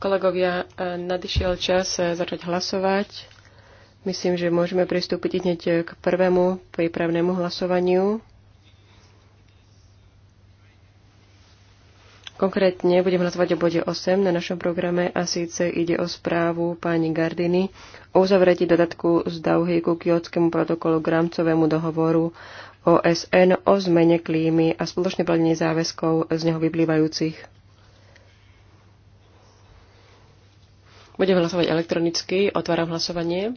Kolegovia, e, nadišiel čas e, začať hlasovať. Myslím, že môžeme pristúpiť hneď e, k prvému prípravnému hlasovaniu. Konkrétne budem hlasovať o bode 8 na našom programe a síce ide o správu pani Gardiny o uzavretí dodatku z Dauhy ku kiotskému protokolu k rámcovému dohovoru OSN o zmene klímy a spoločné plnenie záväzkov z neho vyplývajúcich. Budeme hlasovať elektronicky. Otváram hlasovanie.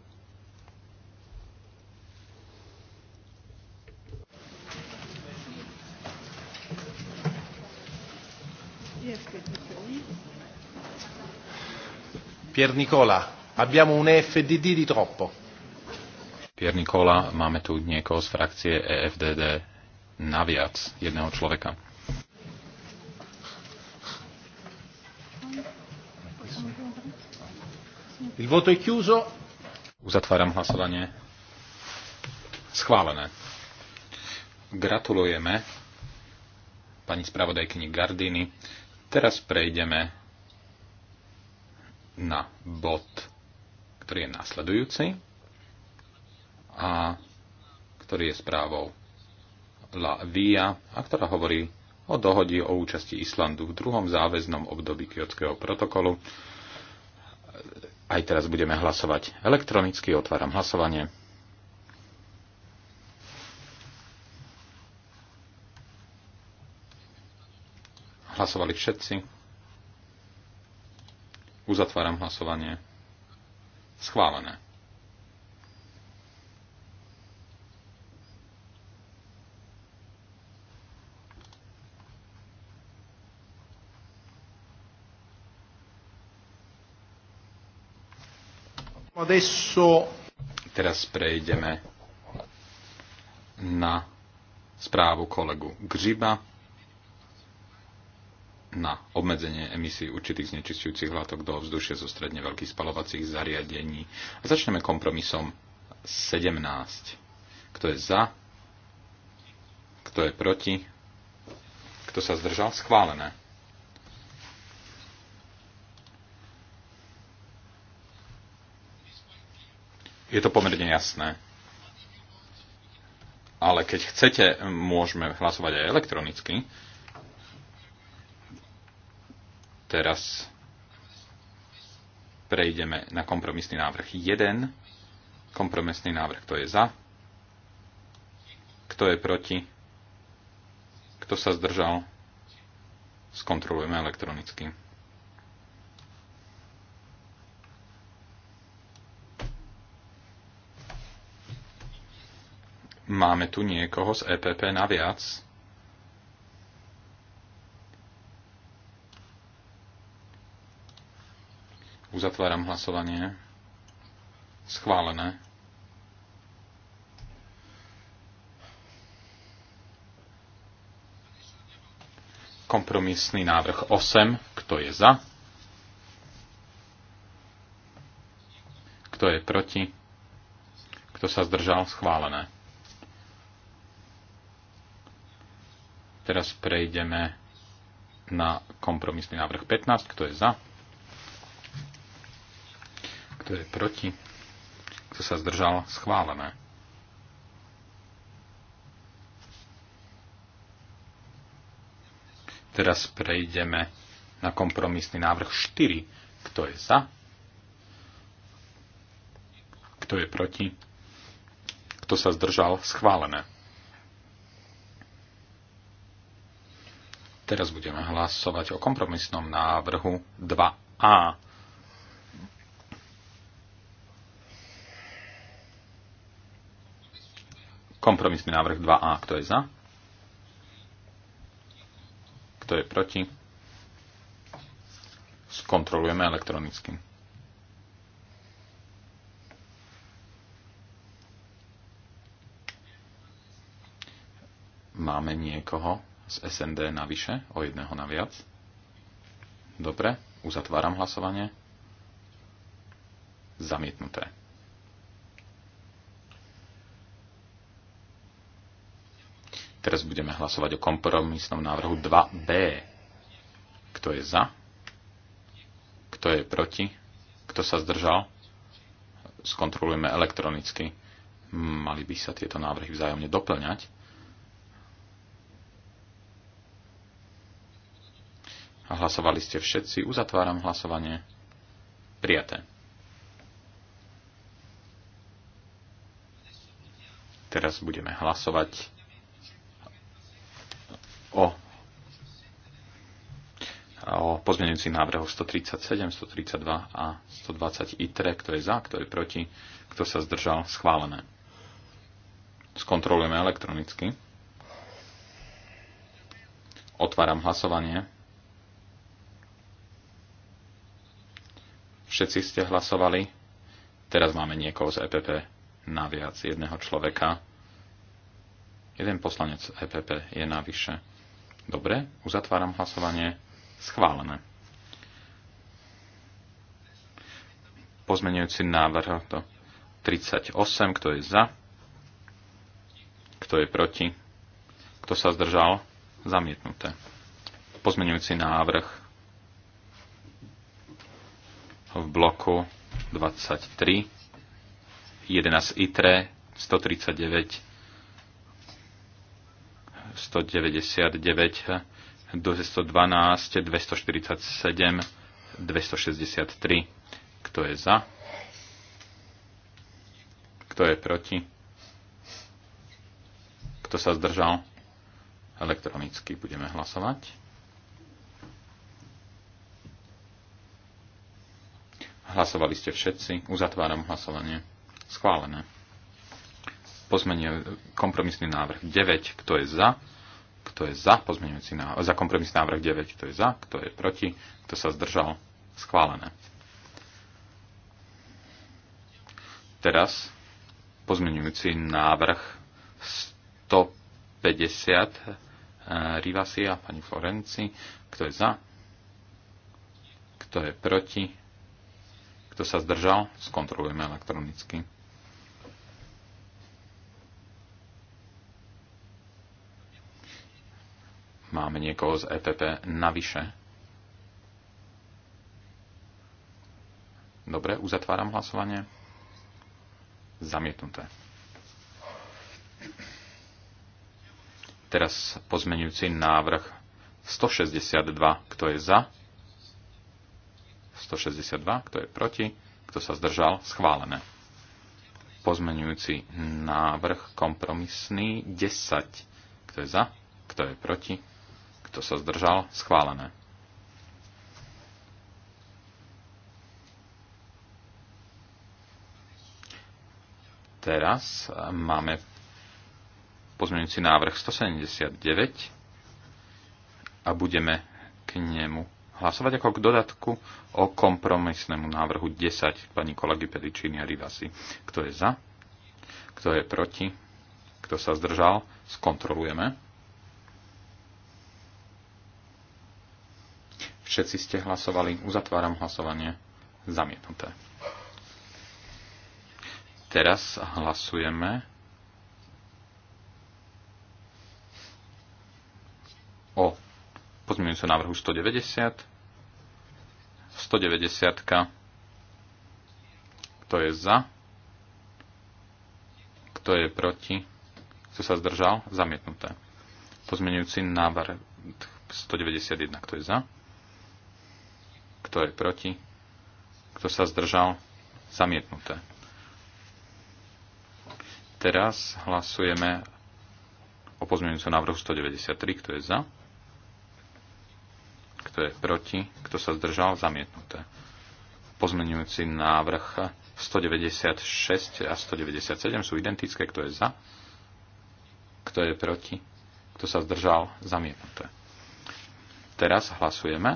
Pier Nicola, abbiamo un FDD di troppo. Pier Nikola, máme tu niekoho z frakcie EFDD naviac, jedného človeka. Il voto è chiuso. Uzatváram hlasovanie. Schválené. Gratulujeme pani spravodajkyni Gardini. Teraz prejdeme na bod, ktorý je nasledujúci a ktorý je správou La Via a ktorá hovorí o dohodi o účasti Islandu v druhom záväznom období Kyotského protokolu. Aj teraz budeme hlasovať elektronicky, otváram hlasovanie. Hlasovali všetci. Uzatváram hlasovanie. Schválené. adesso... Teraz prejdeme na správu kolegu Gřiba na obmedzenie emisí určitých znečistujúcich látok do vzdušia zo stredne veľkých spalovacích zariadení. A začneme kompromisom 17. Kto je za? Kto je proti? Kto sa zdržal? Schválené. Je to pomerne jasné. Ale keď chcete, môžeme hlasovať aj elektronicky. Teraz prejdeme na kompromisný návrh 1. Kompromisný návrh, kto je za? Kto je proti? Kto sa zdržal? Skontrolujeme elektronicky. Máme tu niekoho z EPP naviac? Uzatváram hlasovanie. Schválené. Kompromisný návrh 8. Kto je za? Kto je proti? Kto sa zdržal? Schválené. Teraz prejdeme na kompromisný návrh 15. Kto je za? Kto je proti? Kto sa zdržal? Schválené. Teraz prejdeme na kompromisný návrh 4. Kto je za? Kto je proti? Kto sa zdržal? Schválené. Teraz budeme hlasovať o kompromisnom návrhu 2a. Kompromisný návrh 2a. Kto je za? Kto je proti? Skontrolujeme elektronicky. Máme niekoho? z SND navyše, o jedného naviac. Dobre, uzatváram hlasovanie. Zamietnuté. Teraz budeme hlasovať o kompromisnom návrhu 2b. Kto je za? Kto je proti? Kto sa zdržal? Skontrolujeme elektronicky. Mali by sa tieto návrhy vzájomne doplňať. Hlasovali ste všetci. Uzatváram hlasovanie. Prijaté. Teraz budeme hlasovať o, o pozmeňujúcich návrhoch 137, 132 a 120 ITRE, kto je za, kto je proti, kto sa zdržal, schválené. Skontrolujeme elektronicky. Otváram hlasovanie. Všetci ste hlasovali. Teraz máme niekoho z EPP naviac, jedného človeka. Jeden poslanec EPP je navyše. Dobre, uzatváram hlasovanie. Schválené. Pozmenujúci návrh to 38, kto je za, kto je proti, kto sa zdržal, zamietnuté. Pozmenujúci návrh v bloku 23, 11 ITRE, 139, 199, 212, 247, 263. Kto je za? Kto je proti? Kto sa zdržal? Elektronicky budeme hlasovať. Hlasovali ste všetci. Uzatváram hlasovanie. Schválené. Pozmenie, kompromisný návrh 9. Kto je za? Kto je za pozmeňujúci návrh? Za kompromisný návrh 9. Kto je za? Kto je proti? Kto sa zdržal? Schválené. Teraz pozmenujúci návrh 150 Rivasi a pani Florenci. Kto je za? Kto je proti? Kto sa zdržal, skontrolujeme elektronicky. Máme niekoho z EPP navyše. Dobre, uzatváram hlasovanie. Zamietnuté. Teraz pozmenujúci návrh 162. Kto je za? 162, kto je proti, kto sa zdržal, schválené. Pozmenujúci návrh kompromisný 10, kto je za, kto je proti, kto sa zdržal, schválené. Teraz e, máme pozmenujúci návrh 179 a budeme k nemu hlasovať ako k dodatku o kompromisnému návrhu 10 pani kolegy Pedičíny a Rivasi. Kto je za? Kto je proti? Kto sa zdržal? Skontrolujeme. Všetci ste hlasovali. Uzatváram hlasovanie. Zamietnuté. Teraz hlasujeme o sa návrhu 190. 190. Kto je za? Kto je proti? Kto sa zdržal? Zamietnuté. Pozmenujúci návrh 191. Kto je za? Kto je proti? Kto sa zdržal? Zamietnuté. Teraz hlasujeme o pozmenujúcom návrhu 193. Kto je za? kto je proti, kto sa zdržal, zamietnuté. Pozmenujúci návrh 196 a 197 sú identické, kto je za, kto je proti, kto sa zdržal, zamietnuté. Teraz hlasujeme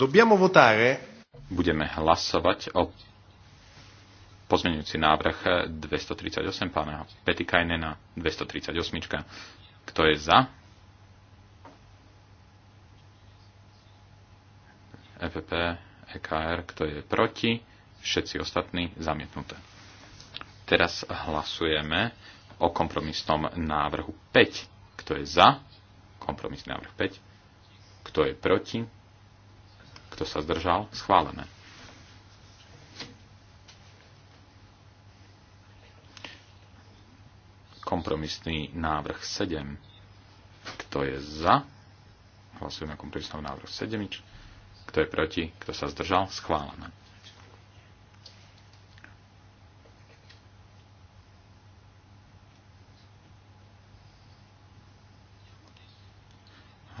Dobbiamo votare. Budeme hlasovať o pozmeňujúci návrh 238 pána Petikajnena 238. Kto je za? EPP, EKR, kto je proti? Všetci ostatní zamietnuté. Teraz hlasujeme o kompromisnom návrhu 5. Kto je za? Kompromisný návrh 5. Kto je proti? Kto sa zdržal? Schválené. Kompromisný návrh 7. Kto je za? Hlasujeme kompromisný návrh 7. Kto je proti? Kto sa zdržal? Schválené.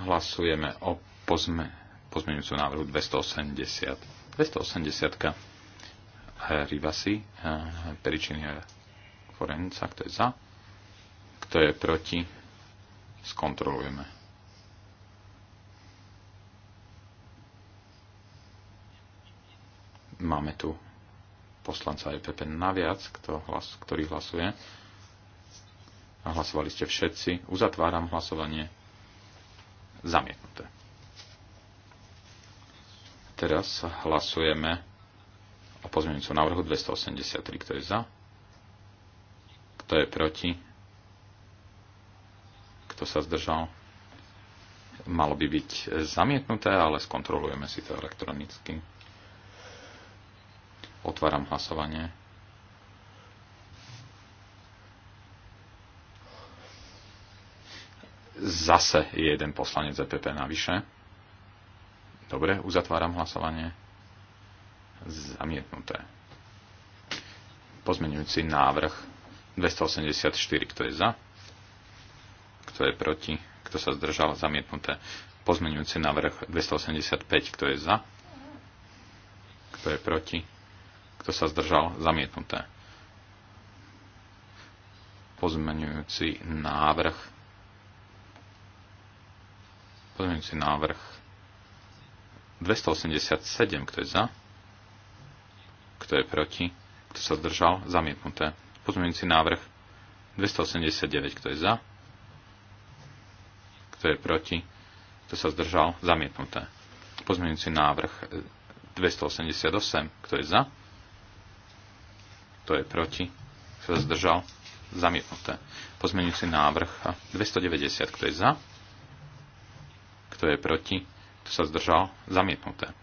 hlasujeme o pozme, pozmeňujúceho návrhu 280. 280 Rivasi, eh, Peričiny Forenca, kto je za, kto je proti, skontrolujeme. Máme tu poslanca EPP naviac, kto hlas, ktorý hlasuje. A hlasovali ste všetci. Uzatváram hlasovanie. Zamietnuté. Teraz hlasujeme o pozmeňujúcom návrhu 283. Kto je za? Kto je proti? Kto sa zdržal? Malo by byť zamietnuté, ale skontrolujeme si to elektronicky. Otváram hlasovanie. Zase je jeden poslanec EPP navyše. Dobre, uzatváram hlasovanie. Zamietnuté. Pozmeňujúci návrh 284. Kto je za? Kto je proti? Kto sa zdržal? Zamietnuté. Pozmenujúci návrh 285. Kto je za? Kto je proti? Kto sa zdržal? Zamietnuté. Pozmenujúci návrh Pozmeňujúci návrh 287, kto je za, kto je proti, kto sa zdržal, zamietnuté. Pozmeňujúci návrh 289, kto je za, kto je proti, kto sa zdržal, zamietnuté. Pozmeňujúci návrh 288, kto je za, kto je proti, kto sa zdržal, zamietnuté. Pozmeňujúci návrh 290, kto je za, kto je proti, kto sa zdržal? Zamietnuté.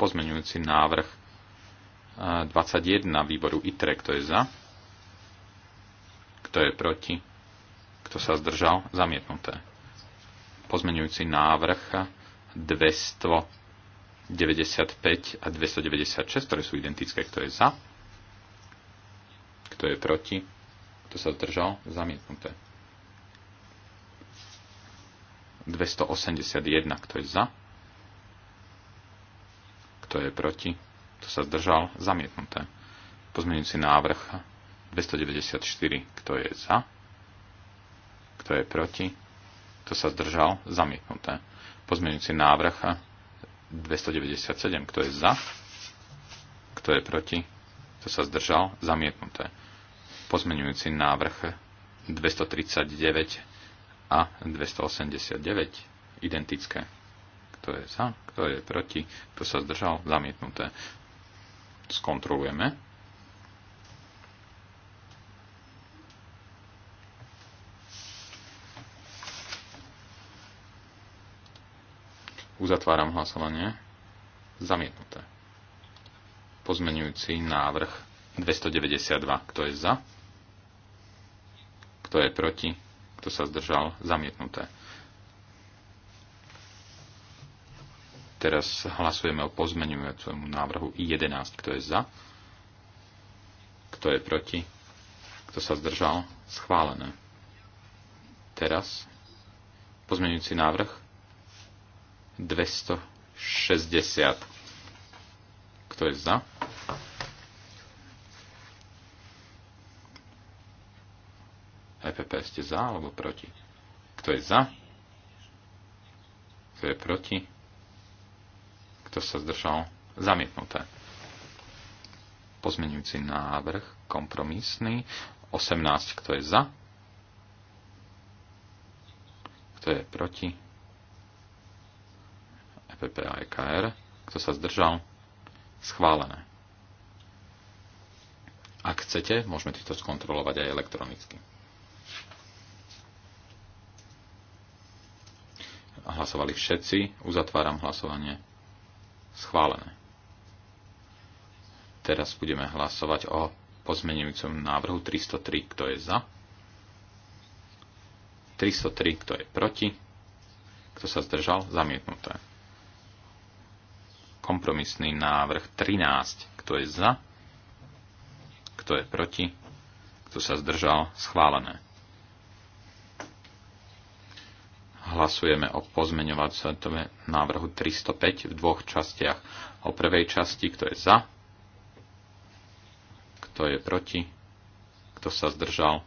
Pozmeňujúci návrh 21 e, výboru ITRE. Kto je za? Kto je proti? Kto sa zdržal? Zamietnuté. Pozmeňujúci návrh 295 e, a 296, ktoré sú identické. Kto je za? Kto je proti? Kto sa zdržal? Zamietnuté 281. Kto je za? Kto je proti? Kto sa zdržal? Zamietnuté. Pozmeňujúci návrh 294. Kto je za? Kto je proti? Kto sa zdržal? Zamietnuté. Pozmeňujúci návrh 297. Kto je za? Kto je proti? Kto sa zdržal? Zamietnuté. Pozmeňujúci návrh 239 a 289 identické. Kto je za, kto je proti, kto sa zdržal, zamietnuté. Skontrolujeme. Uzatváram hlasovanie. Zamietnuté. Pozmenujúci návrh 292. Kto je za? Kto je proti? Kto sa zdržal? Zamietnuté. Teraz hlasujeme o pozmenujúcemu návrhu I11. Kto je za? Kto je proti? Kto sa zdržal? Schválené. Teraz pozmenujúci návrh 260. Kto je za? EPP ste za alebo proti? Kto je za? Kto je proti? Kto sa zdržal? Zamietnuté. Pozmenujúci návrh, kompromisný, 18, kto je za? Kto je proti? EPP a EKR. Kto sa zdržal? Schválené. Ak chcete, môžeme to skontrolovať aj elektronicky. Hlasovali všetci. Uzatváram hlasovanie. Schválené. Teraz budeme hlasovať o pozmenujúcom návrhu 303, kto je za. 303, kto je proti. Kto sa zdržal? Zamietnuté. Kompromisný návrh 13, kto je za. Kto je proti? Kto sa zdržal? Schválené. hlasujeme o pozmeňovacom návrhu 305 v dvoch častiach. O prvej časti, kto je za, kto je proti, kto sa zdržal.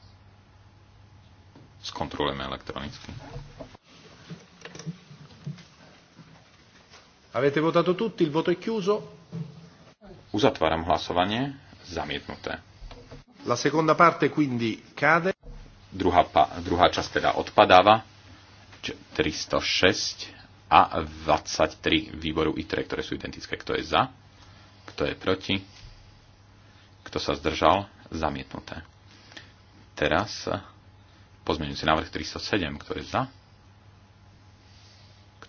Skontrolujeme elektronicky. Avete votato tutti, il voto è chiuso. Uzatváram hlasovanie, zamietnuté. La seconda parte quindi cade. Druhá, pa, druhá časť teda odpadáva. 306 a 23 výboru ITRE, ktoré sú identické. Kto je za? Kto je proti? Kto sa zdržal? Zamietnuté. Teraz pozmeňujúci návrh 307. Kto je za?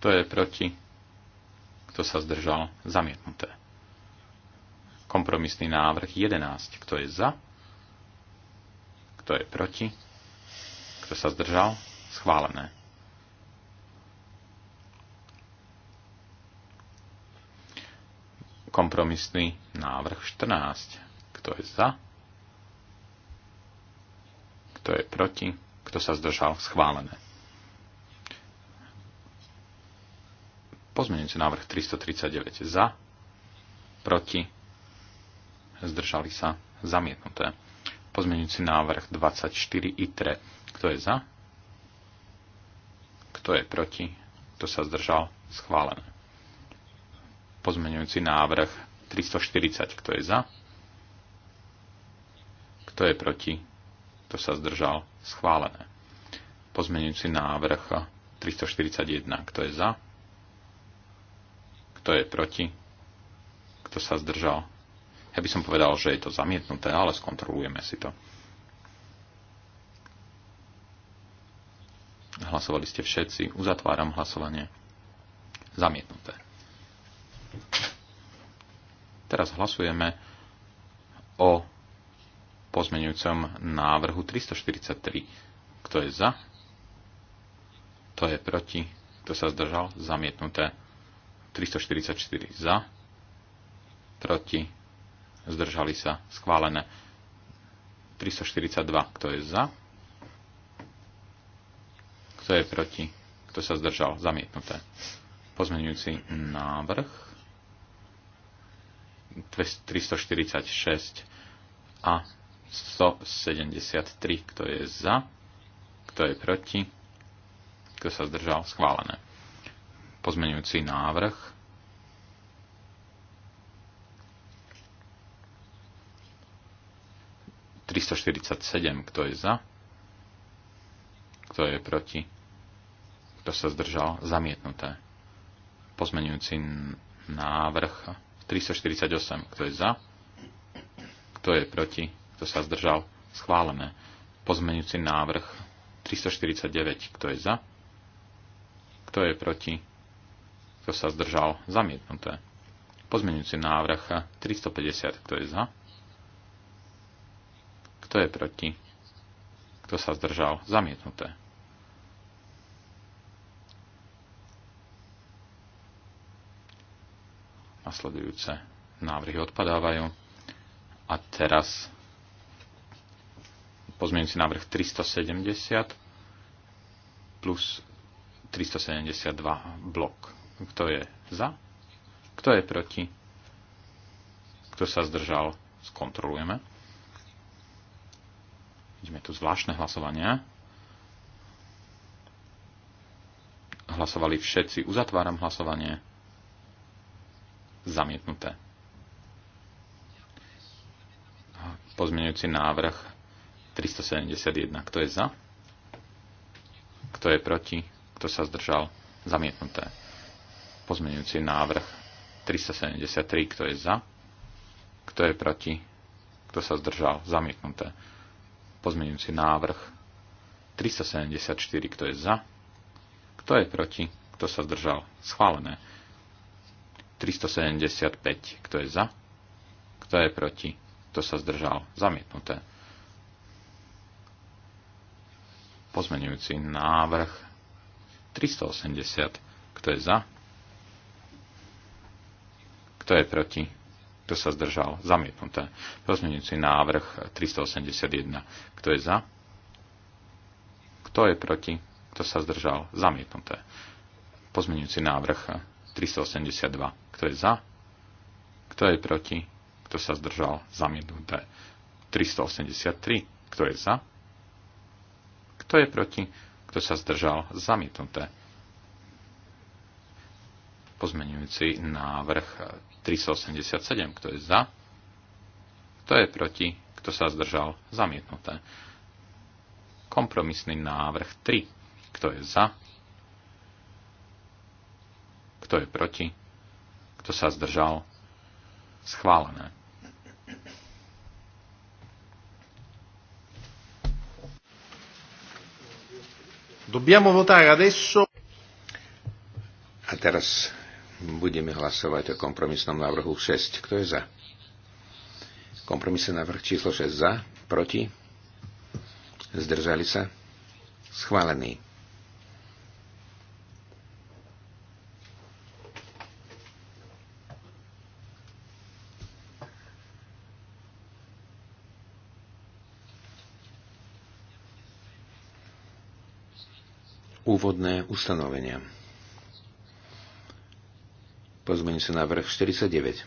Kto je proti? Kto sa zdržal? Zamietnuté. Kompromisný návrh 11. Kto je za? Kto je proti? Kto sa zdržal? Schválené. kompromisný návrh 14. Kto je za? Kto je proti? Kto sa zdržal? Schválené. Pozmenujúci návrh 339 za, proti, zdržali sa, zamietnuté. Pozmenujúci návrh 24 ITRE. Kto je za? Kto je proti? Kto sa zdržal? Schválené. Pozmenujúci návrh 340. Kto je za? Kto je proti? Kto sa zdržal? Schválené. Pozmenujúci návrh 341. Kto je za? Kto je proti? Kto sa zdržal? Ja by som povedal, že je to zamietnuté, ale skontrolujeme si to. Hlasovali ste všetci. Uzatváram hlasovanie. Zamietnuté. Teraz hlasujeme o pozmenujúcom návrhu 343. Kto je za? Kto je proti? Kto sa zdržal? Zamietnuté. 344 za. Proti. Zdržali sa. Schválené. 342. Kto je za? Kto je proti? Kto sa zdržal? Zamietnuté. Pozmenujúci návrh 346 a 173. Kto je za? Kto je proti? Kto sa zdržal? Schválené. Pozmeňujúci návrh. ...347, kto je za? Kto je proti? Kto sa zdržal? Zamietnuté. Pozmenujúci návrh 348. Kto je za? Kto je proti? Kto sa zdržal? Schválené. Pozmenujúci návrh 349. Kto je za? Kto je proti? Kto sa zdržal? Zamietnuté. Pozmenujúci návrh 350. Kto je za? Kto je proti? Kto sa zdržal? Zamietnuté. Nasledujúce návrhy odpadávajú. A teraz si návrh 370 plus 372 blok. Kto je za? Kto je proti? Kto sa zdržal? Skontrolujeme. Vidíme tu zvláštne hlasovania. Hlasovali všetci. Uzatváram hlasovanie. Zamietnuté. Pozmeňujúci návrh 371. Kto je za? Kto je proti? Kto sa zdržal? Zamietnuté. Pozmeňujúci návrh 373. Kto je za? Kto je proti? Kto sa zdržal? Zamietnuté. Pozmeňujúci návrh 374. Kto je za? Kto je proti? Kto sa zdržal? Schválené. 375. Kto je za? Kto je proti? Kto sa zdržal? Zamietnuté. Pozmenujúci návrh 380. Kto je za? Kto je proti? Kto sa zdržal? Zamietnuté. Pozmenujúci návrh 381. Kto je za? Kto je proti? Kto sa zdržal? Zamietnuté. Pozmenujúci návrh 382. Kto je za? Kto je proti? Kto sa zdržal? Zamietnuté. 383. Kto je za? Kto je proti? Kto sa zdržal? Zamietnuté. Pozmenujúci návrh 387. Kto je za? Kto je proti? Kto sa zdržal? Zamietnuté. Kompromisný návrh 3. Kto je za? Kto je proti? Kto sa zdržal? Schválené. Dobbiamo votare adesso. A teraz budeme hlasovať o kompromisnom návrhu 6. Kto je za? Kompromisný návrh číslo 6 za, proti, zdržali sa, schválený. úvodné ustanovenia. Pozmení sa vrch 49.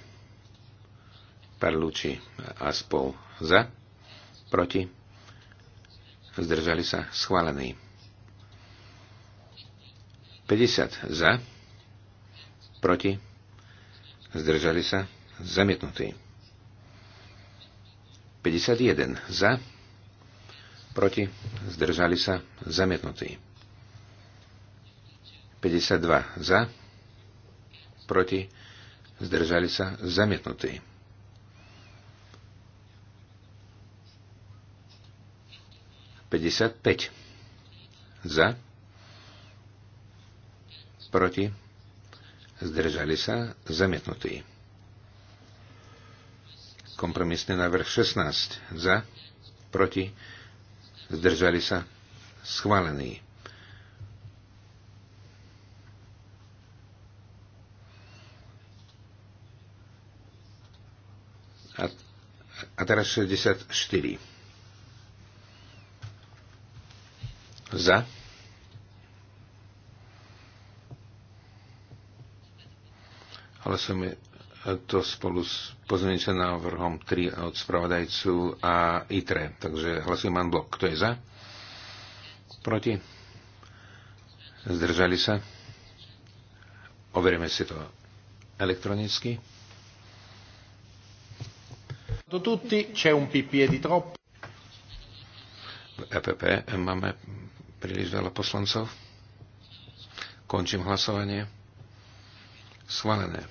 Parluči a spol za, proti, zdržali sa schválený. 50 za, proti, zdržali sa zamietnutí. 51 za, proti, zdržali sa zamietnutý. 52 za, proti, zdržali sa, zamietnutí. Päťdesiat za, proti, zdržali sa, zamietnutí. Kompromisný návrh 16 za, proti, zdržali sa, schválený. A teraz 64. Za. som to spolu s pozmeňujúcim návrhom 3 od spravodajcu a ITRE. Takže hlasujem man blok. Kto je za? Proti? Zdržali sa? Overíme si to elektronicky. Tutti c'è un PPE di troppo. V e EPP máme príliš veľa poslancov. Končím hlasovanie. Schválené.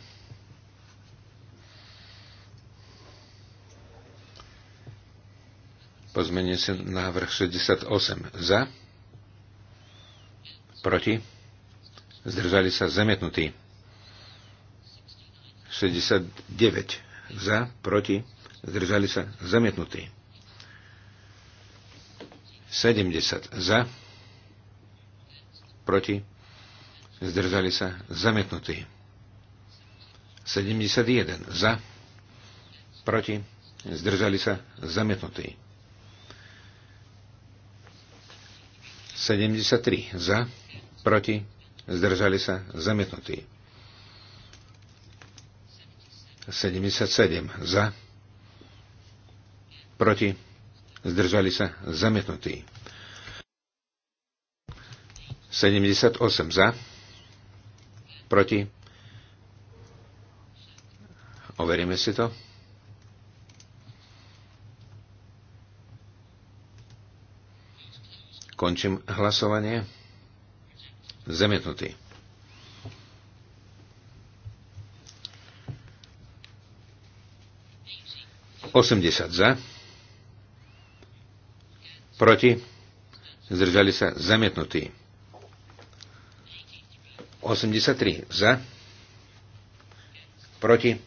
Pozmenie sa návrh 68 za, proti, zdržali sa zamietnutí. 69 za, proti, zdržali sa, zamietnutí. 70 za, proti, zdržali sa, zamietnutí. 71 za, proti, zdržali sa, zamietnutí. 73 za, proti, zdržali sa, zamietnutí. 77 za, proti, zdržali sa, zamietnutí. 78 za, proti, overíme si to. Končím hlasovanie. Zamietnutý. Osemdesiat za proti, zdržali sa zamietnutí. 83 za, proti,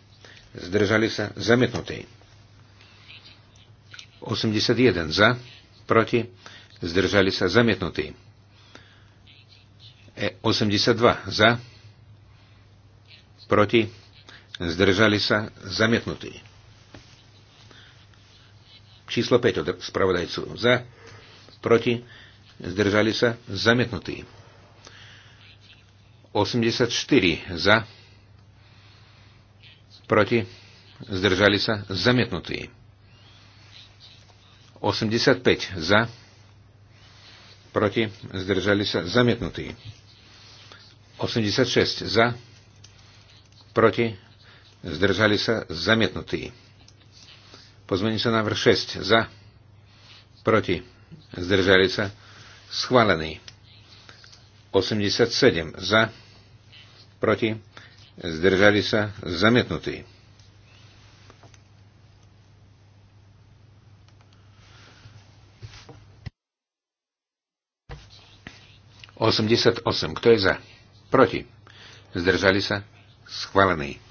zdržali sa zamietnutí. 81 za, proti, zdržali sa zamietnutí. 82 e, za, proti, zdržali sa zamietnutí. Číslo 5 od spravodajcu za, proti, zdržali sa, zamietnutí. 84 za, proti, zdržali sa, zamietnutí. 85 za, proti, zdržali sa, zamietnutí. 86 za, proti, zdržali sa, zamietnutí. Pozmení sa návrh 6 za, proti, zdržali sa, schválený. 87 za, proti, zdržali sa, zamietnutý. Osemdesiat osem. Kto je za? Proti. Zdržali sa? Schválený.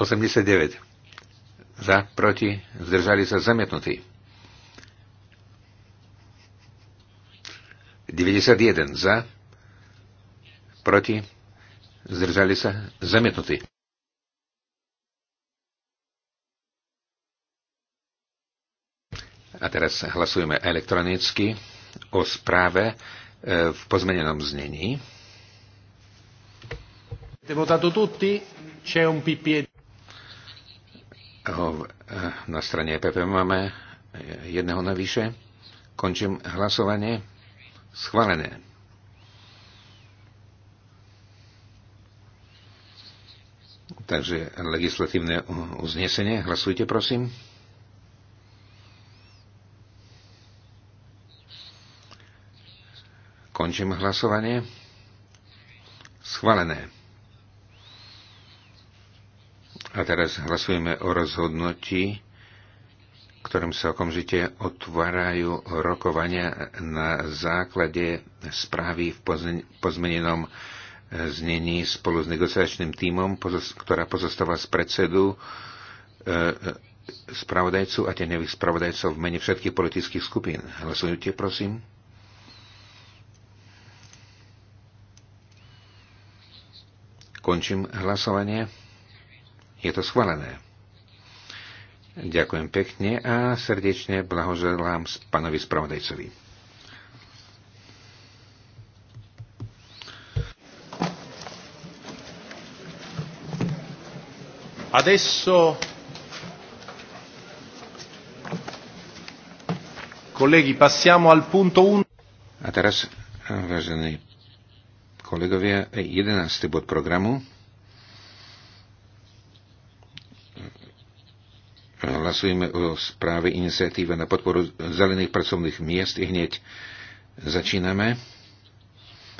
Osemdesiat deväť za, proti, zdržali sa zamietnutí. 91 za, proti, zdržali sa zamietnutí. A teraz hlasujeme elektronicky o správe e, v pozmenenom znení. Votato tutti? C'è un PPE Eh, na strane EPP máme jedného navyše. Končím hlasovanie. Schválené. Takže legislatívne uznesenie. Hlasujte, prosím. Končím hlasovanie. Schválené. A teraz hlasujeme o rozhodnutí, ktorým sa okamžite otvárajú rokovania na základe správy v pozmenenom e, znení spolu s negociačným tímom, ktorá pozostáva z predsedu e, e, spravodajcu a tenových spravodajcov v mene všetkých politických skupín. Hlasujte, prosím. Končím hlasovanie. Je to schválené. Ďakujem pekne a srdečne blahoželám pánovi spravodajcovi. Adesso, colleghi, passiamo al punto 1. A teraz, eh, vážení kolegovia, 11. Eh, bod programu. Hlasujeme o správe iniciatíve na podporu zelených pracovných miest. I hneď začíname.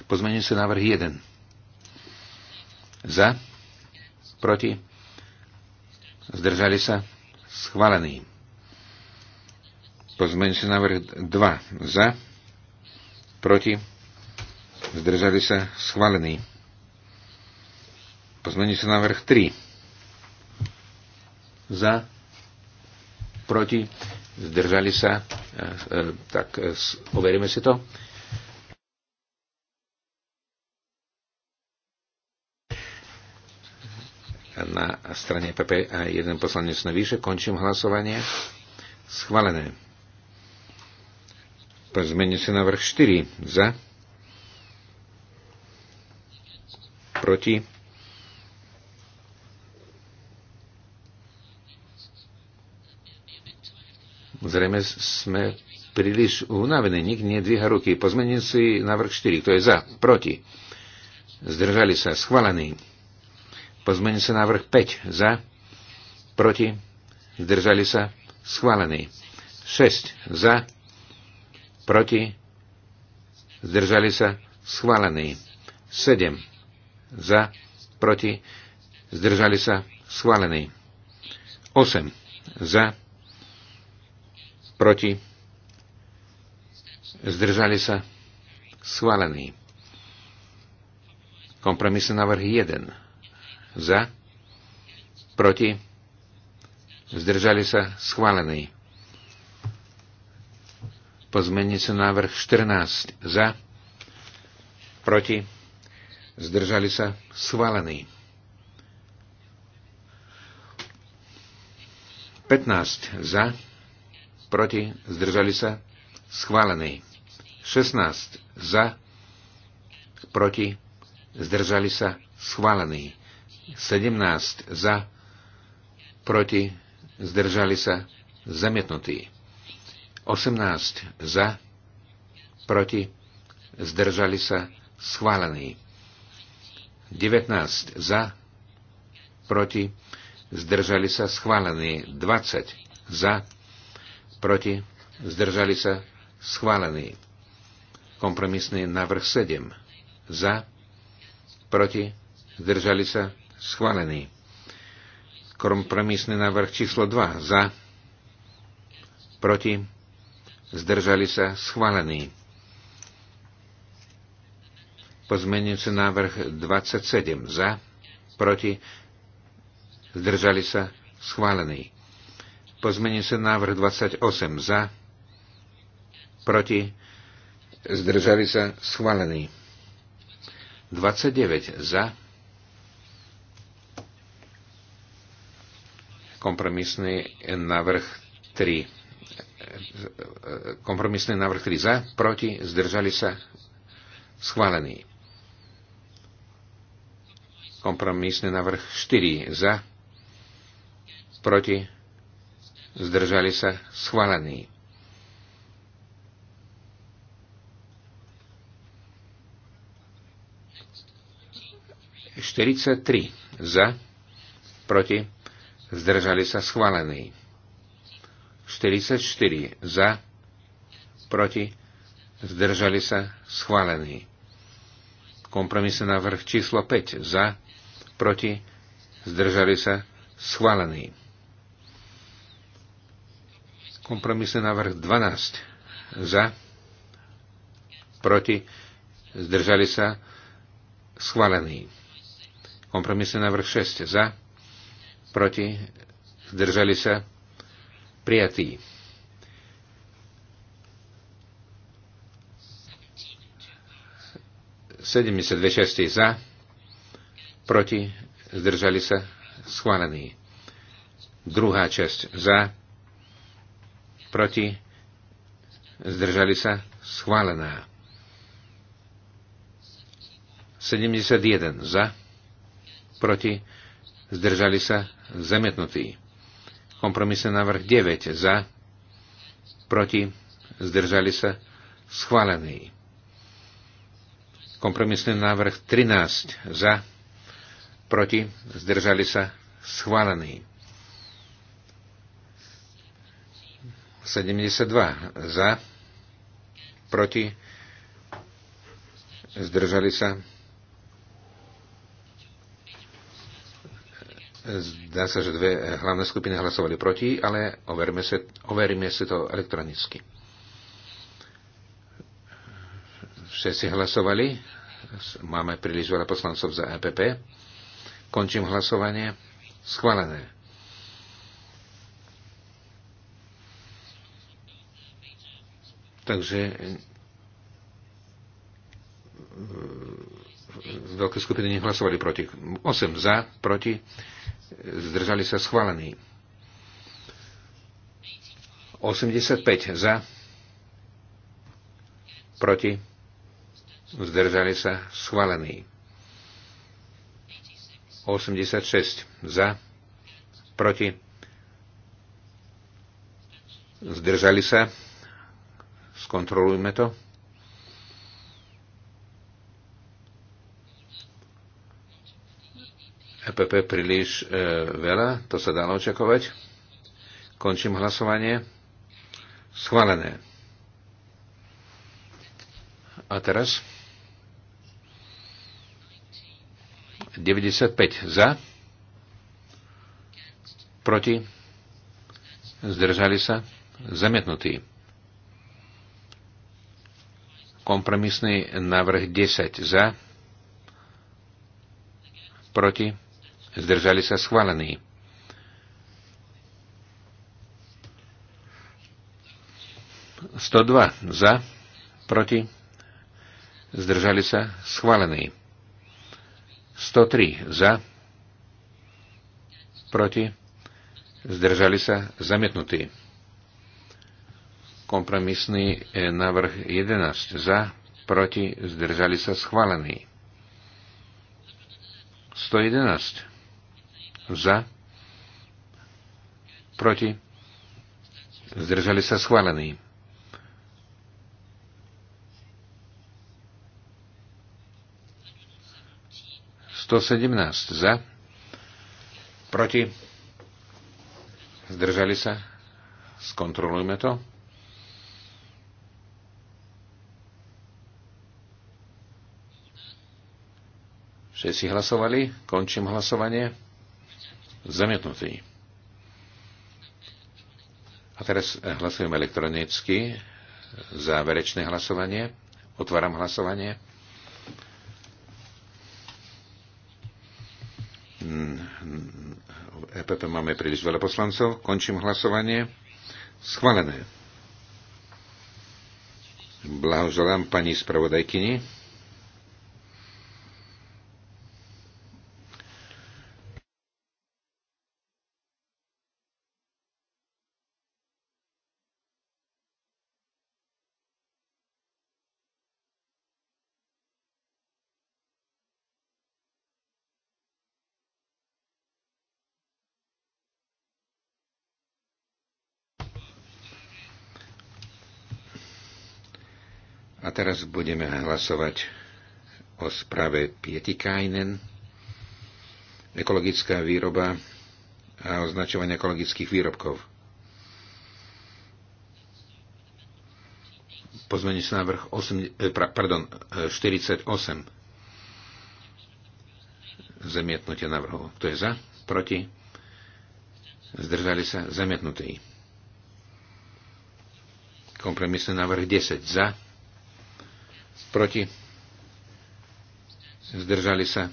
Pozmením sa návrh 1. Za? Proti? Zdržali sa? Schválený. Pozmením sa návrh 2. Za? Proti? Zdržali sa? Schválený. Pozmením sa návrh 3. Za? proti, zdržali sa, e, e, tak e, overíme si to. Na strane PP a jeden poslanec navyše. Končím hlasovanie. Schválené. Pozmenie sa návrh 4. Za. Proti Zrejme sme príliš unavení, nik nedvíha ruky. Pozmením si návrh 4, kto je za, proti. Zdržali sa, schválený. Pozmením sa návrh 5, za, proti. Zdržali sa, schválený. 6, za, proti. Zdržali sa, schválený. 7, za, proti. Zdržali sa, schválený. 8, za, proti proti, zdržali sa, schválený. Kompromisný návrh 1, za, proti, zdržali sa, schválený. Pozmenujúci návrh 14, za, proti, zdržali sa, schválený. 15 za, proti, zdržali sa, schválený. 16 za, proti, zdržali sa, schválený. 17 za, proti, zdržali sa, zamietnutý. 18 za, proti, zdržali sa, schválený. 19 za, proti, zdržali sa, schválený. 20 za, proti, zdržali sa, schválený. Kompromisný návrh 7, za, proti, zdržali sa, schválený. Kompromisný návrh číslo 2, za, proti, zdržali sa, schválený. Pozmenujúci návrh 27 za, proti, zdržali sa, schválený. Pozmenil sa návrh 28 za, proti, zdržali sa Schválený. 29 za, kompromisný návrh 3. Kompromisný návrh 3 za, proti, zdržali sa, schválený. Kompromisný návrh 4 za, proti, zdržali sa schválení. tri za, proti, zdržali sa schválení. 44 za, proti, zdržali sa schválení. Kompromisný návrh číslo 5 za, proti, zdržali sa schválení. Kompromisný návrh 12 za, proti, zdržali sa, schválený. Kompromisný návrh 6 za, proti, zdržali sa, prijatý. Sedemdesiat dve časti za, proti, zdržali sa, schválený. Druhá časť za, proti, zdržali sa, schválená. 71 za, proti, zdržali sa, zamietnutý. Kompromisný návrh 9 za, proti, zdržali sa, schválený. Kompromisný návrh 13 za, proti, zdržali sa, schválený 72 za, proti, zdržali sa. Zdá sa, že dve hlavné skupiny hlasovali proti, ale overíme si, overíme si to elektronicky. Všetci hlasovali. Máme príliš veľa poslancov za EPP. Končím hlasovanie. Schválené. Takže z e, veľké skupiny nehlasovali proti. 8 za, proti, zdržali sa schválení. 85 za, proti, zdržali sa schválení. 86 za, proti, zdržali sa Skontrolujme to. EPP príliš e, veľa, to sa dalo očakovať. Končím hlasovanie. Schválené. A teraz? 95 za. Proti. Zdržali sa. Zamietnutí. Kompromisný návrh 10 za, proti, zdržali sa schválení. Sto dva za, proti, zdržali sa schválení. tri za, proti, zdržali sa zamietnutí. Kompromisný e, návrh 11 za, proti, zdržali sa schválený. 111 za, proti, zdržali sa schválený. Sto sedemnáct za, proti, zdržali сдержались, сконтролируем to. Všetci hlasovali? Končím hlasovanie. Zamietnutý. A teraz hlasujem elektronicky. Záverečné hlasovanie. Otváram hlasovanie. V EPP máme príliš veľa poslancov. Končím hlasovanie. Schválené. Blahoželám pani spravodajkyni. teraz budeme hlasovať o správe Pietikainen, ekologická výroba a označovanie ekologických výrobkov. sa návrh 8, e, pardon, 48. E, Zamietnutie návrhu. Kto je za? Proti? Zdržali sa? Zamietnutý. Kompromisný návrh 10. Za? proti, zdržali sa,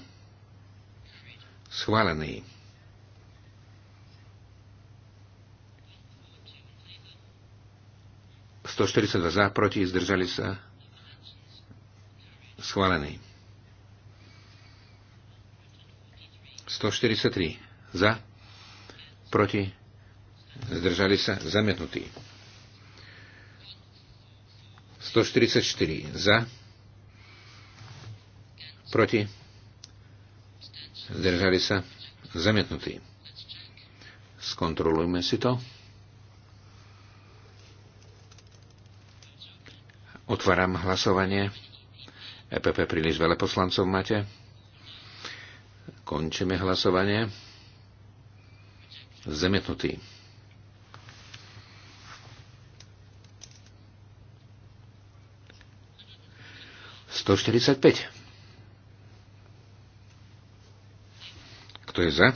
schválený. Sto dva za, proti, zdržali sa, schválený. 143 za, proti, zdržali sa, zamietnutí. 144 za, proti, zdržali sa, zamietnutí. Skontrolujme si to. Otváram hlasovanie. EPP príliš veľa poslancov máte. Končíme hlasovanie. Zamietnutý. 145. Kto je za?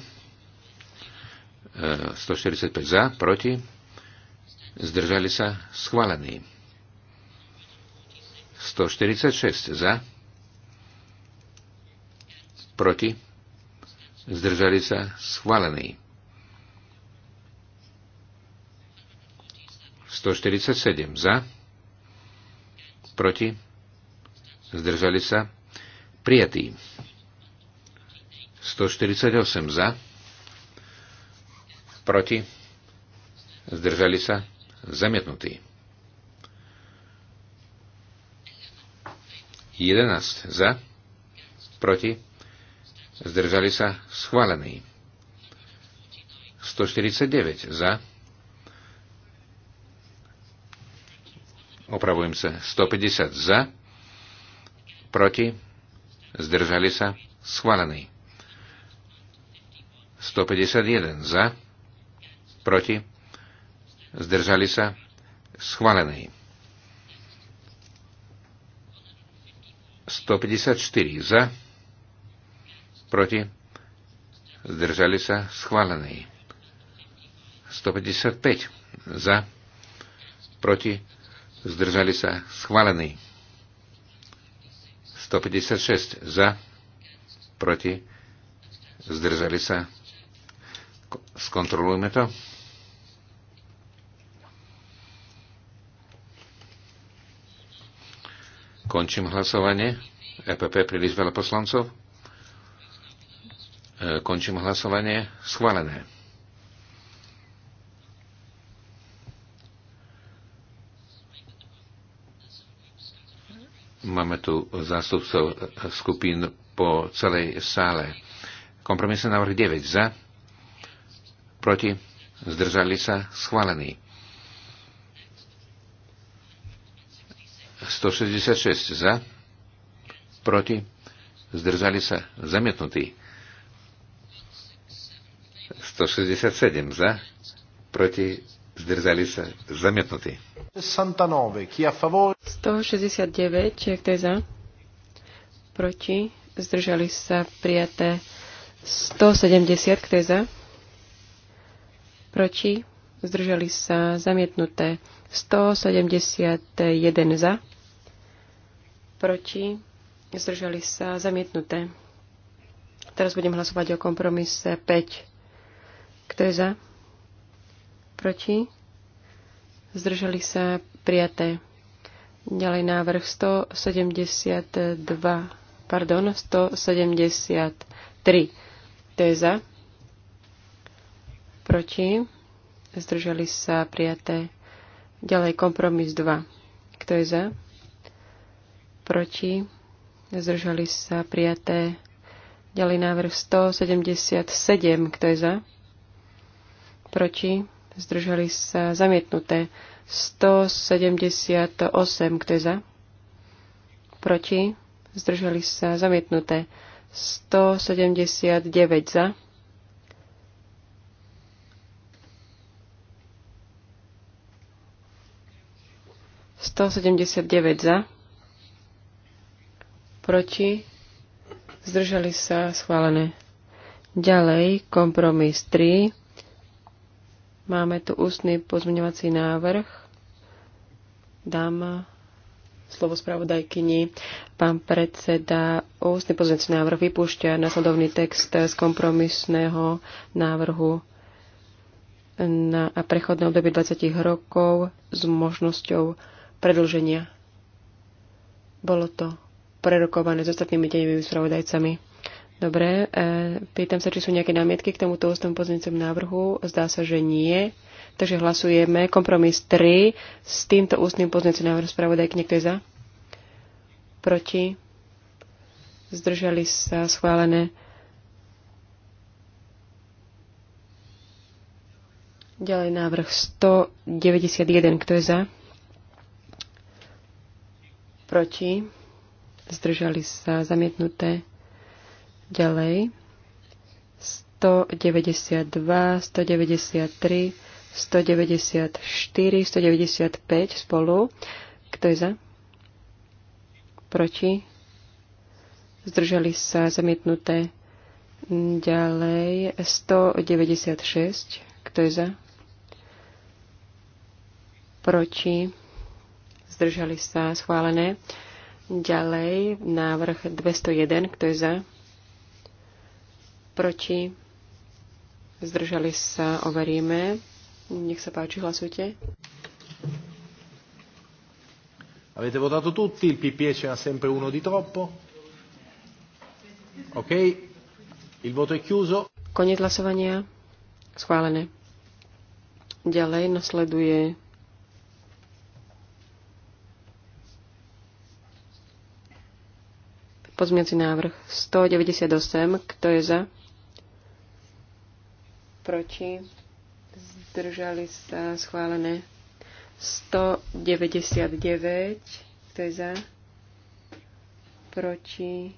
145 e, za, proti. Zdržali sa schválení. 146 za, proti. Zdržali sa schválení. 147 za, proti zdržali sa, prijatý. 148 za, proti, zdržali sa, zamietnutý. 11 za, proti, zdržali sa, schválený. 149 za, opravujem sa, 150 za, proti, zdržali sa, schválený. 151 za, proti, zdržali sa, schválený. 154 за, против, сдержали са, схвалены. 155 за, против, сдержали са, схвалены. 156 za, proti, zdržali sa. Skontrolujme to. Končím hlasovanie. EPP príliš veľa poslancov. E, končím hlasovanie. Schválené. Máme tu zástupcov skupín po celej sále. Kompromisný návrh 9 za, proti, zdržali sa, schválený. 166 za, proti, zdržali sa, zamietnutý. 167 za, proti, zdrzali sa zamietnutí. 169, kto je za? Proti, zdržali sa prijaté 170, kto je za? Proti, zdržali sa zamietnuté 171 za. Proti, zdržali sa zamietnuté. Teraz budem hlasovať o kompromise 5. Kto je za? proti, zdržali sa prijaté. Ďalej návrh 172, pardon, 173. Téza. je za, proti, zdržali sa prijaté. Ďalej kompromis 2. Kto je za? Proti, zdržali sa prijaté. Ďalej návrh 177. Kto je za? Proti? zdržali sa zamietnuté. 178, kto je za? Proti, zdržali sa zamietnuté. 179 za. Sto sedemdesiat deväť za. Proti. Zdržali sa schválené. Ďalej kompromis 3 Máme tu ústny pozmeňovací návrh. Dám slovo spravodajkyni. Pán predseda, ústny pozmeňovací návrh vypúšťa nasledovný text z kompromisného návrhu na prechodné obdobie 20 rokov s možnosťou predlženia. Bolo to prerokované s ostatnými deňovými spravodajcami. Dobre, e, pýtam sa, či sú nejaké námietky k tomuto ústom pozmeňujúcom návrhu. Zdá sa, že nie. Takže hlasujeme. Kompromis 3 s týmto ústnym pozmeňujúcim návrhu spravodajky. Niekto je za? Proti? Zdržali sa schválené. Ďalej návrh 191. Kto je za? Proti? Zdržali sa zamietnuté. Ďalej. 192, 193, 194, 195 spolu. Kto je za? Proti? Zdržali sa zamietnuté. Ďalej 196. Kto je za? Proti? Zdržali sa schválené. Ďalej návrh 201. Kto je za? proti, zdržali sa, overíme. Nech sa páči, hlasujte. Avete votato tutti, il PPE c'era sempre uno di troppo. Ok, il voto è chiuso. Koniec hlasovania. Schválené. Ďalej nasleduje pozmiaci návrh 198. Kto je za? proti, zdržali sa schválené 199, kto je za, proti,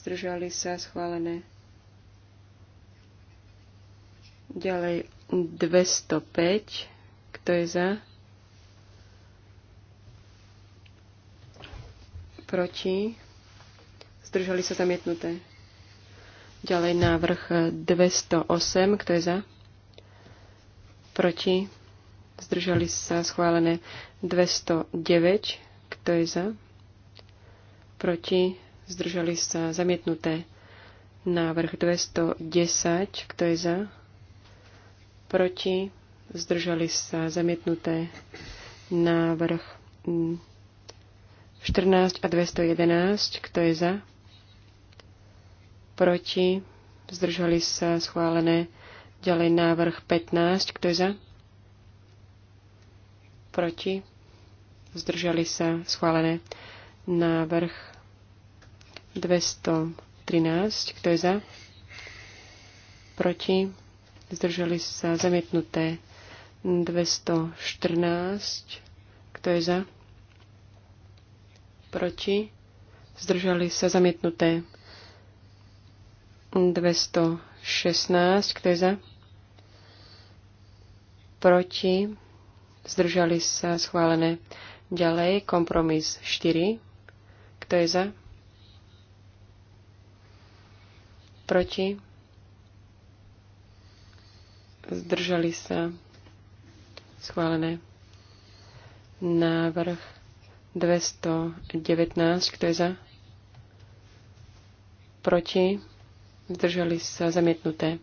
zdržali sa schválené. Ďalej 205, kto je za, proti, zdržali sa zamietnuté. Ďalej návrh 208, kto je za? Proti? Zdržali sa schválené 209, kto je za? Proti? Zdržali sa zamietnuté návrh 210, kto je za? Proti? Zdržali sa zamietnuté návrh 14 a 211, kto je za? proti, zdržali sa schválené. Ďalej návrh 15, kto je za? Proti, zdržali sa schválené. Návrh 213, kto je za? Proti, zdržali sa zamietnuté. 214, kto je za? Proti, zdržali sa zamietnuté. 216, kto je za? Proti? Zdržali sa schválené. Ďalej kompromis 4. Kto je za? Proti? Zdržali sa schválené. Návrh 219. Kto je za? Proti? zdržali sa zamietnuté.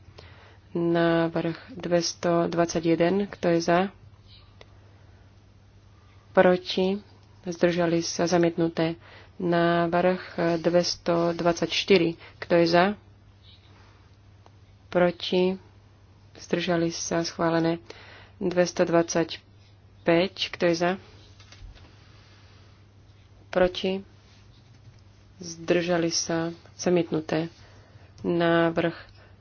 Návrh 221, kto je za? Proti, zdržali sa zamietnuté. Návrh 224, kto je za? Proti, zdržali sa schválené. 225, kto je za? Proti, zdržali sa zamietnuté. Návrh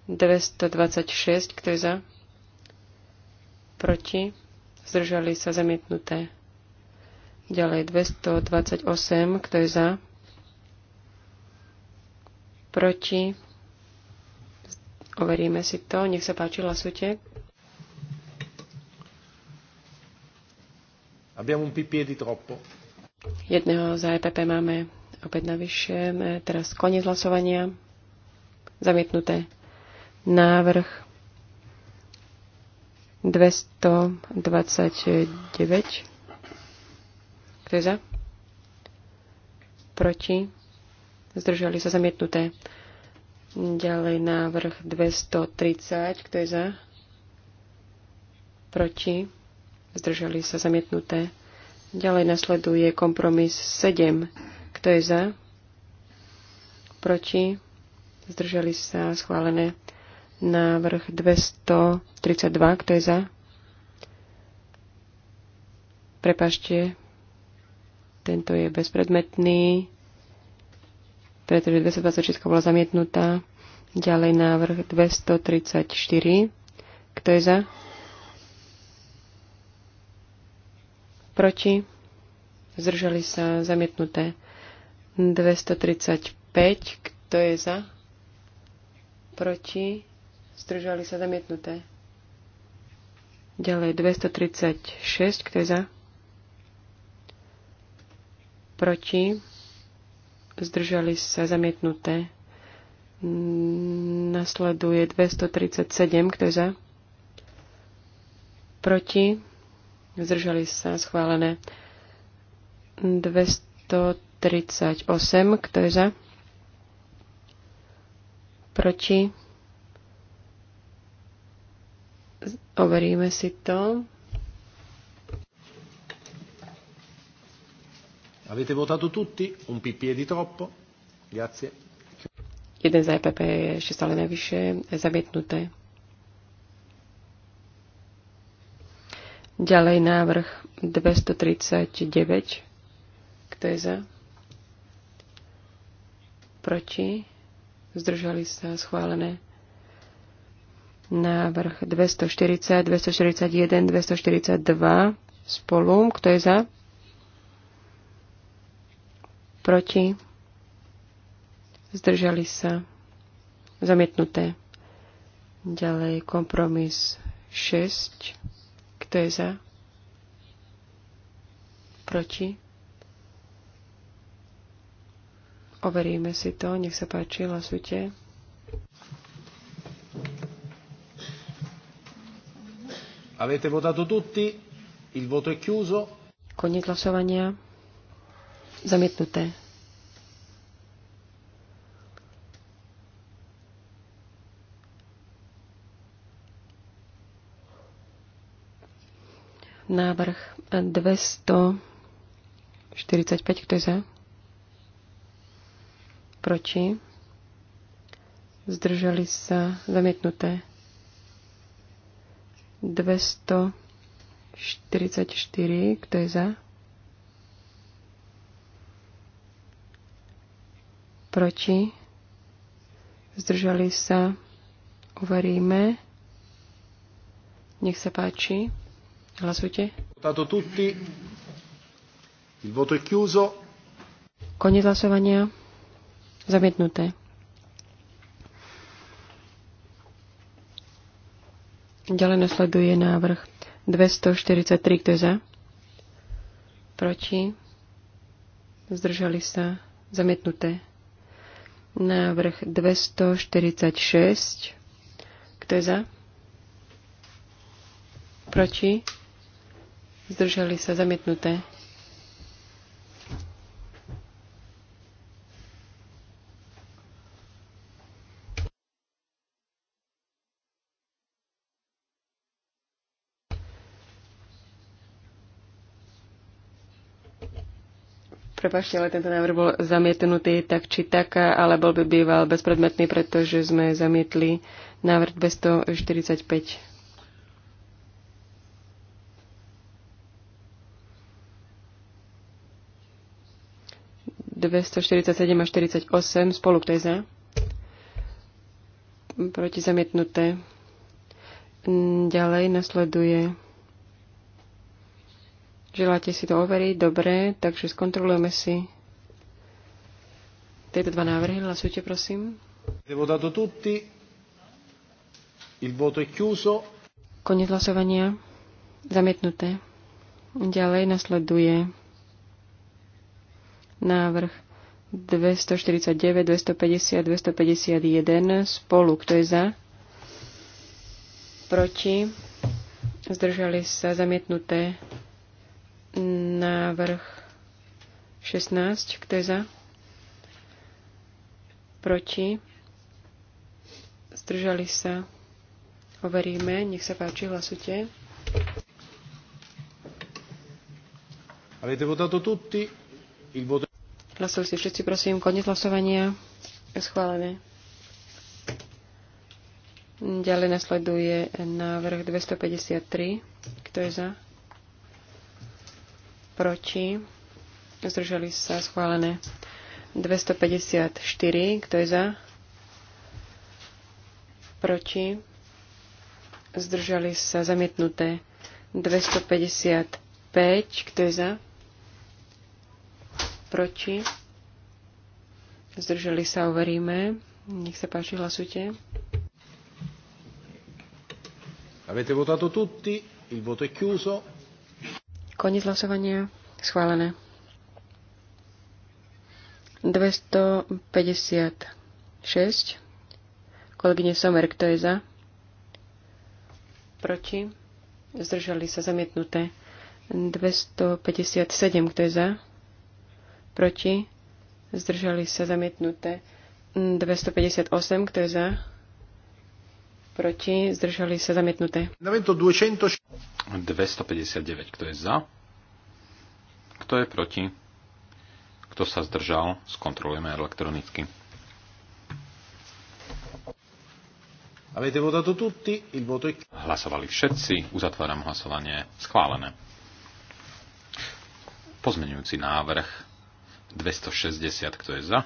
226, kto je za? Proti? Zdržali sa zamietnuté. Ďalej 228, kto je za? Proti? Overíme si to. Nech sa páči, hlasujte. Abbiamo un pipi di troppo. Jedného za EPP máme opäť navyše. Teraz koniec hlasovania. Zamietnuté. Návrh 229. Kto je za? Proti? Zdržali sa zamietnuté. Ďalej návrh 230. Kto je za? Proti? Zdržali sa zamietnuté. Ďalej nasleduje kompromis 7. Kto je za? Proti? zdržali sa schválené. Návrh 232, kto je za? Prepašte, tento je bezpredmetný, pretože 226 bola zamietnutá. Ďalej návrh 234. Kto je za? Proti? Zdržali sa zamietnuté. 235. Kto je za? proti, zdržali sa zamietnuté. Ďalej 236, kto je za? Proti, zdržali sa zamietnuté. Nasleduje 237, kto je za? Proti, zdržali sa schválené. 238, kto je za? proti. Overíme si to. Avete votato tutti? Un PPE di troppo? Grazie. Jeden za EPP je ešte stále najvyššie zamietnuté. Ďalej návrh 239. Kto je za? Proti? zdržali sa schválené. Návrh 240, 241, 242 spolu. Kto je za? Proti? Zdržali sa. Zamietnuté. Ďalej kompromis 6. Kto je za? Proti? Overíme si to. Nech sa páči, hlasujte. Avete votato tutti? Il voto è chiuso. Koniec hlasovania. Zamietnuté. Návrh 245, kto je za? proti, zdržali sa zamietnuté 244, kto je za, proti, zdržali sa, uveríme, nech sa páči, hlasujte. Votato tutti. Il voto è chiuso. Koniec hlasovania. Zamietnuté. Ďalej nasleduje návrh 243, kto je za? Proti? Zdržali sa? Zamietnuté. Návrh 246, kto je za? Proti? Zdržali sa? Zamietnuté. Prepašte, ale tento návrh bol zamietnutý tak či tak, ale bol by býval bezpredmetný, pretože sme zamietli návrh 245. ...247 a 48 spolu, kto je za? Proti zamietnuté. Hm, ďalej nasleduje Želáte si to overiť? Dobre, takže skontrolujeme si tieto dva návrhy. Hlasujte, prosím. Konec hlasovania. Zamietnuté. Ďalej nasleduje návrh 249, 250, 251 spolu. Kto je za? Proti? Zdržali sa zamietnuté Návrh 16. Kto je za? Proti? Zdržali sa? Overíme. Nech sa páči, hlasujte. Avete votato tutti? Il voto... všetci, prosím. Konec hlasovania. Je schválené. Ďalej nasleduje návrh 253. Kto je za? proti, zdržali sa schválené 254, kto je za, proti, zdržali sa zamietnuté 255, kto je za, proti, zdržali sa, overíme, nech sa páči, hlasujte. Avete votato tutti, il voto è chiuso. Koniec hlasovania. Schválené. 256. Kolegyne Somer, kto je za? Proti? Zdržali sa zamietnuté. 257, kto je za? Proti? Zdržali sa zamietnuté. 258, kto je za? Proti? Zdržali sa zamietnuté. 260. 259. Kto je za? Kto je proti? Kto sa zdržal? Skontrolujeme elektronicky. Hlasovali všetci. Uzatváram hlasovanie. Schválené. Pozmenujúci návrh 260. Kto je za?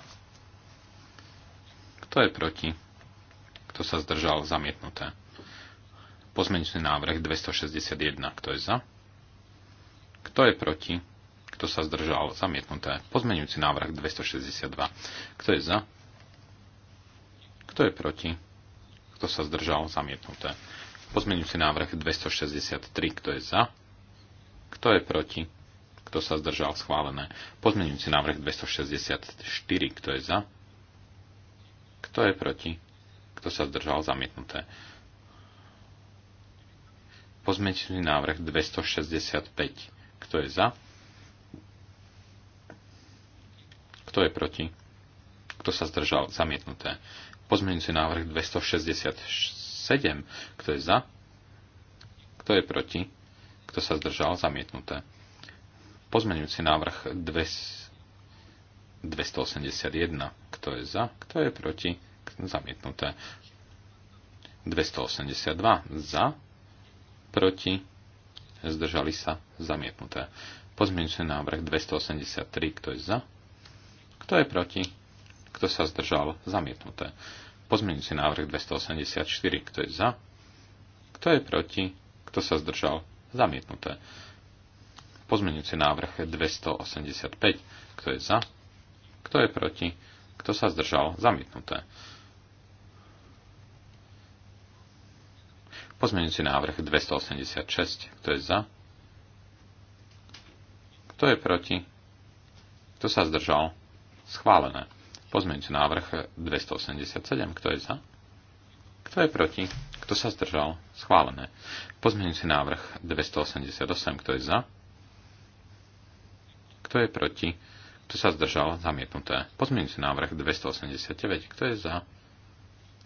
Kto je proti? Kto sa zdržal? Zamietnuté. Pozmeňujúci návrh 261. Kto je za? Kto je proti? Kto sa zdržal? Zamietnuté. Pozmeňujúci návrh 262. Kto je za? Kto je proti? Kto sa zdržal? Zamietnuté. Pozmeňujúci návrh 263. Kto je za? Kto je proti? Kto sa zdržal? Schválené. Pozmeňujúci návrh 264. Kto je za? Kto je proti? Kto sa zdržal? Zamietnuté. Pozmeňte návrh 265. Kto je za? Kto je proti? Kto sa zdržal? Zamietnuté. Pozmeňujúci návrh 267. Kto je za? Kto je proti? Kto sa zdržal? Zamietnuté. Pozmeňujúci návrh 281. Kto je za? Kto je proti? Zamietnuté. 282. Za? proti, zdržali sa, zamietnuté. Pozmeňujúci návrh 283, kto je za, kto je proti, kto sa zdržal, zamietnuté. Pozmeňujúci návrh 284, kto je za, kto je proti, kto sa zdržal, zamietnuté. Pozmeňujúci návrh 285, kto je za, kto je proti, kto sa zdržal, zamietnuté. Pozmeňujúci návrh 286. Kto je za? Kto je proti? Kto sa zdržal? Schválené. Pozmeňujúci návrh 287. Kto je za? Kto je proti? Kto sa zdržal? Schválené. Pozmeňujúci návrh 288. Kto je za? Kto je proti? Kto sa zdržal? Zamietnuté. Pozmeňujúci návrh 289. Kto je za?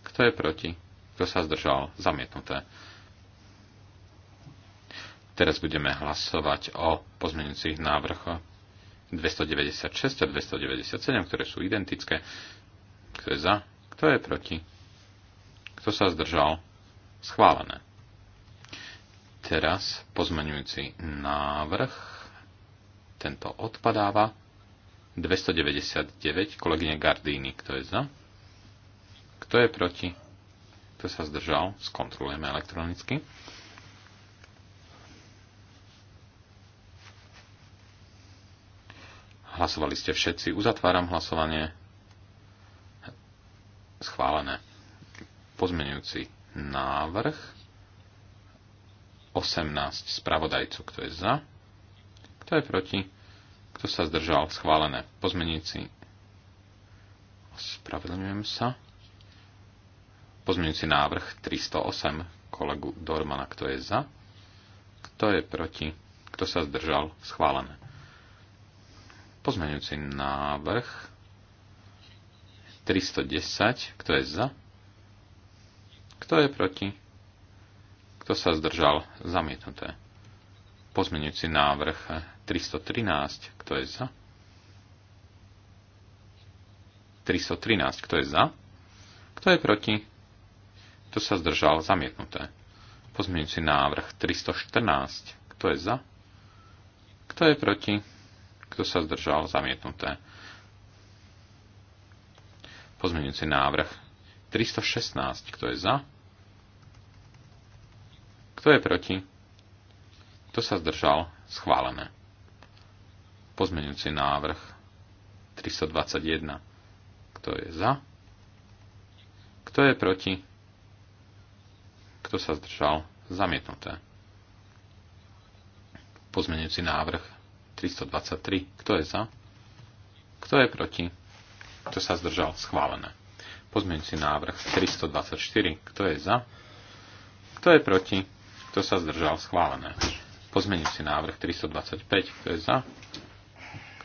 Kto je proti? Kto sa zdržal? Zamietnuté. Teraz budeme hlasovať o pozmeňujúcich návrh 296 a 297, ktoré sú identické. Kto je za? Kto je proti? Kto sa zdržal? Schválené. Teraz pozmeňujúci návrh. Tento odpadáva. 299 kolegyne Gardíny. Kto je za? Kto je proti? Kto sa zdržal? Skontrolujeme elektronicky. Hlasovali ste všetci. Uzatváram hlasovanie. Schválené. Pozmenujúci návrh. 18 spravodajcu. Kto je za? Kto je proti? Kto sa zdržal? Schválené. Pozmenujúci. Spravedlňujem sa. Pozmeňujúci návrh 308 kolegu Dormana, kto je za, kto je proti, kto sa zdržal, schválené. Pozmeňujúci návrh 310, kto je za, kto je proti? Kto sa zdržal? Zamietnuté. Pozmeňujúci návrh 313. Kto je za? 313. Kto je za? Kto je proti? Kto sa zdržal? Zamietnuté. Pozmeňujúci návrh 314. Kto je za? Kto je proti? Kto sa zdržal? Zamietnuté. Pozmeňujúci návrh 316. Kto je za? Kto je proti? Kto sa zdržal? Schválené. Pozmeňujúci návrh 321. Kto je za? Kto je proti? Kto sa zdržal? Zamietnuté. Pozmenujúci návrh 323. Kto je za? Kto je proti? Kto sa zdržal? Schválené. Pozmenujúci návrh 324. Kto je za? Kto je proti? Kto sa zdržal? Schválené. Pozmenujúci návrh 325. Kto je za?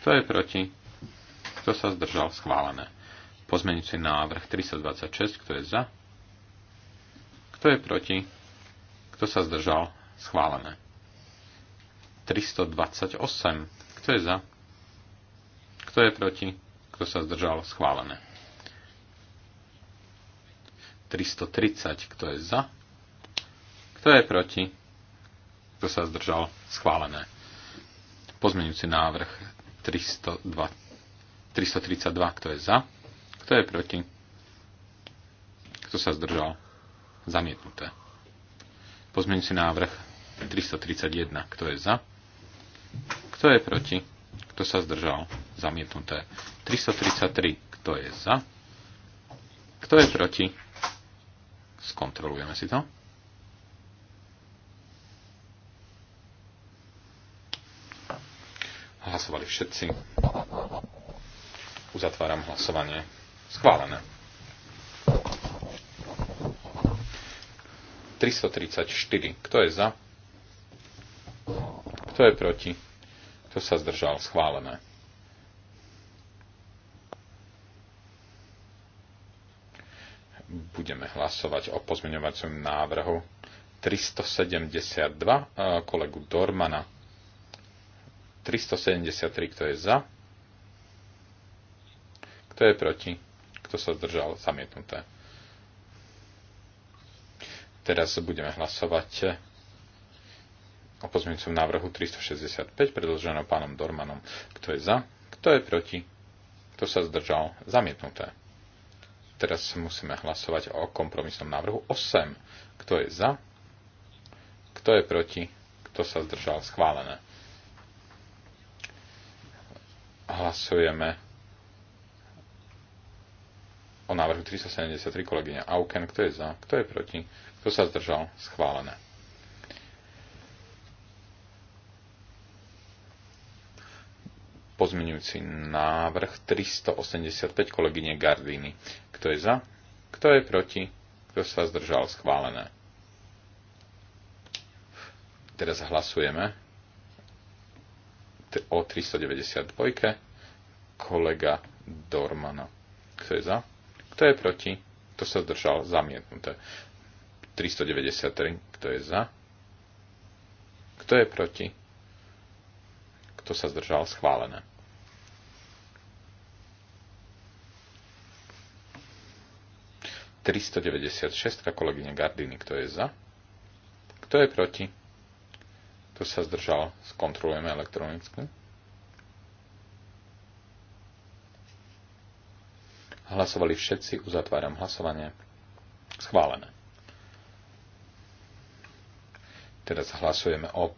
Kto je proti? Kto sa zdržal? Schválené. Pozmenujúci návrh 326. Kto je za? Kto je proti? Kto sa zdržal? Schválené. 328. Kto je za? Kto je proti? Kto sa zdržal? Schválené. 330. Kto je za? Kto je proti? Kto sa zdržal? Schválené. Pozmeňujúci návrh 302, 332. Kto je za? Kto je proti? Kto sa zdržal? Zamietnuté. si návrh 331. Kto je za? Kto je proti? Kto sa zdržal? Zamietnuté. 333. Kto je za? Kto je proti? Skontrolujeme si to. Hlasovali všetci. Uzatváram hlasovanie. Schválené. 334. Kto je za? Kto je proti? Kto sa zdržal? Schválené. Budeme hlasovať o pozmeňovacom návrhu 372 eh, kolegu Dormana. 373, kto je za? Kto je proti? Kto sa zdržal? Zamietnuté. Teraz budeme hlasovať o pozmeňujúcom návrhu 365 predloženom pánom Dormanom. Kto je za? Kto je proti? Kto sa zdržal? Zamietnuté. Teraz musíme hlasovať o kompromisnom návrhu 8. Kto je za? Kto je proti? Kto sa zdržal? Schválené. Hlasujeme o návrhu 373 kolegyňa Auken. Kto je za? Kto je proti? Kto sa zdržal? Schválené. Pozmeňujúci návrh 385 kolegyne Gardiny. Kto je za? Kto je proti? Kto sa zdržal? Schválené. Teraz hlasujeme o 392 kolega Dormana. Kto je za? Kto je proti? Kto sa zdržal? Zamietnuté. 393. Kto je za? Kto je proti? Kto sa zdržal? Schválené. ...396, kolegyne Gardiny, kto je za? Kto je proti? Kto sa zdržal? Skontrolujeme elektronicky. Hlasovali všetci, uzatváram hlasovanie. Schválené. Teraz hlasujeme o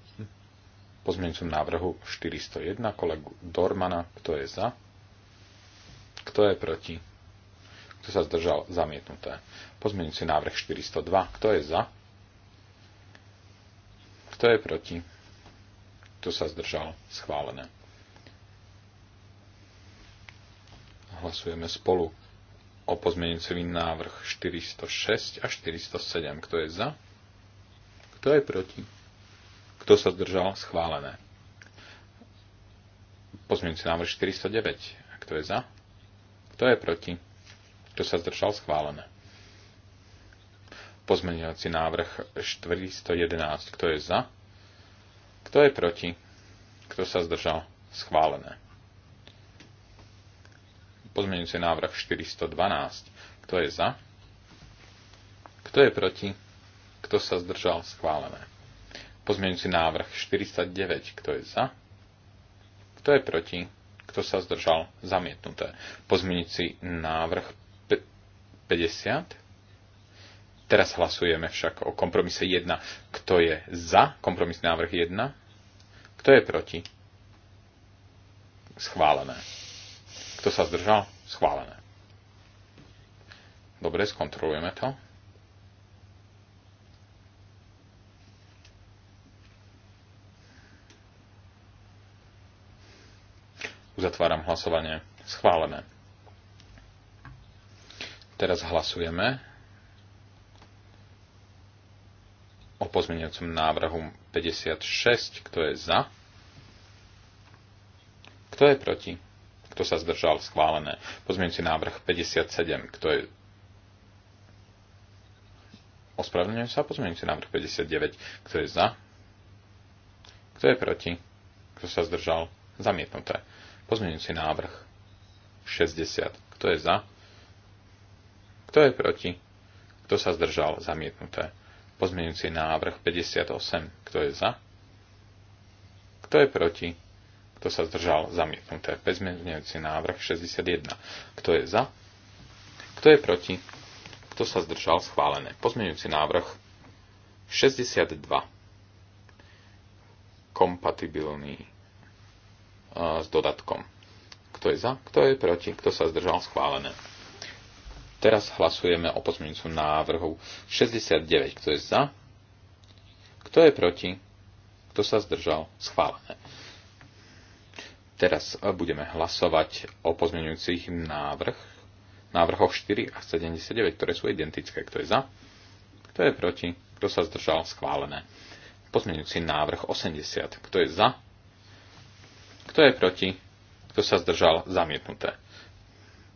pozmeňujúcom návrhu 401 kolegu Dormana. Kto je za? Kto je proti? Kto sa zdržal? Zamietnuté. Pozmeňujúci návrh 402. Kto je za? Kto je proti? Kto sa zdržal? Schválené. Hlasujeme spolu o pozmenujúci návrh 406 a 407. Kto je za? Kto je proti? Kto sa zdržal? Schválené. Pozmeňujúci návrh 409. Kto je za? Kto je proti? Kto sa zdržal? Schválené. Pozmeňujúci návrh 411. Kto je za? Kto je proti? Kto sa zdržal? Schválené. Pozmeňujúci návrh 412. Kto je za? Kto je proti? Kto sa zdržal? Schválené. Pozmeňujúci návrh 409. Kto je za? Kto je proti? Kto sa zdržal? Zamietnuté. Pozmeňujúci návrh 50. Teraz hlasujeme však o kompromise 1. Kto je za kompromisný návrh 1? Kto je proti? Schválené. Kto sa zdržal? Schválené. Dobre, skontrolujeme to. Uzatváram hlasovanie. Schválené. Teraz hlasujeme o pozmeniacom návrhu 56. Kto je za? Kto je proti? Kto sa zdržal? Schválené. si návrh 57. Kto je... Ospravedlňujem sa. si návrh 59. Kto je za? Kto je proti? Kto sa zdržal? Zamietnuté. si návrh 60. Kto je za? Kto je proti? Kto sa zdržal? Zamietnuté. si návrh 58. Kto je za? Kto je proti? Kto sa zdržal? Zamietnuté. Bezmenujúci návrh 61. Kto je za? Kto je proti? Kto sa zdržal? Schválené. Pozmenujúci návrh 62. Kompatibilný e, s dodatkom. Kto je za? Kto je proti? Kto sa zdržal? Schválené. Teraz hlasujeme o pozmenujúcom návrhu 69. Kto je za? Kto je proti? Kto sa zdržal? Schválené. Teraz e, budeme hlasovať o pozmeňujúcich návrh, návrhoch 4 a 79, ktoré sú identické. Kto je za? Kto je proti? Kto sa zdržal? Schválené. Pozmeňujúci návrh 80. Kto je za? Kto je proti? Kto sa zdržal? Zamietnuté.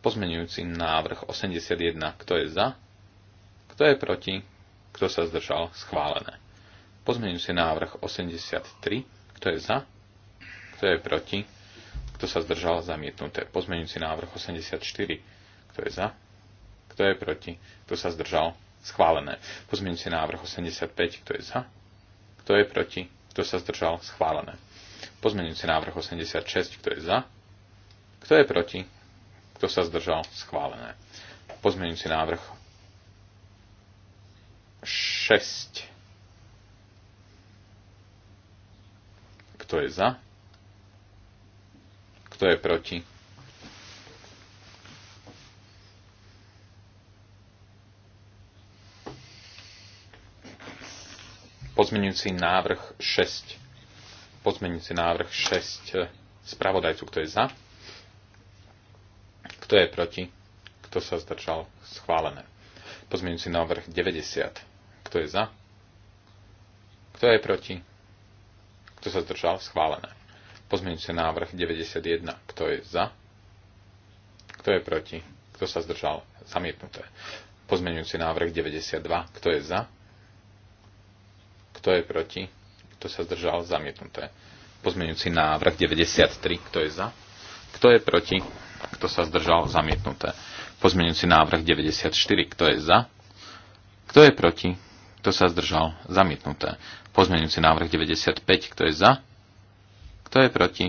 Pozmeňujúci návrh 81. Kto je za? Kto je proti? Kto sa zdržal? Schválené. Pozmeňujúci návrh 83. Kto je za? Kto je proti? Kto sa zdržal? Zamietnuté. Pozmeňujúci návrh 84. Kto je za? Kto je proti? Kto sa zdržal? Schválené. Pozmeňujúci návrh 85. Kto je za? Kto je proti? Kto sa zdržal? Schválené. Pozmeňujúci návrh 86. Kto je za? Kto je proti? Kto sa zdržal? Schválené. Pozmeňujúci návrh 6. Kto je za? Kto je proti? Pozmeňujúci návrh 6. Pozmeňujúci návrh 6 spravodajcu, kto je za, kto je proti, kto sa zdržal schválené. Pozmeňujúci návrh 90. Kto je za? Kto je proti? Kto sa zdržal? Schválené pozmeňujúce návrh 91. Kto je za? Kto je proti? Kto sa zdržal? Zamietnuté. Pozmeňujúci návrh 92. Kto je za? Kto je proti? Kto sa zdržal? Zamietnuté. Pozmeňujúci návrh 93. Kto je za? Kto je proti? Kto sa zdržal? Zamietnuté. Pozmeňujúci návrh 94. Kto je za? Kto je proti? Kto sa zdržal? Zamietnuté. Pozmeňujúci návrh 95. Kto je za? Kto je proti?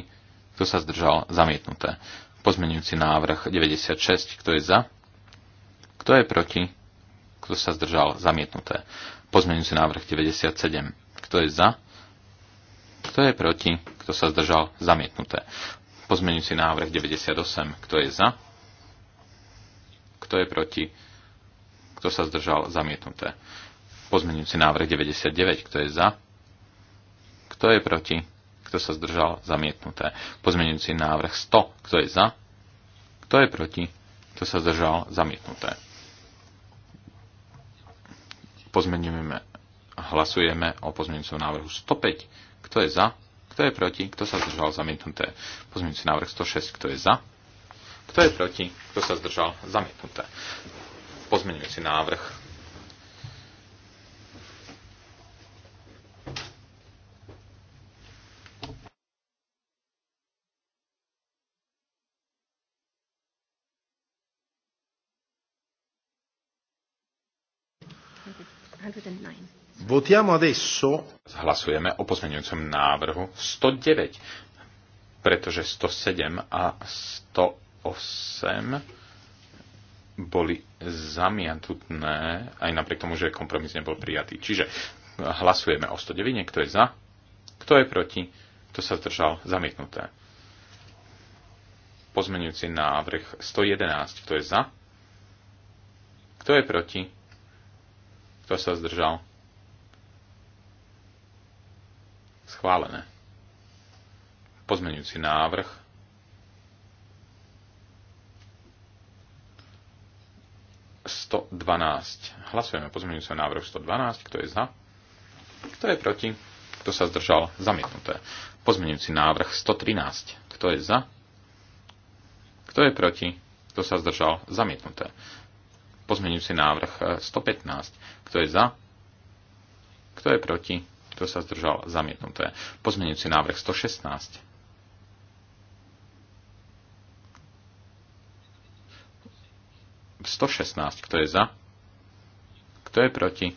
Kto sa zdržal? Zamietnuté. Pozmenujúci návrh 96. Kto je za? Kto je proti? Kto sa zdržal? Zamietnuté. Pozmenujúci návrh 97. Kto je za? Kto je proti? Kto sa zdržal? Zamietnuté. Pozmenujúci návrh 98. Kto je za? Kto je proti? Kto sa zdržal? Zamietnuté. Pozmenujúci návrh 99. Kto je za? Kto je proti? Kto sa zdržal? Zamietnuté. Pozmeňujúci návrh 100. Kto je za? Kto je proti? Kto sa zdržal? Zamietnuté. a hlasujeme o pozmeňujúcom návrhu 105. Kto je za? Kto je proti? Kto sa zdržal? Zamietnuté. Pozmeňujúci návrh 106. Kto je za? Kto je proti? Kto sa zdržal? Zamietnuté. Pozmeňujúci návrh Votiamo adesso... Hlasujeme o pozmeňujúcom návrhu 109, pretože 107 a 108 boli zamiatutné, aj napriek tomu, že kompromis nebol prijatý. Čiže hlasujeme o 109, kto je za, kto je proti, kto sa zdržal, zamietnuté. Pozmeňujúci návrh 111, kto je za, kto je proti, kto sa zdržal, Schválené. Pozmeňujúci návrh. Sto dvanásť. Hlasujeme pozmenujúci návrh 112. Kto je za? Kto je proti? Kto sa zdržal? Zamietnuté. Pozmeňujúci návrh 113. Kto je za? Kto je proti? Kto sa zdržal? Zamietnuté. Pozmeňujúci návrh 115. Kto je za? Kto je proti? Kto sa zdržal? Zamietnuté. Pozmenujúci návrh 116. V 116. Kto je za? Kto je proti?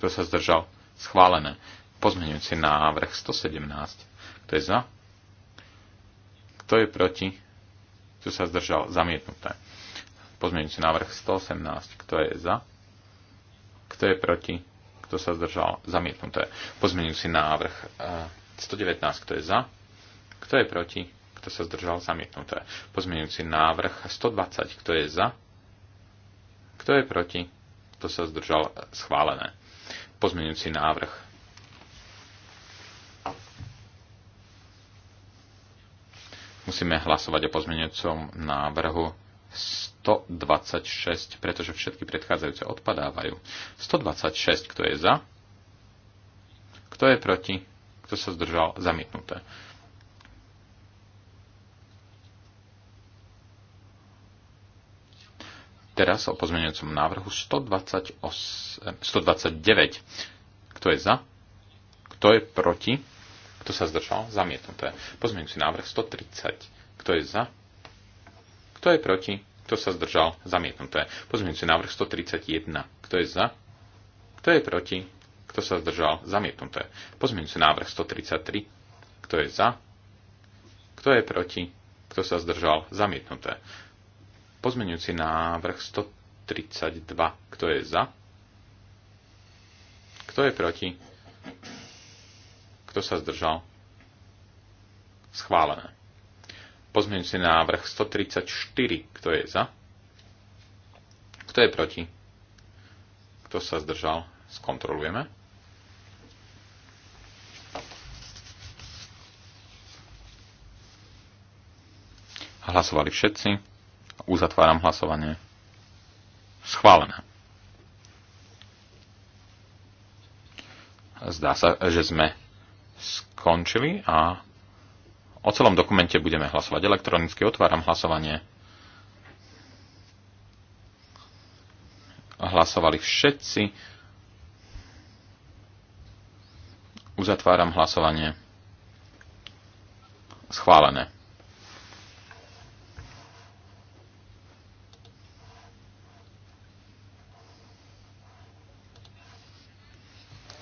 Kto sa zdržal? Schválené. Pozmenujúci návrh 117. Kto je za? Kto je proti? Kto sa zdržal? Zamietnuté. Pozmenujúci návrh 118. Kto je za? Kto je proti? kto sa zdržal, zamietnuté. si návrh 119, eh, kto je za, kto je proti, kto sa zdržal, zamietnuté. Pozmenujúci návrh 120, kto je za, kto je proti, kto sa zdržal, eh, schválené. Pozmenujúci návrh musíme hlasovať o pozmeňujúcom návrhu 126, pretože všetky predchádzajúce odpadávajú. 126, kto je za? Kto je proti? Kto sa zdržal? Zamietnuté. Teraz o pozmeňujúcom návrhu 128, 129. Kto je za? Kto je proti? Kto sa zdržal? Zamietnuté. Pozmeňujúci návrh 130. Kto je za? Kto je proti? Kto sa zdržal? Zamietnuté. Pozmeňujúci návrh 131. Kto je za? Kto je proti? Kto sa zdržal? Zamietnuté. Pozmeňujúci návrh 133. Kto je za? Kto je proti? Kto sa zdržal? Zamietnuté. Pozmeňujúci návrh 132. Kto je za? Kto je proti? Kto sa zdržal? Schválené. Pozmeňujúci návrh 134. Kto je za? Kto je proti? Kto sa zdržal? Skontrolujeme. Hlasovali všetci. Uzatváram hlasovanie. Schválené. Zdá sa, že sme skončili a O celom dokumente budeme hlasovať elektronicky. Otváram hlasovanie. Hlasovali všetci. Uzatváram hlasovanie. Schválené.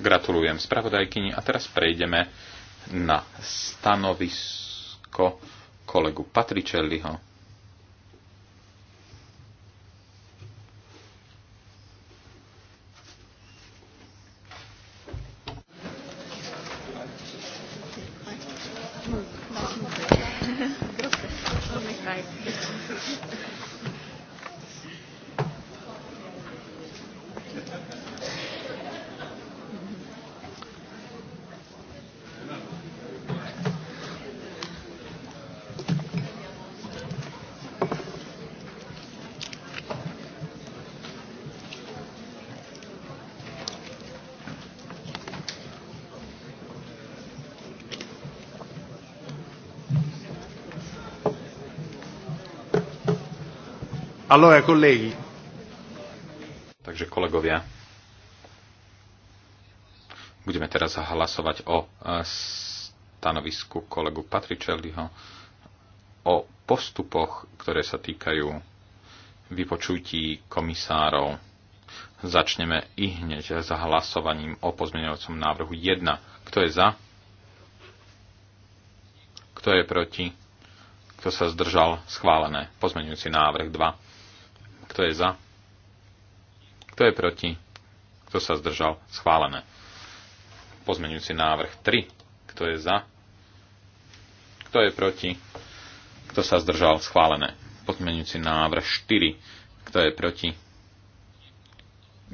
Gratulujem spravodajkyni a teraz prejdeme na stanovisko Ko, kolegu Patričelliho. Allora, colleghi. Takže kolegovia, budeme teraz hlasovať o e, stanovisku kolegu Patričeliho. o postupoch, ktoré sa týkajú vypočutí komisárov. Začneme i hneď s hlasovaním o pozmeňovacom návrhu 1. Kto je za? Kto je proti? Kto sa zdržal? Schválené. Pozmeňujúci návrh 2. Kto je za? Kto je proti? Kto sa zdržal? Schválené. Pozmeňujúci návrh 3. Kto je za? Kto je proti? Kto sa zdržal? Schválené. Pozmeňujúci návrh 4. Kto je proti?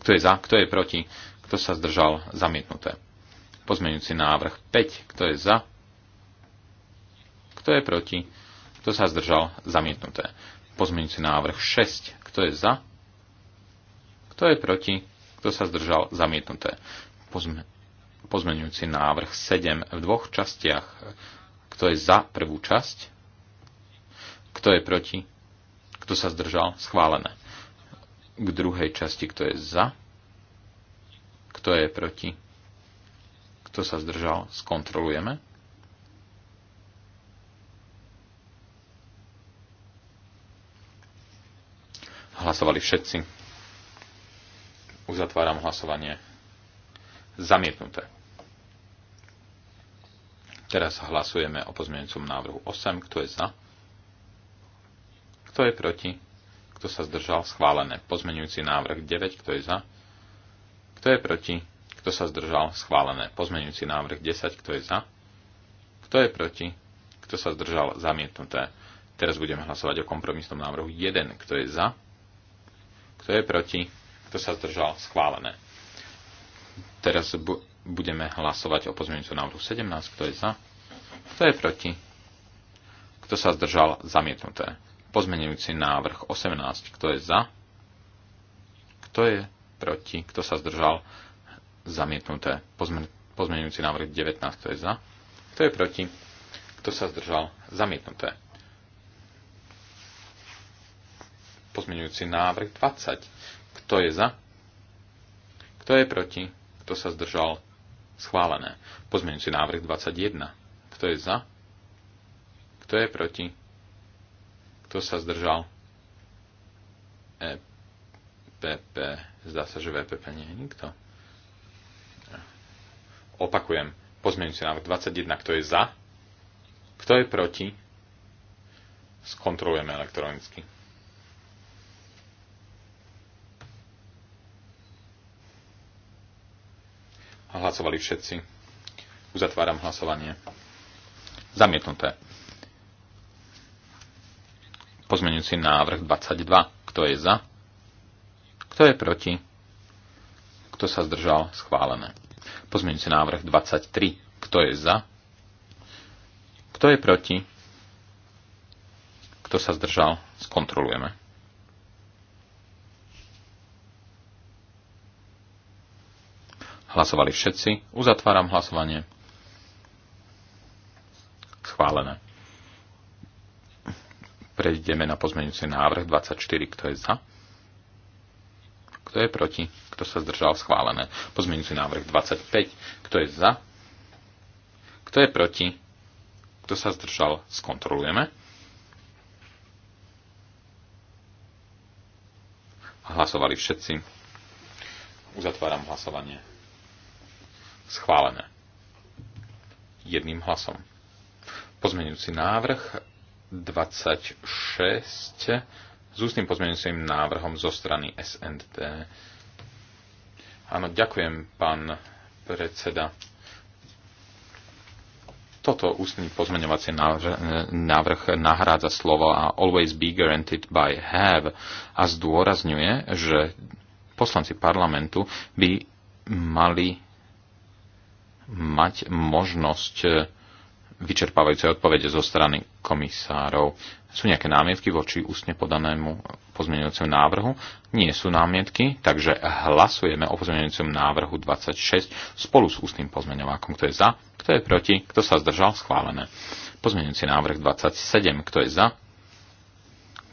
Kto je za? Kto je proti? Kto sa zdržal? Zamietnuté. Pozmeňujúci návrh 5. Kto je za? Kto je proti? Kto sa zdržal? Zamietnuté. Pozmeňujúci návrh 6. Kto je za? Kto je proti? Kto sa zdržal? Zamietnuté. Pozme, pozmenujúci návrh 7 v dvoch častiach. Kto je za prvú časť? Kto je proti? Kto sa zdržal? Schválené. K druhej časti, kto je za? Kto je proti? Kto sa zdržal? Skontrolujeme. Hlasovali všetci. Uzatváram hlasovanie. Zamietnuté. Teraz hlasujeme o pozmeňujúcom návrhu 8. Kto je za? Kto je proti? Kto sa zdržal? Schválené. Pozmeňujúci návrh 9. Kto je za? Kto je proti? Kto sa zdržal? Schválené. Pozmeňujúci návrh 10. Kto je za? Kto je proti? Kto sa zdržal? Zamietnuté. Teraz budeme hlasovať o kompromisnom návrhu 1. Kto je za? Kto je proti? Kto sa zdržal? Schválené. Teraz bu- budeme hlasovať o pozmeňujúcom návrhu 17. Kto je za? Kto je proti? Kto sa zdržal? Zamietnuté. Pozmeňujúci návrh 18. Kto je za? Kto je proti? Kto sa zdržal? Zamietnuté. Pozme- pozmeňujúci návrh 19. Kto je za? Kto je proti? Kto sa zdržal? Zamietnuté Pozmeňujúci návrh 20. Kto je za? Kto je proti? Kto sa zdržal? Schválené. Pozmeňujúci návrh 21. Kto je za? Kto je proti? Kto sa zdržal? EPP. Zdá sa, že VPP nie je nikto. Opakujem. Pozmeňujúci návrh 21. Kto je za? Kto je proti? Skontrolujeme elektronicky. Hlasovali všetci. Uzatváram hlasovanie. Zamietnuté. Pozmeňujúci návrh 22. Kto je za? Kto je proti? Kto sa zdržal? Schválené. Pozmeňujúci návrh 23. Kto je za? Kto je proti? Kto sa zdržal? Skontrolujeme. Hlasovali všetci. Uzatváram hlasovanie. Schválené. Prejdeme na pozmeňujúci návrh 24. Kto je za? Kto je proti? Kto sa zdržal? Schválené. Pozmeňujúci návrh 25. Kto je za? Kto je proti? Kto sa zdržal? Skontrolujeme. Hlasovali všetci. Uzatváram hlasovanie. Schválené. Jedným hlasom. Pozmenujúci návrh 26 s ústnym pozmenujúcim návrhom zo strany SND. Áno, ďakujem, pán predseda. Toto ústny pozmeňovací návrh, návrh nahrádza a always be guaranteed by have a zdôrazňuje, že poslanci parlamentu by mali mať možnosť e, vyčerpávajúcej odpovede zo strany komisárov. Sú nejaké námietky voči ústne podanému pozmeňujúcemu návrhu? Nie sú námietky, takže hlasujeme o pozmeňujúcom návrhu 26 spolu s ústnym pozmeňovákom. Kto je za, kto je proti, kto sa zdržal, schválené. Pozmeňujúci návrh 27, kto je za,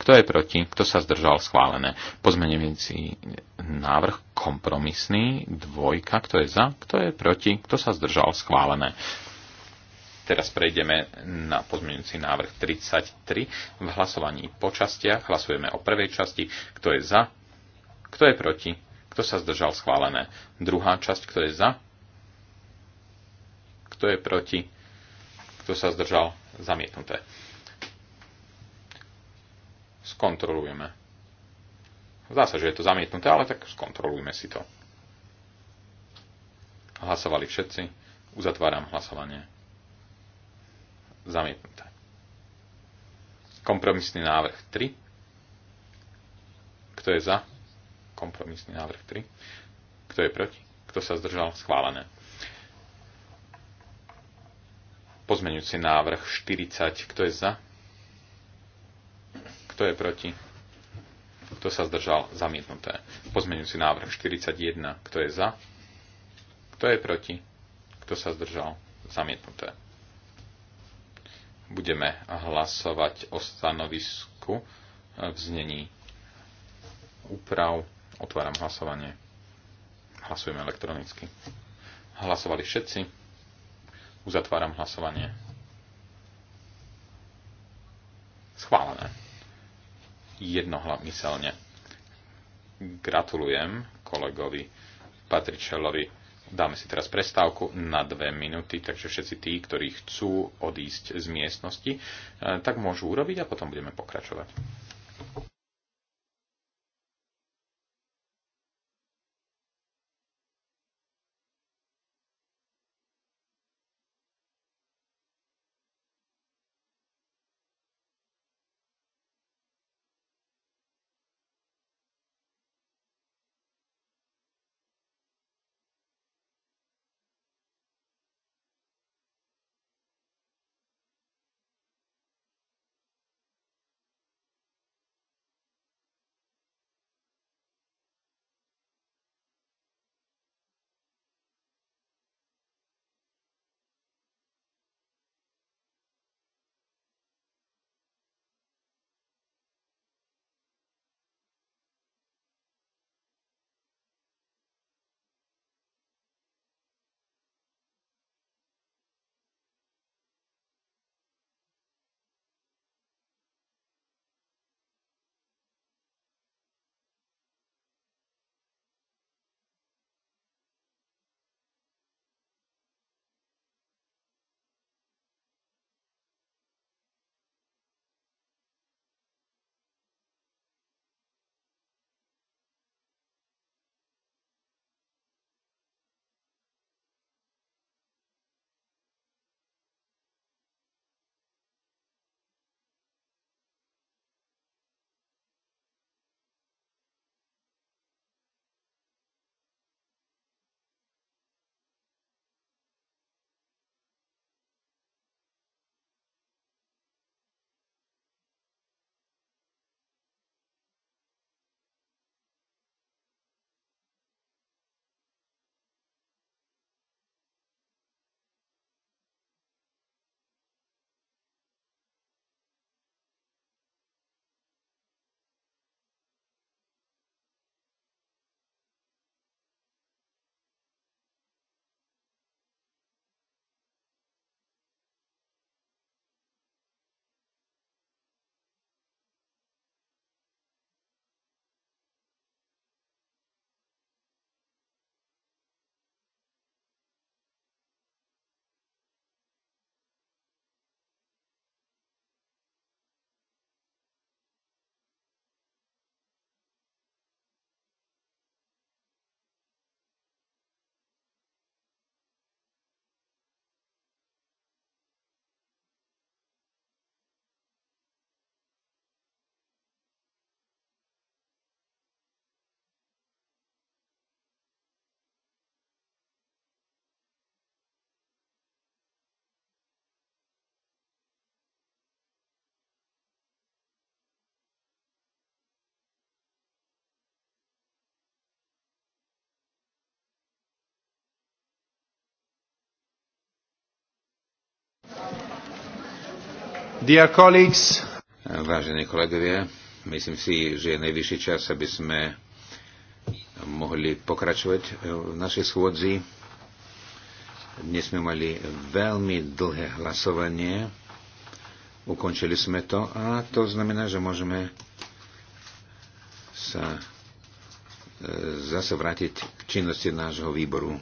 kto je proti? Kto sa zdržal? Schválené. Pozmenujúci návrh kompromisný. Dvojka. Kto je za? Kto je proti? Kto sa zdržal? Schválené. Teraz prejdeme na pozmeňujúci návrh 33. V hlasovaní po častiach hlasujeme o prvej časti. Kto je za? Kto je proti? Kto sa zdržal schválené? Druhá časť. Kto je za? Kto je proti? Kto sa zdržal zamietnuté? skontrolujeme. Zdá sa, že je to zamietnuté, ale tak skontrolujme si to. Hlasovali všetci. Uzatváram hlasovanie. Zamietnuté. Kompromisný návrh 3. Kto je za? Kompromisný návrh 3. Kto je proti? Kto sa zdržal? Schválené. Pozmeňujúci návrh 40. Kto je za? Kto je proti? Kto sa zdržal? Zamietnuté. Pozmeňujúci návrh 41. Kto je za? Kto je proti? Kto sa zdržal? Zamietnuté. Budeme hlasovať o stanovisku v znení úprav. Otváram hlasovanie. Hlasujeme elektronicky. Hlasovali všetci. Uzatváram hlasovanie. Schválené jednohlamyselne. Gratulujem kolegovi Patričelovi. Dáme si teraz prestávku na dve minúty, takže všetci tí, ktorí chcú odísť z miestnosti, eh, tak môžu urobiť a potom budeme pokračovať. Dear colleagues, Vážení kolegovia, myslím si, že je najvyšší čas, aby sme mohli pokračovať v našej schôdzi. Dnes sme mali veľmi dlhé hlasovanie. Ukončili sme to a to znamená, že môžeme sa e, zase vrátiť k činnosti nášho výboru.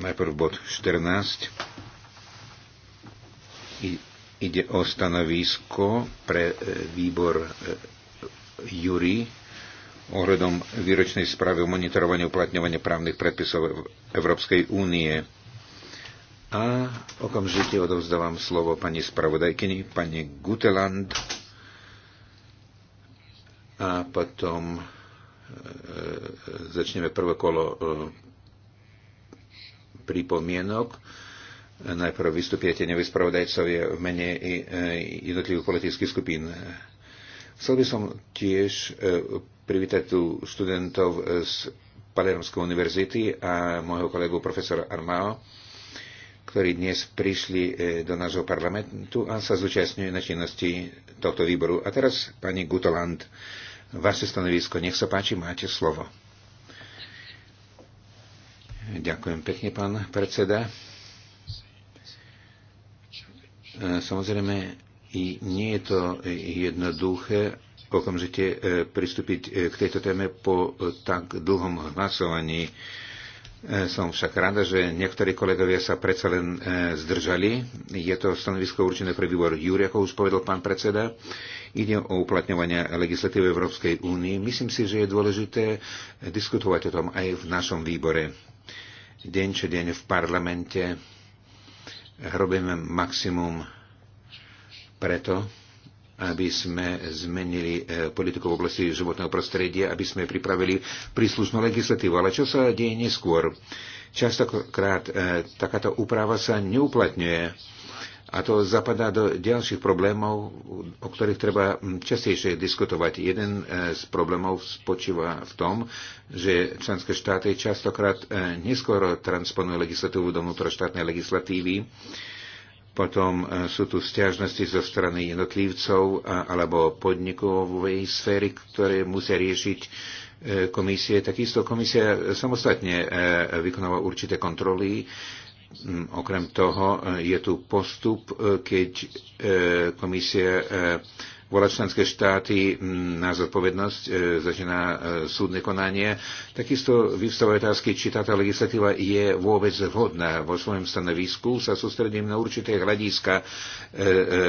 Najprv bod 14 Ide o stanovisko pre e, výbor e, Jury ohľadom výročnej správy o monitorovaní uplatňovania právnych predpisov Európskej únie. A okamžite odovzdávam slovo pani spravodajkyni, pani Guteland a potom e, e začneme prvé kolo e, pripomienok. E, Najprv vystúpia nevyspravodajcovie v mene e, jednotlivých politických skupín. Chcel by som tiež e, privítať tu študentov e, z Palermskej univerzity a môjho kolegu profesora Armao, ktorí dnes prišli do nášho parlamentu a sa zúčastňujú na činnosti tohto výboru. A teraz, pani Gutoland, vaše stanovisko, nech sa páči, máte slovo. Ďakujem pekne, pán predseda. E, samozrejme, nie je to jednoduché okamžite e, pristúpiť e, k tejto téme po tak dlhom hlasovaní. Som však rada, že niektorí kolegovia sa predsa len zdržali. Je to stanovisko určené pre výbor Júri, ako už povedal pán predseda. Ide o uplatňovanie legislatívy Európskej únie. Myslím si, že je dôležité diskutovať o tom aj v našom výbore. Deň čo deň v parlamente Robíme maximum preto, aby sme zmenili e, politiku v oblasti životného prostredia, aby sme pripravili príslušnú legislatívu. Ale čo sa deje neskôr? Častokrát e, takáto úprava sa neuplatňuje a to zapadá do ďalších problémov, o ktorých treba hm, častejšie diskutovať. Jeden e, z problémov spočíva v tom, že členské štáty častokrát e, neskoro transponujú legislatívu do vnútroštátnej legislatívy. Potom e, sú tu stiažnosti zo strany jednotlivcov alebo podnikovej sféry, ktoré musia riešiť komisie. Takisto komisia samostatne vykonáva určité kontroly Mm, okrem toho e, je tu postup, e, keď e, komisia volá členské štáty mm, na zodpovednosť, začína súdne konanie. Takisto vyvstávajú otázky, či táto legislatíva je vôbec vhodná. Vo svojom stanovisku sa sústredím na určité hľadiska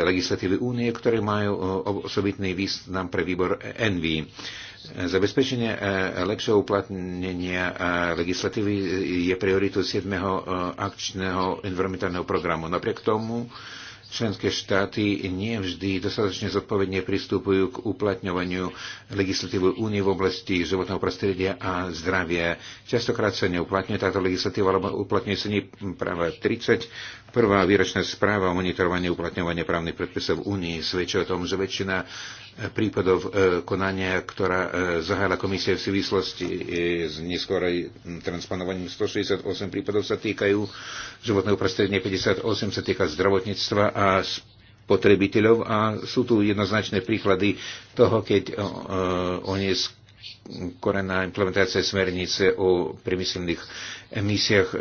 legislatívy únie, ktoré majú osobitný význam pre výbor ENVY. Zabezpečenie e, lepšieho uplatnenia e, legislatívy je prioritou 7. E, akčného environmentálneho programu. Napriek tomu členské štáty nevždy dostatočne zodpovedne pristupujú k uplatňovaniu legislatívy únie v oblasti životného prostredia a zdravia. Častokrát sa neuplatňuje táto legislatíva, alebo uplatňuje sa nie práve 30. Prvá výročná správa o monitorovaní uplatňovania právnych predpisov únie svedčí o tom, že väčšina prípadov e, konania, ktorá e, zahájala komisia v súvislosti e, s neskorej transponovaním 168 prípadov sa týkajú životného prostredia, 58 sa týka zdravotníctva a spotrebiteľov a sú tu jednoznačné príklady toho, keď oni korená implementácia smernice o priemyselných emisiách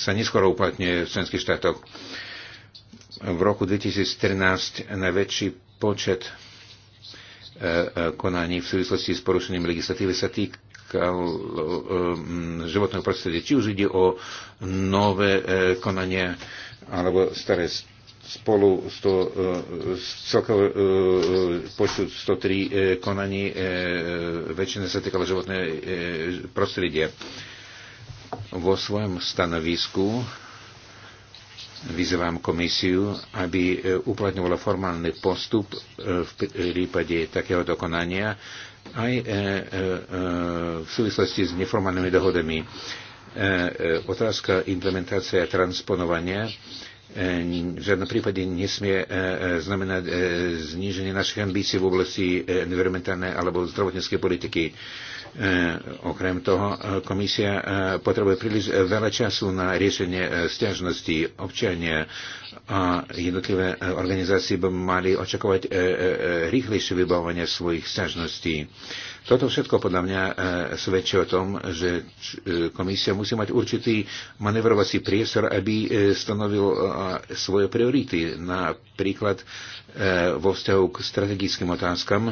sa neskoro uplatňuje v členských štátoch. V roku 2013 najväčší počet e, e, konaní v súvislosti s porušením legislatívy sa týkal e, životného prostredia. Či už ide o nové konanie alebo staré spolu 100, celkového počtu 103 konaní väčšina sa týkala životného prostredia. Vo svojom stanovisku Vyzývam komisiu, aby e, uplatňovala formálny postup e, v prípade takého dokonania aj e, v súvislosti s neformálnymi dohodami. Otázka implementácia a transponovania v žiadnom prípade nesmie znamenať zníženie našich ambícií v oblasti environmentálnej alebo zdravotníckej politiky. Eh, okrem toho, eh, komisia eh, potrebuje príliš veľa času na riešenie stiažnosti občania a jednotlivé organizácie by mali očakovať rýchlejšie vybavovanie svojich stiažností. Toto všetko podľa mňa svedčí o tom, že komisia musí mať určitý manevrovací priestor, aby stanovil svoje priority, napríklad vo vzťahu k strategickým otázkam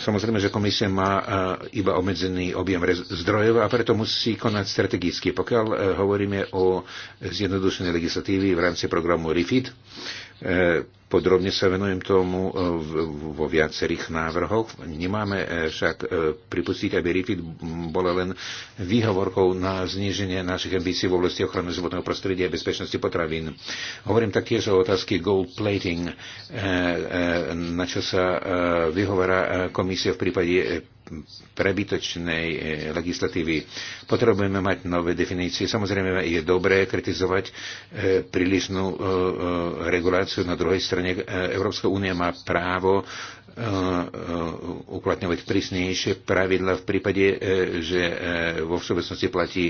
Samozrejme, že komisia má e, iba obmedzený objem zdrojov a preto musí konať strategicky. Pokiaľ e, hovoríme o zjednodušenej legislatívy v rámci programu REFIT, E, podrobne sa venujem tomu e, vo viacerých návrhoch. Nemáme e, však pripustiť, aby RIFID bola len výhovorkou na zníženie našich ambícií v oblasti ochrany životného prostredia a bezpečnosti potravín. Hovorím taktiež o otázky gold plating, na čo sa vyhovára komisia v prípade prebytočnej e, legislatívy. Potrebujeme mať nové definície. Samozrejme je dobré kritizovať e, prílišnú e, reguláciu. Na druhej strane Európska únia má právo E, e, uplatňovať prísnejšie pravidla v prípade, e, že vo všeobecnosti platí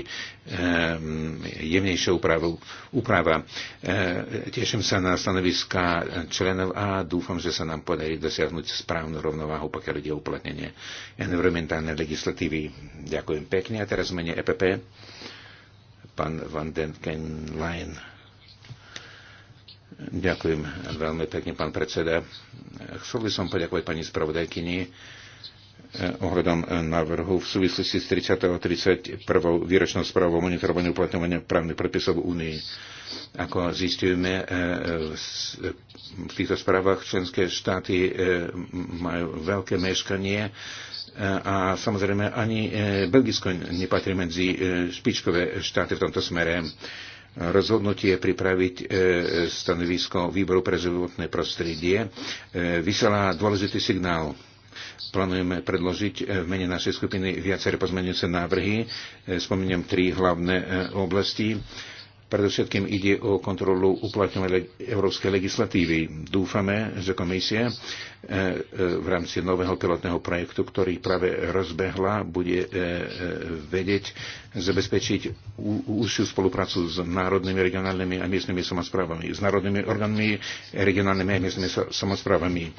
jemnejšia úprava. Teším sa na stanoviska členov a dúfam, že sa nám podarí dosiahnuť správnu rovnováhu, pokiaľ ide o uplatnenie environmentálnej legislatívy. Ďakujem pekne a teraz mene EPP. Pán Van den Kenlein. Ďakujem veľmi pekne, pán predseda. Chcel by som poďakovať pani spravodajkyni eh, ohľadom eh, návrhu v súvislosti s 30. a 31. výročnou správou o monitorovaní uplatňovania právnych predpisov únie. Ako zistujeme, eh, v týchto správach členské štáty majú veľké meškanie a samozrejme ani Belgisko nepatrí medzi špičkové štáty v tomto smere rozhodnutie pripraviť e, stanovisko výboru pre životné prostredie e, vysiela dôležitý signál. Plánujeme predložiť e, v mene našej skupiny viaceré pozmeňujúce návrhy. Spomeniem tri hlavné oblasti Predovšetkým ide o kontrolu uplatňovania európskej legislatívy. Dúfame, že komisia e, e, v rámci nového pilotného projektu, ktorý práve rozbehla, bude e, vedieť zabezpečiť úžšiu spoluprácu s národnými, regionálnymi a miestnymi samozprávami, s národnými orgánmi, regionálnymi a miestnymi samozprávami.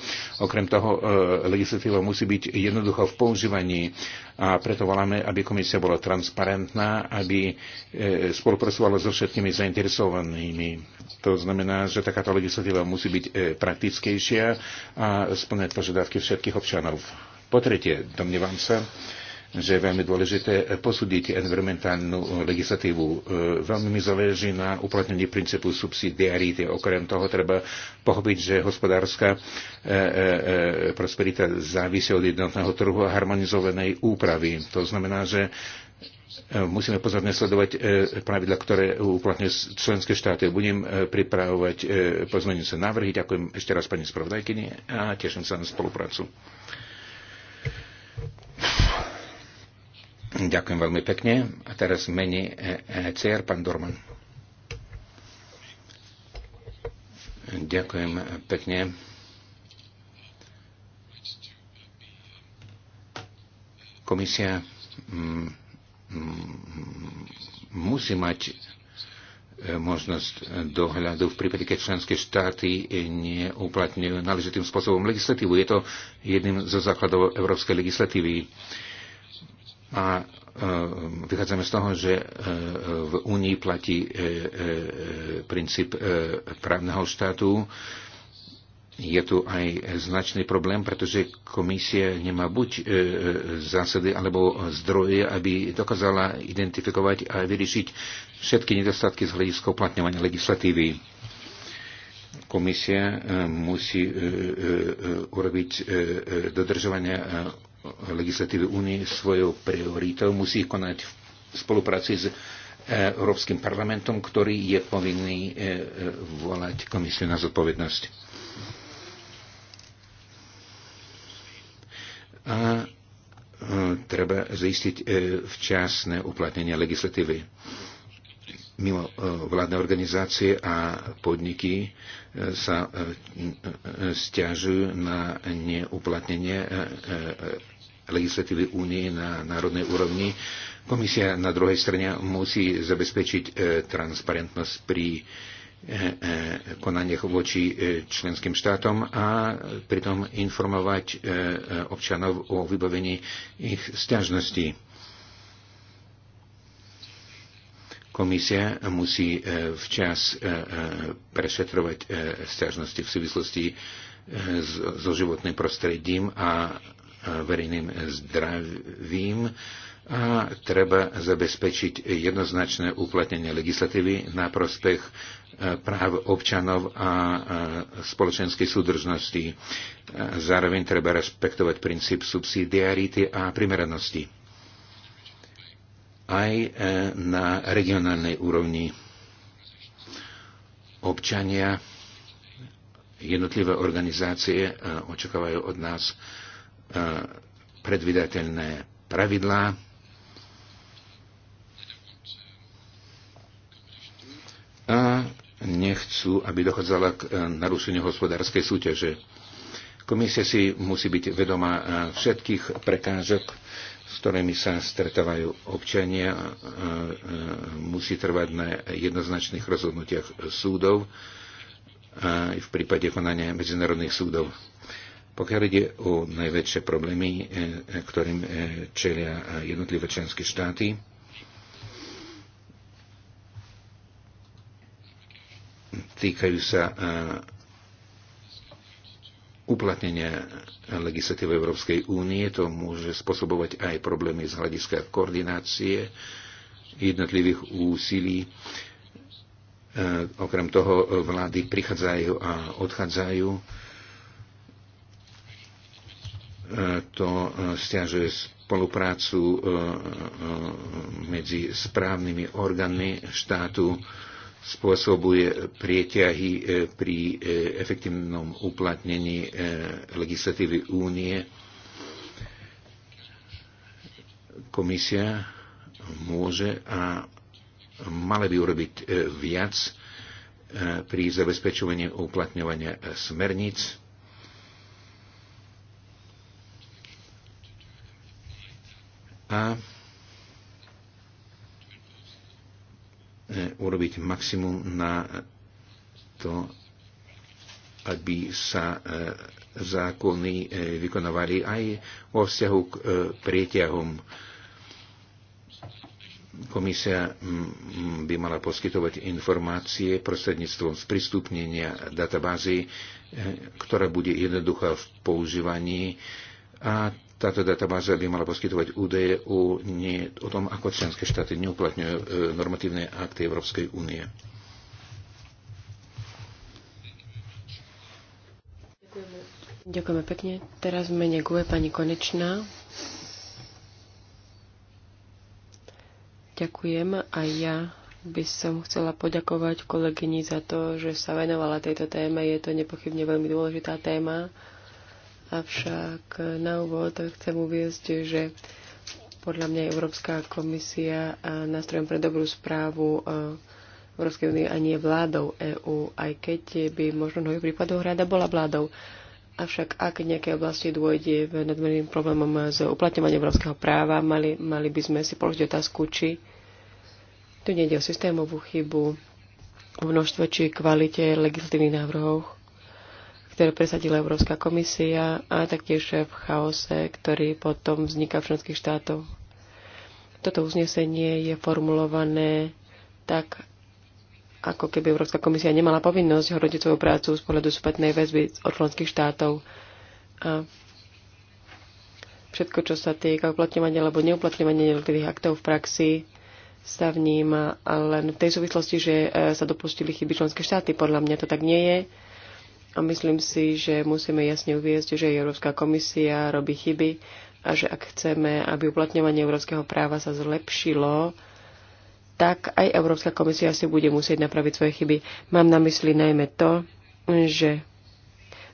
Okrem toho, legislatíva musí byť jednoduchá v používaní a preto voláme, aby komisia bola transparentná, aby e, spolupracovala so všetkými zainteresovanými. To znamená, že takáto legislatíva musí byť e, praktickejšia a splňať požiadavky všetkých občanov. Po tretie, domnievam sa, že je veľmi dôležité posúdiť environmentálnu eh, legislatívu. Eh, veľmi mi záleží na uplatnení princípu subsidiarity. Okrem toho treba pochopiť, že hospodárska eh, prosperita závisí od jednotného trhu a harmonizovanej úpravy. To znamená, že musíme pozorne sledovať pravidla, ktoré uplatňujú členské štáty. Budem pripravovať pozmeňujúce návrhy. Ďakujem ešte raz pani spravodajkyni a teším sa na spoluprácu. Ďakujem veľmi pekne. A teraz mení e e CR, pán Dorman. Ďakujem pekne. Komisia mm, mm, musí mať e, možnosť dohľadu v prípade, keď členské štáty neuplatňujú náležitým spôsobom legislatívu. Je to jedným zo základov európskej legislatívy. A e, vychádzame z toho, že e, v Únii platí e, princíp právneho štátu. Je tu aj značný problém, pretože komisia nemá buď zásady alebo zdroje, aby dokázala identifikovať a vyriešiť všetky nedostatky z hľadiska uplatňovania legislatívy. Komisia musí urobiť dodržovanie legislatívy únie svojou prioritou musí konať v spolupráci s e, Európskym parlamentom, ktorý je povinný e, e, volať komisiu na zodpovednosť. A treba zistiť včasné uplatnenie legislatívy. Mimo vládne organizácie a podniky sa stiažujú na neuplatnenie legislatívy únie na národnej úrovni. Komisia na druhej strane musí zabezpečiť e, transparentnosť pri e, e, konaniach voči členským štátom a pritom informovať občanov o vybavení ich stiažností. Komisia musí včas prešetrovať stiažnosti v súvislosti so životným prostredím a verejným zdravím a treba zabezpečiť jednoznačné uplatnenie legislatívy na prospech e, práv občanov a e, spoločenskej súdržnosti. E, zároveň treba rešpektovať princíp subsidiarity a primeranosti aj na regionálnej úrovni. Občania, jednotlivé organizácie očakávajú od nás E, predvydateľné pravidlá. A nechcú, aby dochádzala k e, narušeniu hospodárskej súťaže. Komisia si musí byť vedomá e, všetkých prekážok, s ktorými sa stretávajú občania, musí trvať na jednoznačných rozhodnutiach súdov, aj v prípade konania medzinárodných súdov. Pokiaľ ide o najväčšie problémy, e, e, ktorým e, čelia jednotlivé členské štáty, týkajú sa uplatnenia legislatívy Európskej únie. To môže spôsobovať aj problémy z hľadiska koordinácie jednotlivých úsilí. Okrem toho vlády prichádzajú a odchádzajú to eh, stiažuje spoluprácu eh, eh, medzi správnymi orgánmi štátu, spôsobuje prieťahy pri efektívnom uplatnení legislatívy únie. Komisia môže a mala by urobiť viac pri zabezpečovaní uplatňovania smerníc a e, urobiť maximum na to, aby sa e, zákony e, vykonovali aj vo vzťahu k prieťahom. Komisia by mala poskytovať informácie prostredníctvom sprístupnenia databázy, ktorá bude jednoduchá v používaní a táto teda databáza by mala poskytovať údaje o, nie, o tom, ako členské štáty neuplatňujú e, normatívne akty Európskej únie. Ďakujeme. pekne. Teraz v mene GUE pani Konečná. Ďakujem a ja by som chcela poďakovať kolegyni za to, že sa venovala tejto téme. Je to nepochybne veľmi dôležitá téma Avšak na úvod chcem uviezť, že podľa mňa Európska komisia nástrojom pre dobrú správu Európskej únie a nie vládou EÚ, aj keď by možno v mnohých prípadoch rada bola vládou. Avšak ak v nejakej oblasti dôjde v nadmerným problémom s uplatňovaním európskeho práva, mali, mali by sme si položiť otázku, či tu nejde o systémovú chybu v množstve či kvalite legislatívnych návrhov ktoré presadila Európska komisia a taktiež v chaose, ktorý potom vzniká v členských štátoch. Toto uznesenie je formulované tak, ako keby Európska komisia nemala povinnosť hodnotiť svoju prácu z pohľadu spätnej väzby od členských štátov. A všetko, čo sa týka uplatňovania alebo neuplatňovania jednotlivých aktov v praxi, sa vníma len v tej súvislosti, že e, sa dopustili chyby členské štáty. Podľa mňa to tak nie je a myslím si, že musíme jasne uviezť, že Európska komisia robí chyby a že ak chceme, aby uplatňovanie európskeho práva sa zlepšilo, tak aj Európska komisia si bude musieť napraviť svoje chyby. Mám na mysli najmä to, že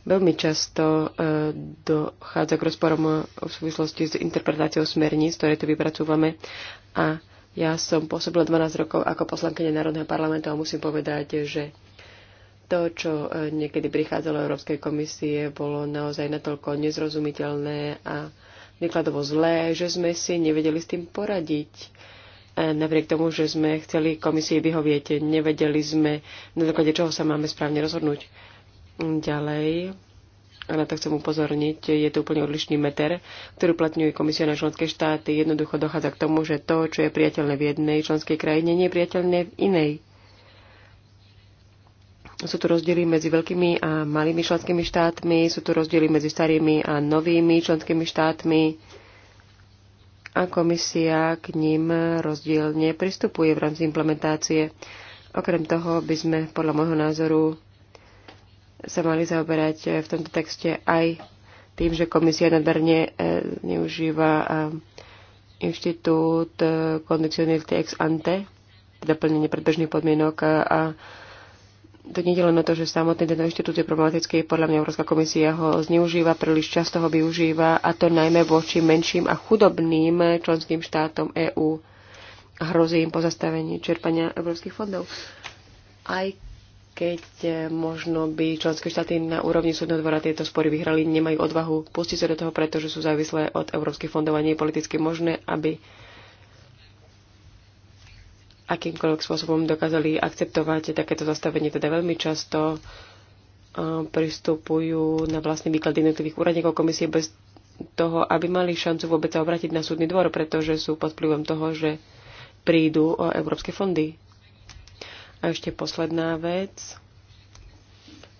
veľmi často e, dochádza k rozporom v súvislosti s interpretáciou smerníc, ktoré tu vypracúvame. A ja som pôsobila 12 rokov ako poslankyňa Národného parlamentu a musím povedať, že to, čo e, niekedy prichádzalo Európskej komisie, bolo naozaj natoľko nezrozumiteľné a nekladovo zlé, že sme si nevedeli s tým poradiť. E, napriek tomu, že sme chceli komisii vyhovieť, nevedeli sme, na základe čoho sa máme správne rozhodnúť. Ďalej, a na to chcem upozorniť, je to úplne odlišný meter, ktorý uplatňuje komisia na členské štáty. Jednoducho dochádza k tomu, že to, čo je priateľné v jednej členskej krajine, nie je priateľné v inej. Sú tu rozdiely medzi veľkými a malými členskými štátmi, sú tu rozdiely medzi starými a novými členskými štátmi a komisia k ním rozdielne pristupuje v rámci implementácie. Okrem toho by sme podľa môjho názoru sa mali zaoberať v tomto texte aj tým, že komisia nadmerne e, neužíva inštitút e, kondicionality ex ante, teda plnenie predbežných podmienok a, a to nie je len o to, že samotný tento inštitút je problematický, podľa mňa Európska komisia ho zneužíva, príliš často ho využíva a to najmä voči menším a chudobným členským štátom EÚ. Hrozí im pozastavenie čerpania európskych fondov. Aj keď eh, možno by členské štáty na úrovni súdneho dvora tieto spory vyhrali, nemajú odvahu pustiť sa do toho, pretože sú závislé od európskych fondov a nie je politicky možné, aby akýmkoľvek spôsobom dokázali akceptovať takéto zastavenie. Teda veľmi často pristupujú na vlastný výklad jednotlivých úradníkov komisie bez toho, aby mali šancu vôbec sa obrátiť na súdny dvor, pretože sú pod vplyvom toho, že prídu o európske fondy. A ešte posledná vec.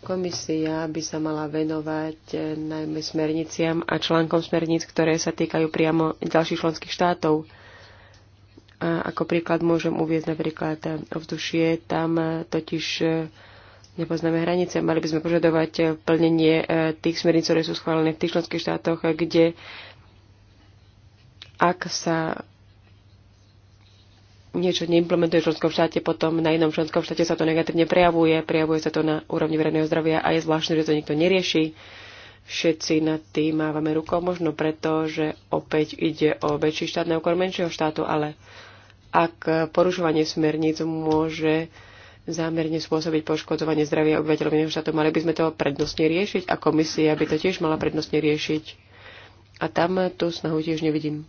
Komisia by sa mala venovať e, najmä smerniciam a článkom smerníc, ktoré sa týkajú priamo ďalších členských štátov ako príklad môžem uvieť napríklad ovzdušie, tam totiž e, nepoznáme hranice. Mali by sme požadovať e, plnenie e, tých smerníc, ktoré sú schválené v tých členských štátoch, kde ak sa niečo neimplementuje v členskom štáte, potom na inom členskom štáte sa to negatívne prejavuje, prejavuje sa to na úrovni verejného zdravia a je zvláštne, že to nikto nerieši. Všetci nad tým mávame rukou, možno preto, že opäť ide o väčší štát na okolo menšieho štátu, ale ak porušovanie smerníc môže zámerne spôsobiť poškodzovanie zdravia obyvateľov iného štátu. Mali by sme to prednostne riešiť a komisia by to tiež mala prednostne riešiť. A tam tú snahu tiež nevidím.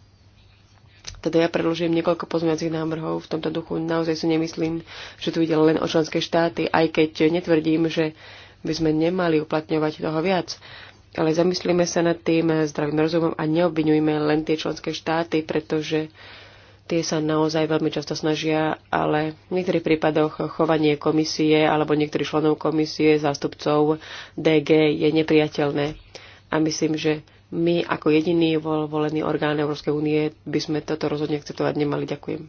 Teda ja predložím niekoľko pozmeňacích návrhov v tomto duchu. Naozaj si nemyslím, že tu ide len o členské štáty, aj keď netvrdím, že by sme nemali uplatňovať toho viac. Ale zamyslíme sa nad tým zdravým rozumom a neobvinujme len tie členské štáty, pretože Tie sa naozaj veľmi často snažia, ale v niektorých prípadoch chovanie komisie alebo niektorých členov komisie, zástupcov DG je nepriateľné. A myslím, že my ako jediný volený orgán Európskej únie by sme toto rozhodne akceptovať nemali. Ďakujem.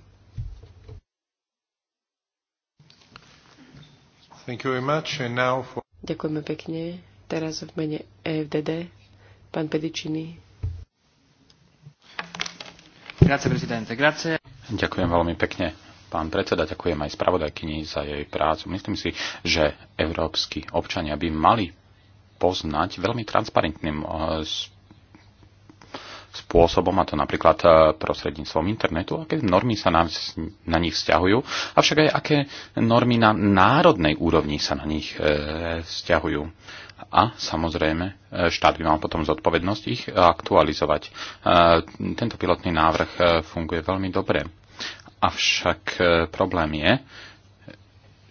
Thank you very much. And now for... Ďakujeme pekne. Teraz v mene EFDD, pán Pedičiny. Ďakujem veľmi pekne. Pán predseda, ďakujem aj spravodajkyni za jej prácu. Myslím si, že európsky občania by mali poznať veľmi transparentným eh, spôsobom, a to napríklad eh, prostredníctvom internetu, aké normy sa na, na nich vzťahujú, avšak aj aké normy na národnej úrovni sa na nich e, vzťahujú a samozrejme e, štát by mal potom zodpovednosť ich e, aktualizovať. E, tento pilotný návrh funguje veľmi dobre. Avšak problém je,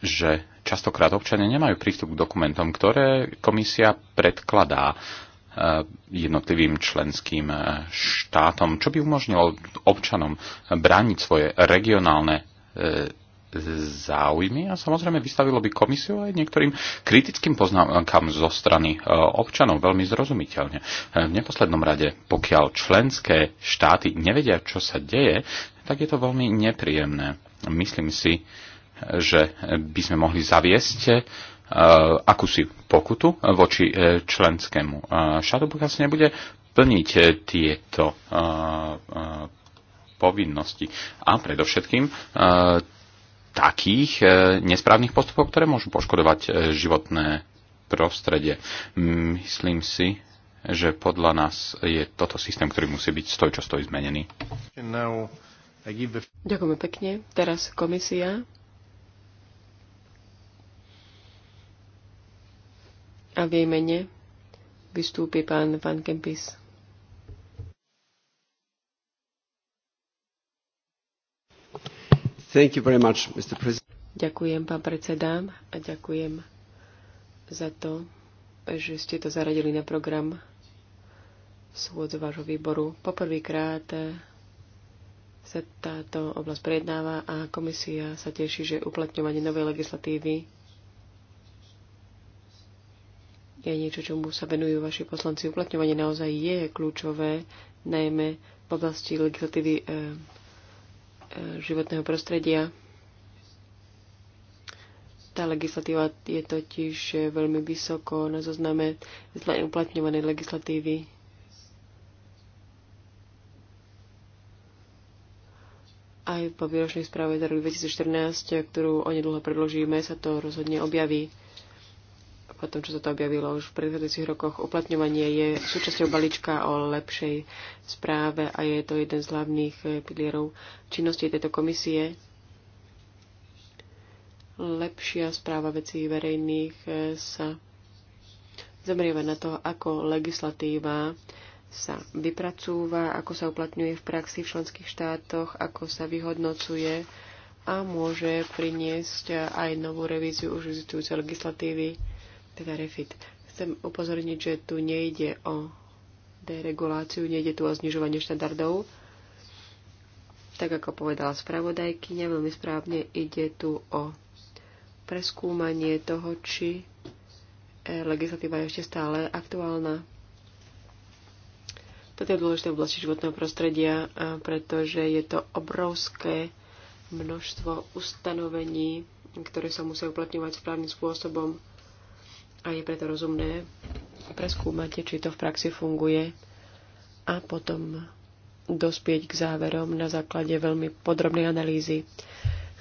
že častokrát občania nemajú prístup k dokumentom, ktoré komisia predkladá jednotlivým členským štátom, čo by umožnilo občanom brániť svoje regionálne záujmy a samozrejme vystavilo by komisiu aj niektorým kritickým poznámkam zo strany e, občanov veľmi zrozumiteľne. E, v neposlednom rade, pokiaľ členské štáty nevedia, čo sa deje, tak je to veľmi nepríjemné. Myslím si, že by sme mohli zaviesť e, akúsi pokutu voči členskému štátu, pokiaľ sa nebude plniť tieto povinnosti. A predovšetkým takých e, nesprávnych postupov, ktoré môžu poškodovať e, životné prostredie. Myslím si, že podľa nás je toto systém, ktorý musí byť stoj čo stoj zmenený. Ďakujem pekne. Teraz komisia. A v jej mene vystúpi pán Van Kempis. Thank you very much, Mr. President. Ďakujem, pán predseda, a ďakujem za to, že ste to zaradili na program schôdzu vášho výboru. Poprvýkrát sa táto oblasť prejednáva a komisia sa teší, že uplatňovanie novej legislatívy je niečo, čomu sa venujú vaši poslanci. Uplatňovanie naozaj je kľúčové, najmä v oblasti legislatívy eh, E, životného prostredia. Tá legislatíva je totiž veľmi vysoko na zozname zle uplatňovanej legislatívy. Aj po výročnej správe za rok 2014, ktorú onedlho predložíme, sa to rozhodne objaví po tom, čo sa to objavilo už v predchádzajúcich rokoch. Uplatňovanie je súčasťou balíčka o lepšej správe a je to jeden z hlavných eh, pilierov činnosti tejto komisie. Lepšia správa vecí verejných eh, sa zameriava na to, ako legislatíva sa vypracúva, ako sa uplatňuje v praxi v členských štátoch, ako sa vyhodnocuje a môže priniesť aj novú revíziu už existujúcej legislatívy teda refit. Chcem upozorniť, že tu nejde o dereguláciu, nejde tu o znižovanie štandardov. Tak ako povedala spravodajkyňa, veľmi správne ide tu o preskúmanie toho, či e, legislatíva je ešte stále aktuálna. Toto je dôležité v oblasti životného prostredia, e, pretože je to obrovské množstvo ustanovení, ktoré sa musia uplatňovať správnym spôsobom a je preto rozumné preskúmať, či to v praxi funguje a potom dospieť k záverom na základe veľmi podrobnej analýzy.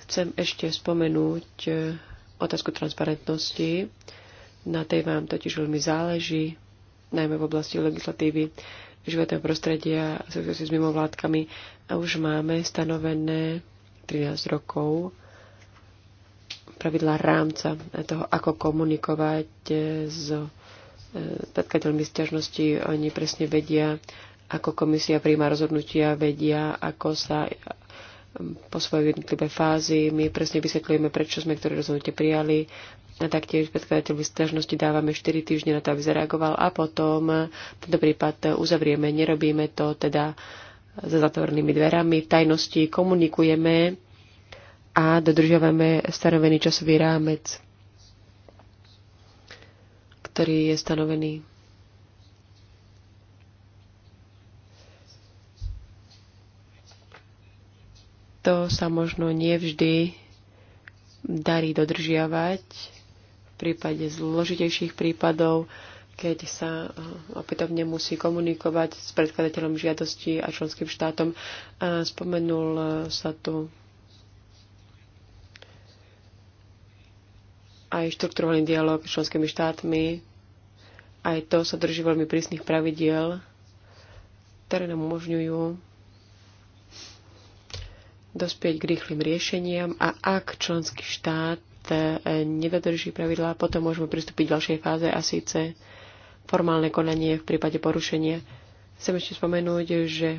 Chcem ešte spomenúť e, otázku transparentnosti. Na tej vám totiž veľmi záleží, najmä v oblasti legislatívy životného prostredia a súvislosti s mimovládkami. A už máme stanovené 13 rokov pravidlá rámca toho, ako komunikovať e, s e, predkateľmi stiažnosti. Oni presne vedia, ako komisia príjma rozhodnutia, vedia, ako sa e, po svojej jednotlivé fázy. My presne vysvetľujeme, prečo sme ktoré rozhodnutie prijali. A taktiež predkladateľovi stiažnosti dávame 4 týždne na to, aby zareagoval a potom tento prípad uzavrieme. Nerobíme to teda za zatvorenými dverami, tajnosti komunikujeme a dodržiavame stanovený časový rámec, ktorý je stanovený. To sa možno nevždy darí dodržiavať v prípade zložitejších prípadov, keď sa eh, opätovne musí komunikovať s predkladateľom žiadosti a členským štátom. Spomenul sa tu aj štrukturovaný dialog s členskými štátmi. Aj to sa drží veľmi prísnych pravidiel, ktoré nám umožňujú dospieť k rýchlým riešeniam a ak členský štát e, nedodrží pravidlá, potom môžeme pristúpiť k ďalšej fáze a síce formálne konanie v prípade porušenia. Chcem ešte spomenúť, že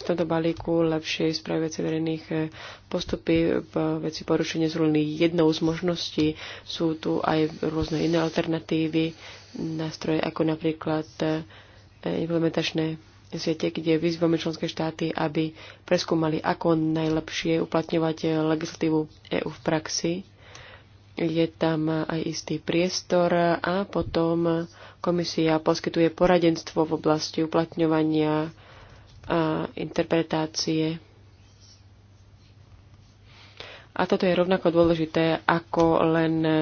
v tomto balíku lepšie správe veci verejných eh, postupy v veci porušenia zrovny. jednou z možností. Sú tu aj rôzne iné alternatívy, nástroje ako napríklad eh, implementačné siete, kde vyzývame členské štáty, aby preskúmali, ako najlepšie uplatňovať eh, legislatívu EÚ v praxi. Je tam aj istý priestor a potom komisia poskytuje poradenstvo v oblasti uplatňovania a interpretácie. A toto je rovnako dôležité ako len e,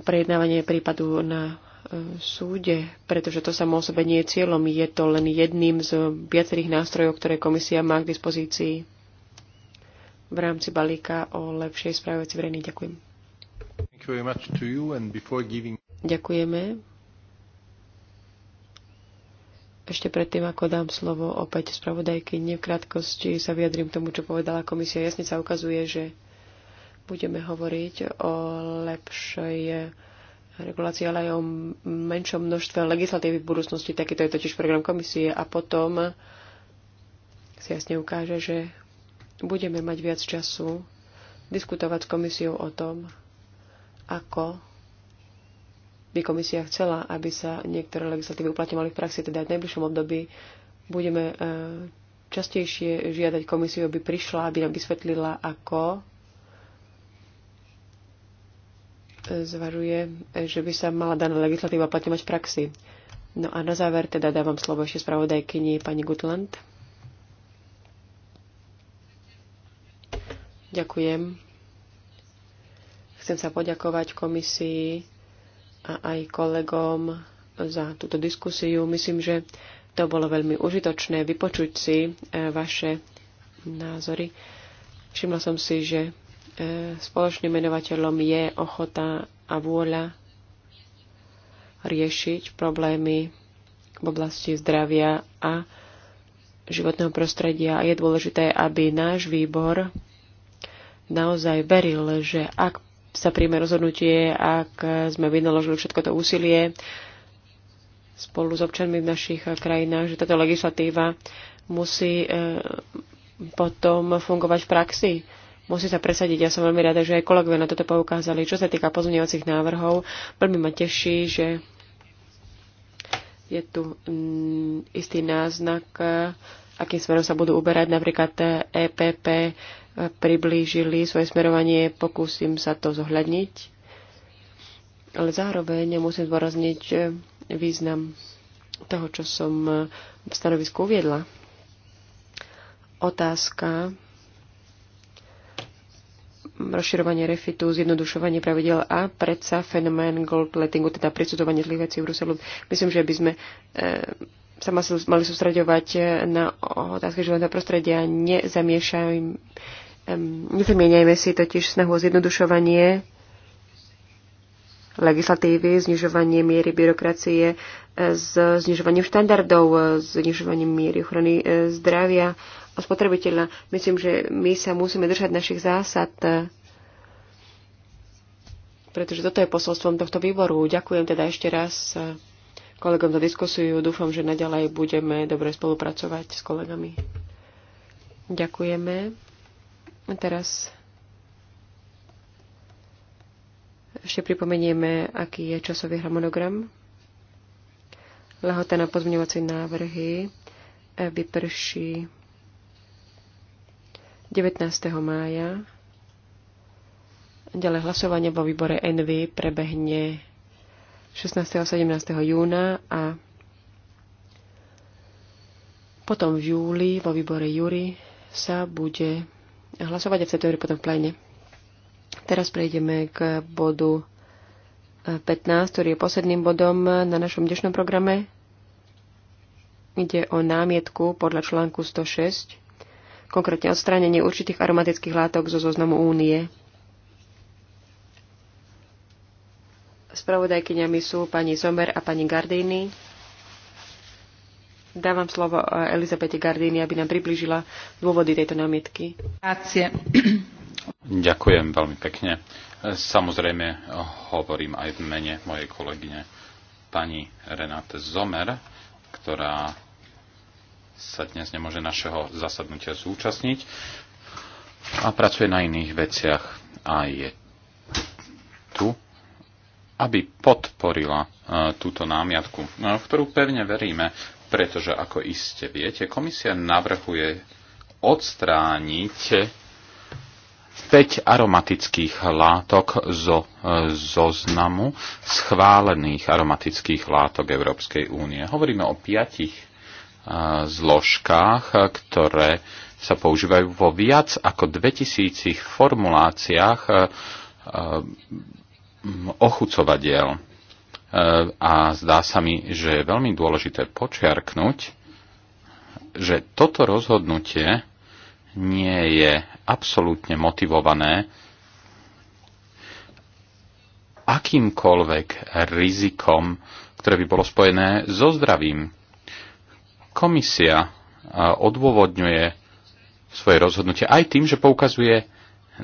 prejednávanie prípadu na e, súde, pretože to samo o sebe nie je cieľom, je to len jedným z viacerých nástrojov, ktoré komisia má k dispozícii v rámci balíka o lepšej správe verejnej. Ďakujem. Giving... Ďakujeme. Ešte predtým, ako dám slovo opäť spravodajky, v krátkosti sa vyjadrím tomu, čo povedala komisia. Jasne sa ukazuje, že budeme hovoriť o lepšej regulácii, ale aj o menšom množstve legislatívy v budúcnosti. Takýto je totiž program komisie a potom si jasne ukáže, že budeme mať viac času diskutovať s komisiou o tom, ako by komisia chcela, aby sa niektoré legislatívy uplatňovali v praxi, teda aj v najbližšom období budeme e, častejšie žiadať komisiu, aby prišla, aby nám vysvetlila, ako e, zvažuje, e, že by sa mala daná legislatíva uplatňovať v praxi. No a na záver teda dávam slovo ešte spravodajkyni pani Gutland. Ďakujem. Chcem sa poďakovať komisii a aj kolegom za túto diskusiu. Myslím, že to bolo veľmi užitočné vypočuť si e, vaše názory. Všimla som si, že e, spoločným menovateľom je ochota a vôľa riešiť problémy v oblasti zdravia a životného prostredia. je dôležité, aby náš výbor naozaj veril, že ak sa príjme rozhodnutie, ak sme vynaložili všetko to úsilie spolu s občanmi v našich krajinách, že táto legislatíva musí e, potom fungovať v praxi. Musí sa presadiť. Ja som veľmi rada, že aj kolegovia na toto poukázali. Čo sa týka pozmeňovacích návrhov, veľmi ma teší, že je tu mm, istý náznak, e, akým smerom sa budú uberať. Napríklad EPP priblížili svoje smerovanie, pokúsim sa to zohľadniť, ale zároveň musím zdôrazniť eh, význam toho, čo som eh, v stanovisku uviedla. Otázka rozširovanie refitu, zjednodušovanie pravidel a predsa fenomén gold lettingu, teda prisudzovanie zlých vecí v Bruselu. Myslím, že by sme e, sa mali sústredovať na otázky životného prostredia. Nezamiešajme Nezamieňajme si totiž snahu o zjednodušovanie legislatívy, znižovanie miery byrokracie, e, s znižovaním štandardov, e, znižovaním miery ochrany e, zdravia a spotrebiteľa. Myslím, že my sa musíme držať našich zásad, pretože toto je posolstvom tohto výboru. Ďakujem teda ešte raz kolegom za diskusiu. Dúfam, že naďalej budeme dobre spolupracovať s kolegami. Ďakujeme. Teraz ešte pripomenieme, aký je časový harmonogram. Lehota na pozmeňovacie návrhy eh, vyprší 19. mája. Ďalej hlasovanie vo výbore NV prebehne 16. a 17. júna a potom v júli vo výbore Jury sa bude hlasovať a v septembri potom v pléne. Teraz prejdeme k bodu 15, e, ktorý je posledným bodom na našom dnešnom programe. Ide o námietku podľa článku 106, konkrétne odstránenie určitých aromatických látok zo zoznamu únie. Spravodajkyňami sú pani Zomer a pani Gardini. Dávam slovo eh, Elizabete Gardini, aby nám priblížila dôvody tejto námietky. Ďakujem veľmi pekne. Samozrejme, hovorím aj v mene mojej kolegyne pani Renate Zomer, ktorá sa dnes nemôže našeho zasadnutia zúčastniť a pracuje na iných veciach a je tu, aby podporila eh, túto námiatku, eh, ktorú pevne veríme, pretože ako iste viete, komisia navrhuje odstrániť 5 aromatických látok zo e, zoznamu schválených aromatických látok Európskej únie. Hovoríme o 5 e, zložkách, ktoré sa používajú vo viac ako 2000 formuláciách e, ochucovadiel. Eh, a zdá sa mi, že je veľmi dôležité počiarknúť, že toto rozhodnutie nie je absolútne motivované akýmkoľvek rizikom, ktoré by bolo spojené so zdravím. Komisia eh, odôvodňuje svoje rozhodnutie aj tým, že poukazuje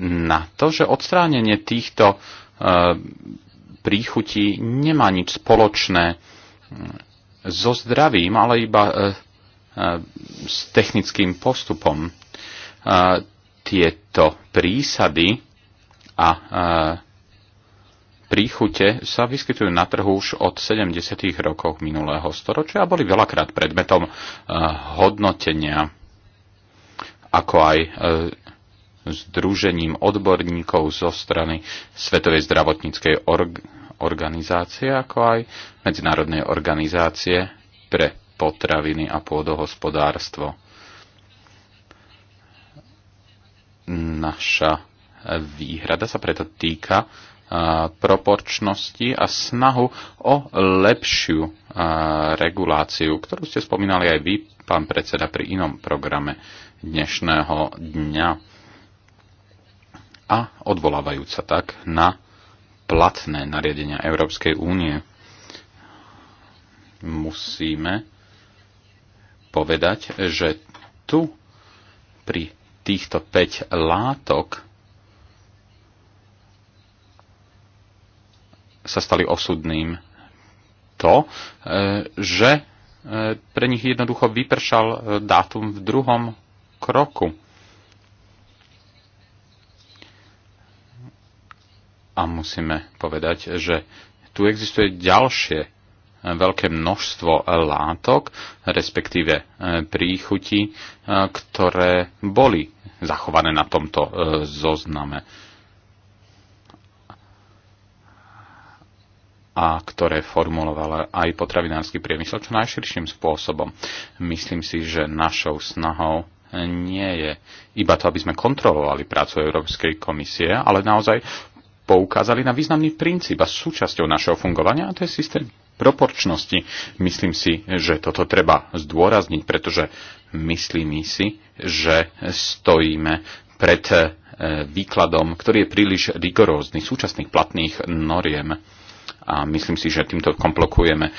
na to, že odstránenie týchto eh, príchutí nemá nič spoločné mm, so zdravím, ale iba e, e, s technickým postupom. E, tieto prísady a príchute sa vyskytujú na trhu už od 70. rokov minulého storočia a boli veľakrát predmetom hodnotenia ako aj združením odborníkov zo strany Svetovej zdravotníckej org- organizácie, ako aj Medzinárodnej organizácie pre potraviny a pôdohospodárstvo. Naša výhrada sa preto týka proporčnosti a snahu o lepšiu reguláciu, ktorú ste spomínali aj vy, pán predseda, pri inom programe dnešného dňa a odvolávajúc sa tak na platné nariadenia Európskej únie. Musíme povedať, že tu pri týchto 5 látok sa stali osudným to, e, že e, pre nich jednoducho vypršal e, dátum v druhom kroku. A musíme povedať, že tu existuje ďalšie e, veľké množstvo látok, respektíve e, príchutí, e, ktoré boli zachované na tomto zozname a ktoré formulovala aj potravinársky priemysel čo najširším spôsobom. Myslím si, že našou snahou nie je iba to, aby sme kontrolovali prácu Európskej komisie, ale naozaj poukázali na významný princíp a súčasťou našeho fungovania, a to je systém proporčnosti. Myslím si, že toto treba zdôrazniť, pretože myslím si, že stojíme pred eh, výkladom, ktorý je príliš rigorózny súčasných platných noriem a myslím si, že týmto komplokujeme e,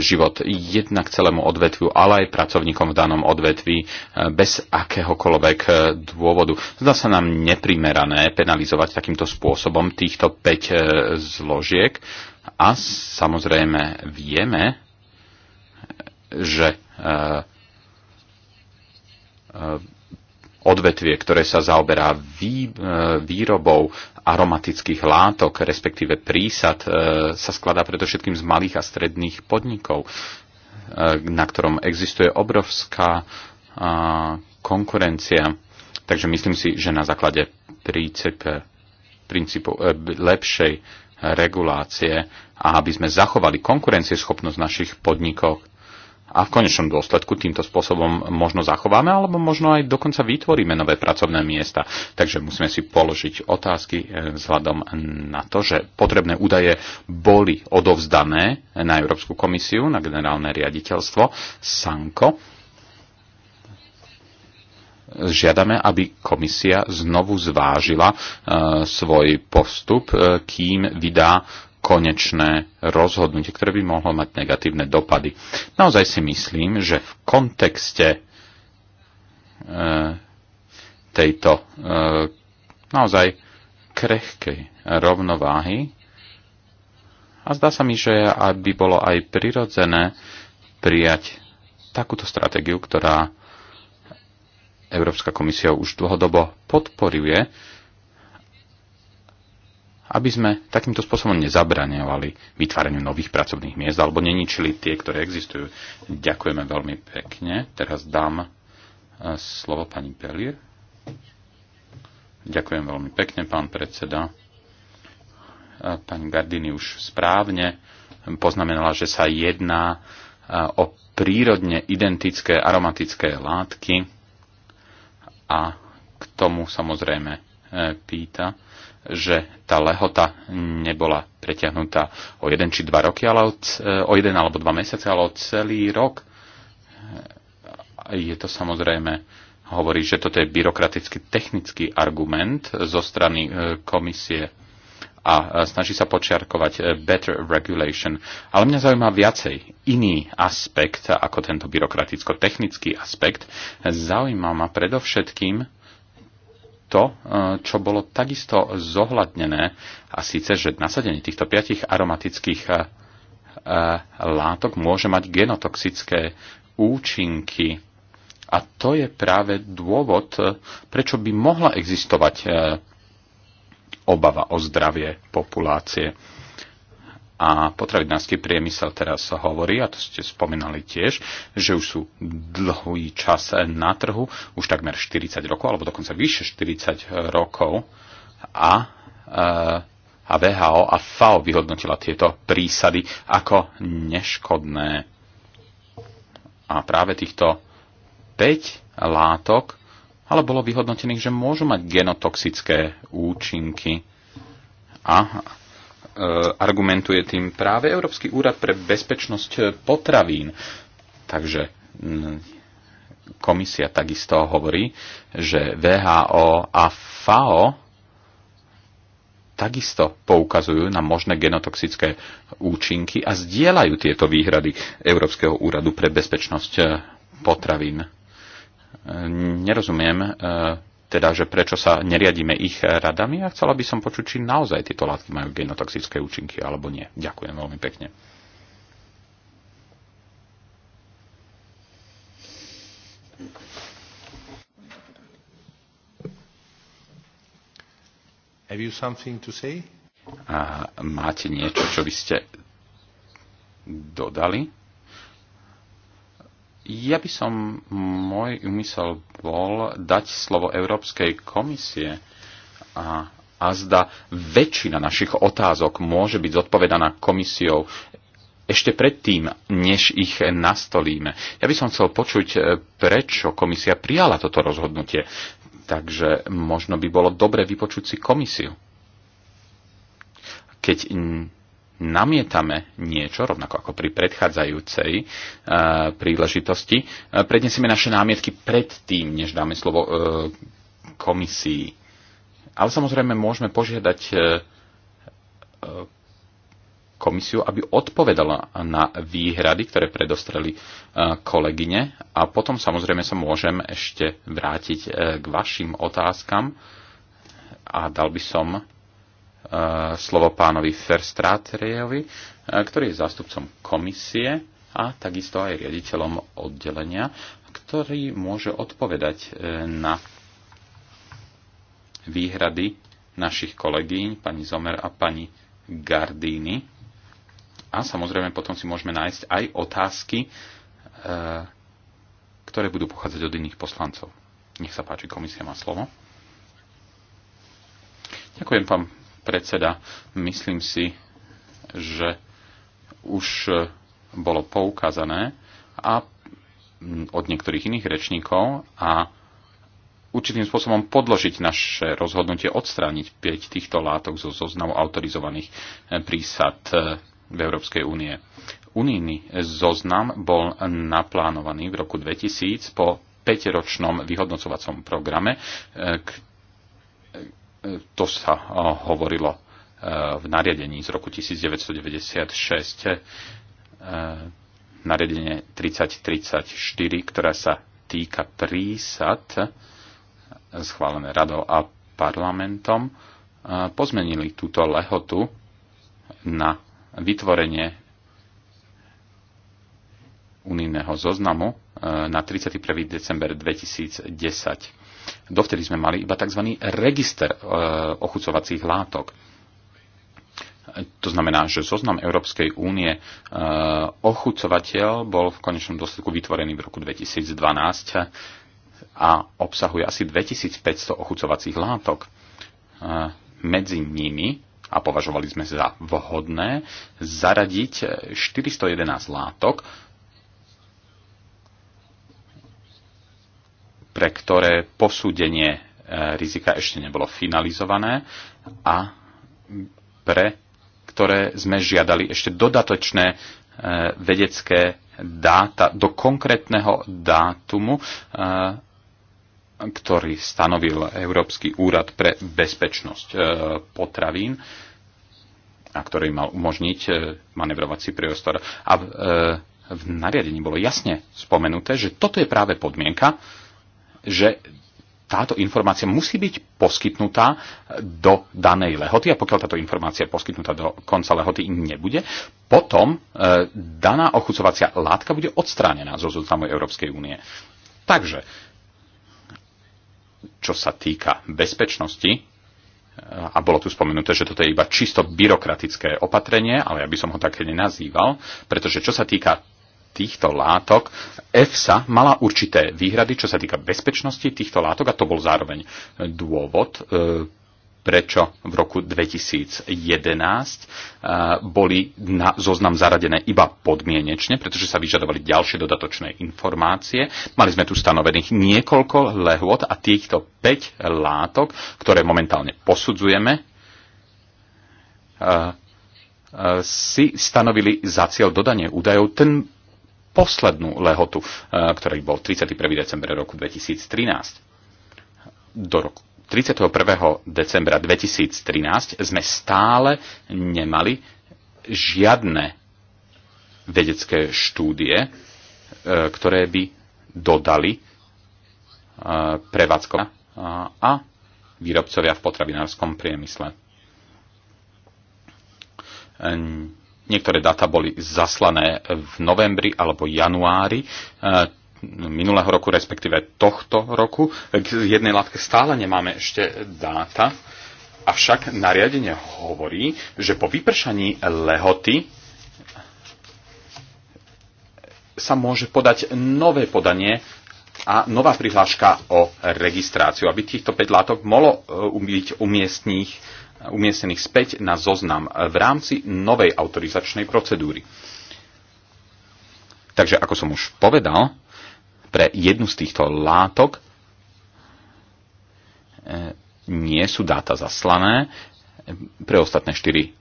život jednak celému odvetviu, ale aj pracovníkom v danom odvetví e, bez akéhokoľvek e, dôvodu. Zdá sa nám neprimerané penalizovať takýmto spôsobom týchto 5 zložiek a samozrejme vieme, že odvetvie, ktoré sa zaoberá vý, e, výrobou aromatických látok, respektíve prísad, e, sa skladá predovšetkým z malých a stredných podnikov, e, na ktorom existuje obrovská konkurencia. Takže myslím si, že na základe princípe, princípu lepšej regulácie a aby sme zachovali konkurencieschopnosť našich podnikov, a v konečnom dôsledku týmto spôsobom možno zachováme, alebo možno aj dokonca vytvoríme nové pracovné miesta. Takže musíme si položiť otázky e, vzhľadom na to, že potrebné údaje boli odovzdané na Európsku komisiu, na generálne riaditeľstvo Sanko. Žiadame, aby komisia znovu zvážila e, svoj postup, e, kým vydá konečné rozhodnutie, ktoré by mohlo mať negatívne dopady. Naozaj si myslím, že v kontexte e, tejto e, naozaj krehkej rovnováhy a zdá sa mi, že by bolo aj prirodzené prijať takúto stratégiu, ktorá Európska komisia už dlhodobo podporuje, aby sme takýmto spôsobom nezabraňovali vytváraniu nových pracovných miest alebo neničili tie, ktoré existujú. Ďakujeme veľmi pekne. Teraz dám e, slovo pani Pelier. Ďakujem veľmi pekne, pán predseda. E, pani Gardini už správne poznamenala, že sa jedná e, o prírodne identické aromatické látky a k tomu samozrejme pýta že tá lehota nebola preťahnutá o jeden či dva roky, ale o, e, o jeden alebo dva mesiace, ale o celý rok. Je to samozrejme hovorí, že toto je byrokratický technický argument zo strany e, komisie a e, snaží sa počiarkovať better regulation. Ale mňa zaujíma viacej iný aspekt ako tento byrokraticko-technický aspekt. Zaujíma ma predovšetkým to, e, čo bolo takisto zohľadnené, a síce, že nasadenie týchto piatich aromatických e, e, látok môže mať genotoxické účinky. A to je práve dôvod, prečo by mohla existovať obava o zdravie populácie a potravinársky priemysel teraz hovorí, a to ste spomínali tiež, že už sú dlhý čas na trhu, už takmer 40 rokov, alebo dokonca vyše 40 rokov a, e, a VHO a FAO vyhodnotila tieto prísady ako neškodné. A práve týchto 5 látok ale bolo vyhodnotených, že môžu mať genotoxické účinky. A Eh, argumentuje tým práve Európsky úrad pre bezpečnosť potravín. Takže mm, komisia takisto hovorí, že VHO a FAO takisto poukazujú na možné genotoxické účinky a zdieľajú tieto výhrady Európskeho úradu pre bezpečnosť potravín. Nerozumiem eh, teda, že prečo sa neriadíme ich radami a chcela by som počuť, či naozaj tieto látky majú genotoxické účinky alebo nie. Ďakujem veľmi pekne. Have you something to say? A máte niečo, čo by ste dodali? Ja by som, môj úmysel bol dať slovo Európskej komisie a, a zda väčšina našich otázok môže byť zodpovedaná komisiou ešte predtým, než ich nastolíme. Ja by som chcel počuť, e, prečo komisia prijala toto rozhodnutie. Takže možno by bolo dobre vypočuť si komisiu. Keď namietame niečo, rovnako ako pri predchádzajúcej e, príležitosti, e, prednesieme naše námietky predtým, než dáme slovo e, komisii. Ale samozrejme môžeme požiadať e, komisiu, aby odpovedala na výhrady, ktoré predostreli kolegyne a potom samozrejme sa môžem ešte vrátiť k vašim otázkam a dal by som E, slovo pánovi Ferstráteriovi, e, ktorý je zástupcom komisie a takisto aj riaditeľom oddelenia, ktorý môže odpovedať e, na výhrady našich kolegyň, pani Zomer a pani Gardíny. A samozrejme potom si môžeme nájsť aj otázky, ktoré budú pochádzať od iných poslancov. Nech sa páči, komisia má slovo. Ďakujem, pán predseda, myslím si, že už e, bolo poukázané a od niektorých iných rečníkov a určitým spôsobom podložiť naše rozhodnutie odstrániť 5 týchto látok zo zoznamu autorizovaných e, prísad e, v Európskej únie. Unijný zoznam bol naplánovaný v roku 2000 po 5-ročnom vyhodnocovacom programe, to sa eh, hovorilo eh, v nariadení z roku 1996, eh, nariadenie 3034, ktorá sa týka prísad schválené radou a parlamentom, pozmenili túto lehotu na vytvorenie unijného zoznamu na 31. december 2010 Dovtedy sme mali iba tzv. register e, ochucovacích látok. To znamená, že zoznam Európskej únie e, ochucovateľ bol v konečnom dôsledku vytvorený v roku 2012 a obsahuje asi 2500 ochucovacích látok. E, medzi nimi a považovali sme za vhodné zaradiť 411 látok, pre ktoré posúdenie e, rizika ešte nebolo finalizované a pre ktoré sme žiadali ešte dodatočné e, vedecké dáta do konkrétneho dátumu, e, ktorý stanovil Európsky úrad pre bezpečnosť potravín a ktorý mal umožniť manevrovací priestor. A v nariadení bolo jasne spomenuté, že toto je práve podmienka, že táto informácia musí byť poskytnutá do danej lehoty a pokiaľ táto informácia je poskytnutá do konca lehoty nebude, potom e, daná ochucovacia látka bude odstránená zo zoznamu Európskej únie. Takže, čo sa týka bezpečnosti, e, a bolo tu spomenuté, že toto je iba čisto byrokratické opatrenie, ale ja by som ho také nenazýval, pretože čo sa týka týchto látok EFSA mala určité výhrady, čo sa týka bezpečnosti týchto látok a to bol zároveň dôvod, e, prečo v roku 2011 e, boli na zoznam zaradené iba podmienečne, pretože sa vyžadovali ďalšie dodatočné informácie. Mali sme tu stanovených niekoľko lehôd a týchto 5 látok, ktoré momentálne posudzujeme, e, si stanovili za cieľ dodanie údajov ten poslednú lehotu, eh, ktorý bol 31. decembra roku 2013. Do roku 31. decembra 2013 sme stále nemali žiadne vedecké štúdie, eh, ktoré by dodali eh, prevádzkovia a výrobcovia v potravinárskom priemysle ehm, Niektoré data boli zaslané v novembri alebo januári eh, minulého roku, respektíve tohto roku. K jednej látke stále nemáme ešte dáta, avšak nariadenie hovorí, že po vypršaní lehoty sa môže podať nové podanie a nová prihláška o registráciu, aby týchto 5 látok mohlo eh, byť umiestných umiestnených späť na zoznam v rámci novej autorizačnej procedúry. Takže, ako som už povedal, pre jednu z týchto látok e, nie sú dáta zaslané, pre ostatné štyri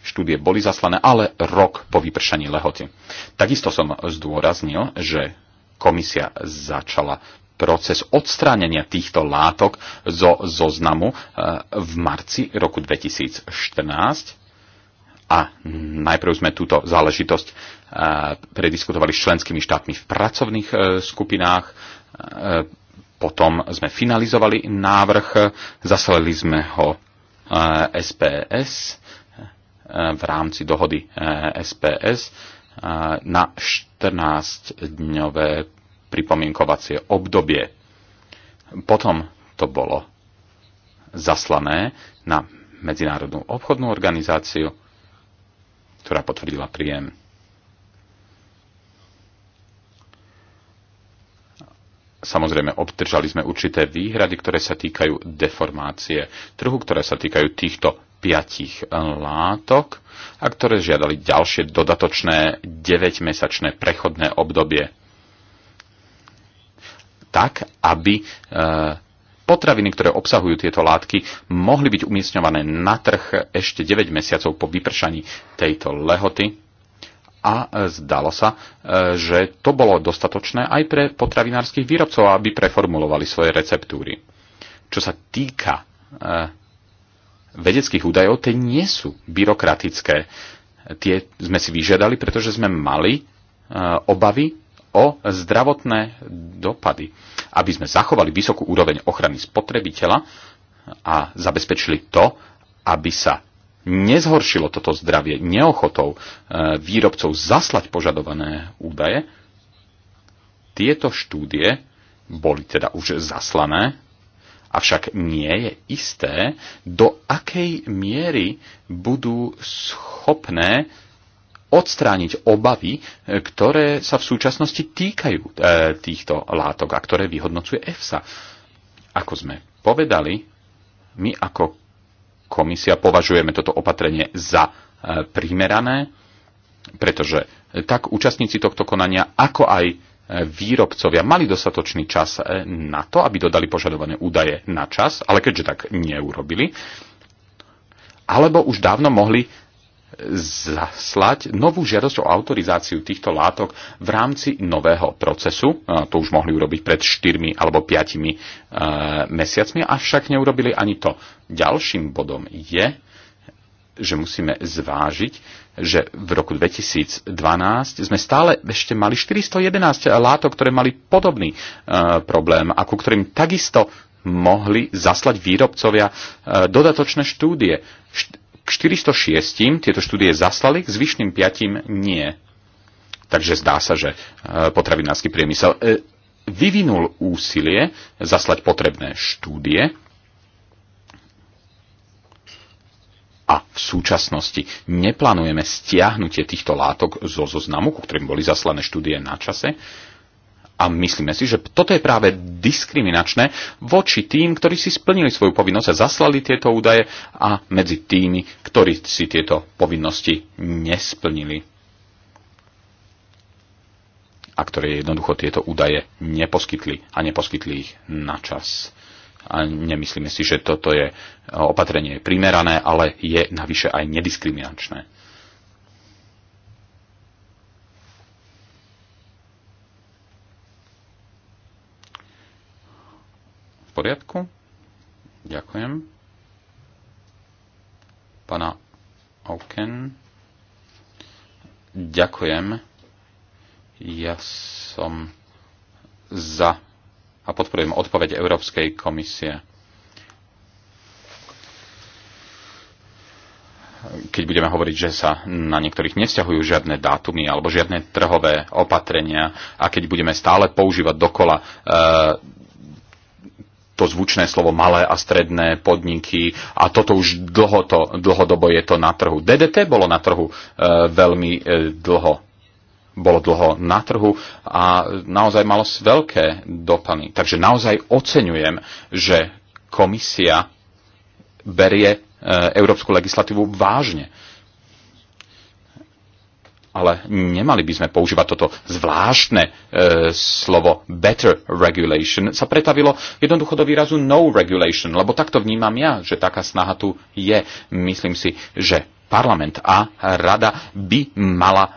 štúdie boli zaslané, ale rok po vypršaní lehoty. Takisto som zdôraznil, že komisia začala proces odstránenia týchto látok zo zoznamu eh, v marci roku 2014 a najprv sme túto záležitosť eh, prediskutovali s členskými štátmi v pracovných eh, skupinách, potom sme finalizovali návrh, zaslali sme ho SPS v rámci dohody SPS na 14-dňové pripomienkovacie obdobie. Potom to bolo zaslané na Medzinárodnú obchodnú organizáciu, ktorá potvrdila príjem. Samozrejme, obdržali sme určité výhrady, ktoré sa týkajú deformácie trhu, ktoré sa týkajú týchto piatich eh, látok a ktoré žiadali ďalšie dodatočné 9-mesačné prechodné obdobie tak, aby e, potraviny, ktoré obsahujú tieto látky, mohli byť umiestňované na trh ešte 9 mesiacov po vypršaní tejto lehoty. A e, zdalo sa, e, že to bolo dostatočné aj pre potravinárskych výrobcov, aby preformulovali svoje receptúry. Čo sa týka vedeckých údajov, tie nie sú byrokratické. Tie sme si vyžiadali, pretože sme mali obavy o zdravotné dopady, aby sme zachovali vysokú úroveň ochrany spotrebiteľa a zabezpečili to, aby sa nezhoršilo toto zdravie neochotou e, výrobcov zaslať požadované údaje. Tieto štúdie boli teda už zaslané, avšak nie je isté, do akej miery budú schopné odstrániť obavy, e, ktoré sa v súčasnosti týkajú e, týchto látok a ktoré vyhodnocuje EFSA. Ako sme povedali, my ako komisia považujeme toto opatrenie za e, primerané, pretože tak účastníci tohto konania, ako aj výrobcovia mali dostatočný čas na to, aby dodali požadované údaje na čas, ale keďže tak neurobili, alebo už dávno mohli zaslať novú žiadosť o autorizáciu týchto látok v rámci nového procesu. To už mohli urobiť pred 4 alebo 5 e, mesiacmi, avšak neurobili ani to. Ďalším bodom je, že musíme zvážiť, že v roku 2012 sme stále ešte mali 411 látok, ktoré mali podobný e, problém a ku ktorým takisto mohli zaslať výrobcovia e, dodatočné štúdie. 406 tieto štúdie zaslali, k zvyšným 5 nie. Takže zdá sa, že e, potravinársky priemysel e, vyvinul úsilie zaslať potrebné štúdie a v súčasnosti neplánujeme stiahnutie týchto látok zo zoznamu, ku ktorým boli zaslané štúdie na čase, a myslíme si, že toto je práve diskriminačné voči tým, ktorí si splnili svoju povinnosť a zaslali tieto údaje a medzi tými, ktorí si tieto povinnosti nesplnili a ktoré jednoducho tieto údaje neposkytli a neposkytli ich na čas. A nemyslíme si, že toto je e, opatrenie primerané, ale je navyše aj nediskriminačné. poriadku? Ďakujem. Pana Auken. Ďakujem. Ja som za a podporujem odpoveď Európskej komisie. keď budeme hovoriť, že sa na niektorých nevzťahujú žiadne dátumy alebo žiadne trhové opatrenia a keď budeme stále používať dokola e, to zvučné slovo malé a stredné podniky a toto už dlho to, dlhodobo je to na trhu. DDT bolo na trhu e, veľmi e, dlho bolo dlho na trhu a naozaj malo veľké dopany. Takže naozaj oceňujem, že komisia berie e, európsku legislatívu vážne. E, ale nemali by sme používať toto zvláštne e, slovo better regulation, sa pretavilo jednoducho do výrazu no regulation, lebo takto vnímam ja, že taká snaha tu je. Myslím si, že parlament a rada by mala e,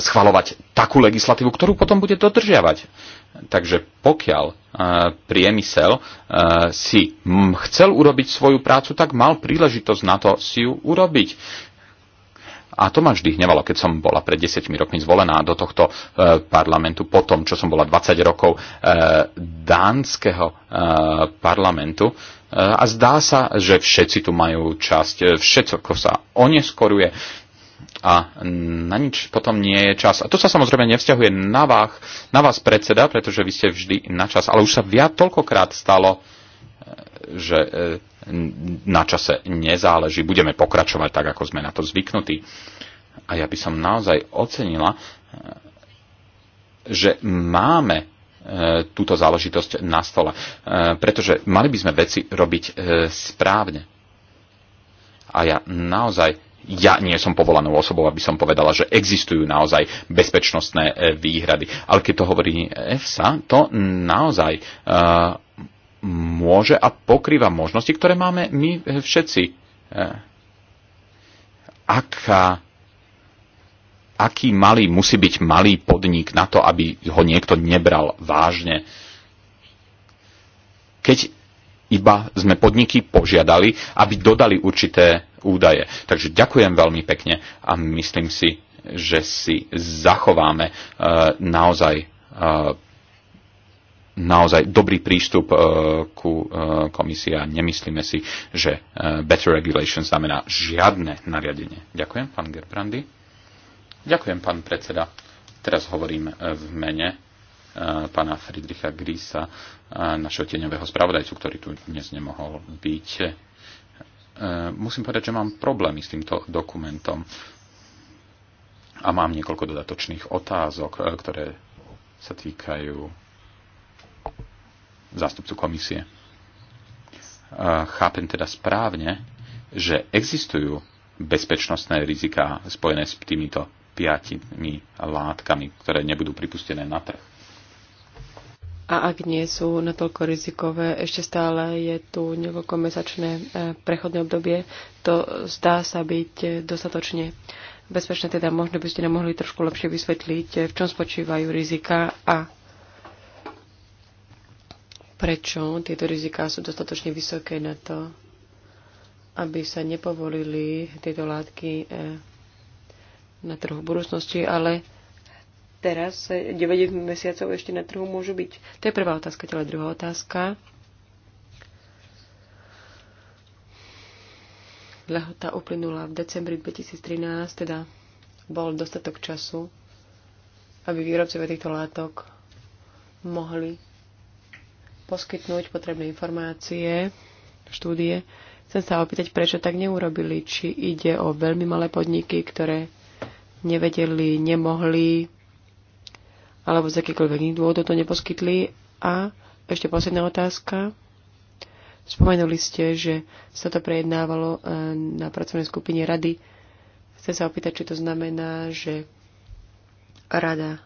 schvalovať takú legislatívu, ktorú potom bude dodržiavať. Takže pokiaľ e, priemysel e, si m, chcel urobiť svoju prácu, tak mal príležitosť na to si ju urobiť a to ma vždy hnevalo, keď som bola pred desiatimi rokmi zvolená do tohto e, parlamentu, po tom, čo som bola 20 rokov e, dánskeho e, parlamentu. A zdá sa, že všetci tu majú časť, všetko sa oneskoruje a na nič potom nie je čas. A to sa samozrejme nevzťahuje na vás, na vás predseda, pretože vy ste vždy na čas. Ale už sa viac toľkokrát stalo, že na čase nezáleží. Budeme pokračovať tak, ako sme na to zvyknutí. A ja by som naozaj ocenila, e, že máme e, túto záležitosť na stole. E, pretože mali by sme veci robiť správne. A ja naozaj ja nie som povolanou osobou, aby som povedala, že existujú naozaj bezpečnostné výhrady. Ale keď to hovorí EFSA, to naozaj uh, môže a pokrýva možnosti, ktoré máme my e, všetci. E, aká, aký malý musí byť malý podnik na to, aby ho niekto nebral vážne. Keď iba sme podniky požiadali, aby dodali určité údaje. Takže ďakujem veľmi pekne a myslím si, že si zachováme e, naozaj naozaj dobrý prístup e, ku e, komisii a nemyslíme si, že e, better regulation znamená žiadne nariadenie. Ďakujem, pán Gerbrandy. Ďakujem, pán predseda. Teraz hovorím v mene pána Friedricha Grisa, našho tieňového spravodajcu, ktorý tu dnes nemohol byť. Musím povedať, že mám problémy s týmto dokumentom a mám niekoľko dodatočných otázok, ktoré sa týkajú zástupcu komisie. Chápem teda správne, že existujú bezpečnostné rizika spojené s týmito piatimi látkami, ktoré nebudú pripustené na trh. A ak nie sú natoľko rizikové, ešte stále je tu niekoľkomesačné e, prechodné obdobie. To zdá sa byť dostatočne bezpečné, teda možno by ste nám mohli trošku lepšie vysvetliť, e, v čom spočívajú rizika a prečo tieto riziká sú dostatočne vysoké na to, aby sa nepovolili tieto látky e, na trhu v budúcnosti, ale teraz 9 e, mesiacov ešte na trhu môžu byť. To je prvá otázka, teda druhá otázka. Lehota uplynula v decembri 2013, teda bol dostatok času, aby výrobcovia týchto látok mohli poskytnúť potrebné informácie, štúdie. Chcem sa opýtať, prečo tak neurobili, či ide o veľmi malé podniky, ktoré nevedeli, nemohli, alebo z akýkoľvek iných dôvodov to neposkytli. A ešte posledná otázka. Spomenuli ste, že sa to prejednávalo eh, na pracovnej skupine rady. Chcem sa opýtať, či to znamená, že rada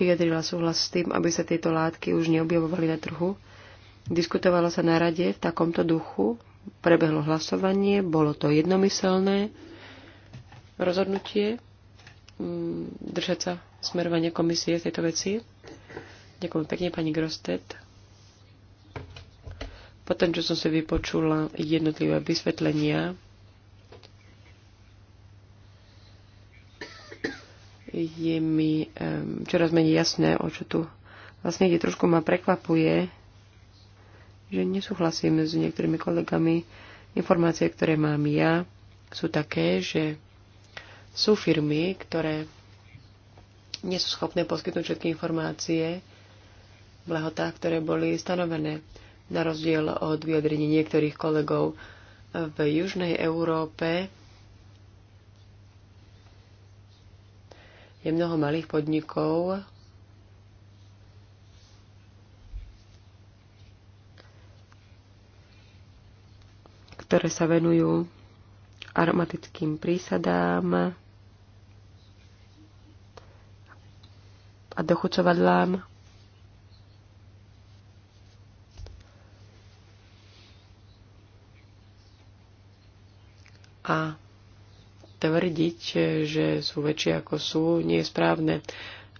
vyjadrila súhlas s tým, aby sa tieto látky už neobjavovali na trhu. Diskutovalo sa na rade v takomto duchu, prebehlo hlasovanie, bolo to jednomyselné rozhodnutie mm, držať sa smerovania komisie v tejto veci. Ďakujem pekne, pani Grostet. Potom, čo som si vypočula jednotlivé vysvetlenia je mi um, čoraz menej jasné, o čo tu vlastne ide. Trošku ma prekvapuje, že nesúhlasím s niektorými kolegami. Informácie, ktoré mám ja, sú také, že sú firmy, ktoré nie sú schopné poskytnúť všetky informácie v lehotách, ktoré boli stanovené, na rozdiel od vyjadrení niektorých kolegov v južnej Európe Je mnoho malých podnikov, ktoré sa venujú aromatickým prísadám a dochucovadlám. A tvrdiť, že sú väčšie ako sú, nie je správne.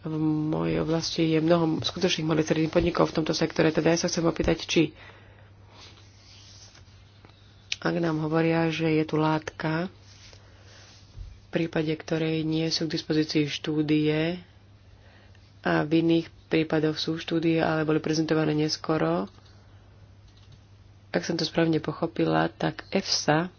V mojej oblasti je mnoho skutočných malých podnikov v tomto sektore, teda ja sa chcem opýtať, či ak nám hovoria, že je tu látka, v prípade ktorej nie sú k dispozícii štúdie a v iných prípadoch sú štúdie, ale boli prezentované neskoro, ak som to správne pochopila, tak EFSA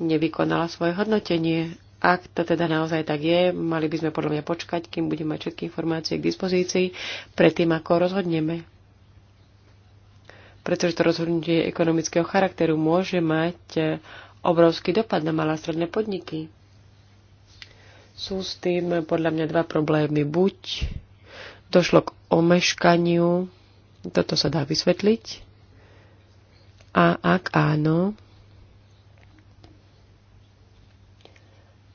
nevykonala svoje hodnotenie. Ak to teda naozaj tak je, mali by sme podľa mňa počkať, kým budeme mať všetky informácie k dispozícii, predtým ako rozhodneme. Pretože to rozhodnutie ekonomického charakteru môže mať e, obrovský dopad na malé a stredné podniky. Sú s tým e, podľa mňa dva problémy. Buď došlo k omeškaniu, toto sa dá vysvetliť, a ak áno,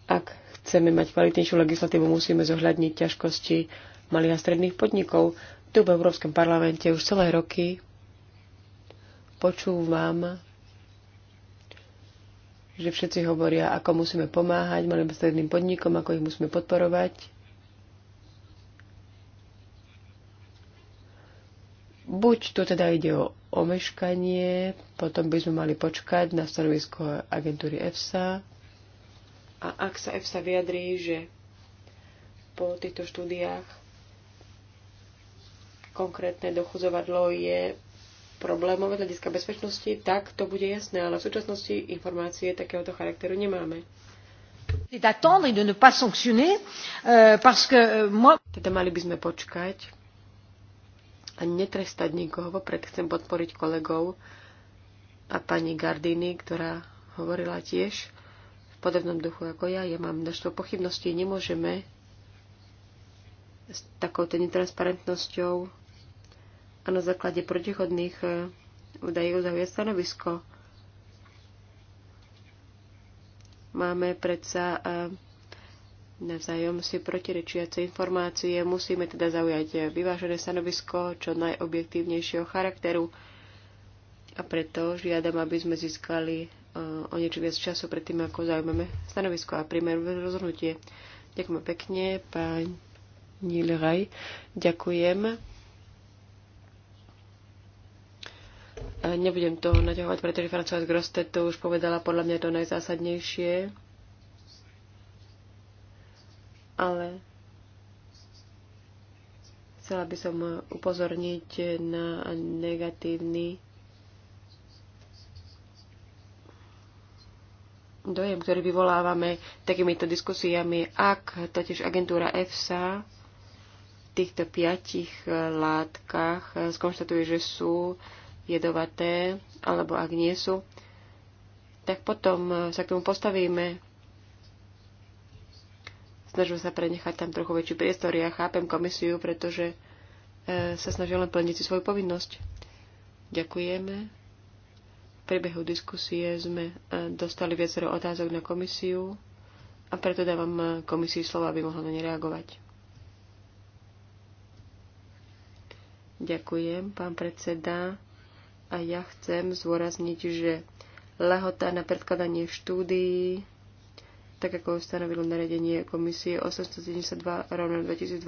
Ak chceme mať kvalitnejšiu legislatívu, musíme zohľadniť ťažkosti malých a stredných podnikov. Tu v Európskom parlamente už celé roky počúvam, že všetci hovoria, ako musíme pomáhať malým a stredným podnikom, ako ich musíme podporovať. Buď tu teda ide o omeškanie, potom by sme mali počkať na stanovisko agentúry EFSA, a ak sa EFSA vyjadrí, že po týchto štúdiách konkrétne dochudzovadlo je problémové hľadiska bezpečnosti, tak to bude jasné, ale v súčasnosti informácie takéhoto charakteru nemáme. Euh, euh, teda mali by sme počkať a netrestať nikoho. Vopred chcem podporiť kolegov a pani gardini, ktorá hovorila tiež podobnom duchu ako ja. Ja mám množstvo pochybností. Nemôžeme s takouto netransparentnosťou a na základe protichodných e, údajov zaujať stanovisko. Máme predsa e, navzájom si protirečiace informácie. Musíme teda zaujať vyvážené stanovisko čo najobjektívnejšieho charakteru a preto žiadam, aby sme získali o niečo viac času predtým, ako zaujmeme stanovisko a príjmeme rozhodnutie. Ďakujem pekne, pán Nilraj. Ďakujem. Nebudem to naťahovať, pretože Francois Grostet to už povedala podľa mňa to najzásadnejšie. Ale chcela by som upozorniť na negatívny dojem, ktorý vyvolávame takýmito diskusiami, ak totiž agentúra EFSA v týchto piatich eh, látkach eh, skonštatuje, že sú jedovaté, alebo ak nie sú, tak potom eh, sa k tomu postavíme. Snažím sa prenechať tam trochu väčší priestor. Ja chápem komisiu, pretože sa snažil len plniť si svoju povinnosť. Ďakujeme priebehu diskusie sme e, dostali viacero otázok na komisiu a preto dávam e, komisii slovo, aby mohla na ne reagovať. Ďakujem, pán predseda. A ja chcem zvorazniť, že lehota na predkladanie štúdií, tak ako stanovilo naredenie komisie 872 rovno 2012,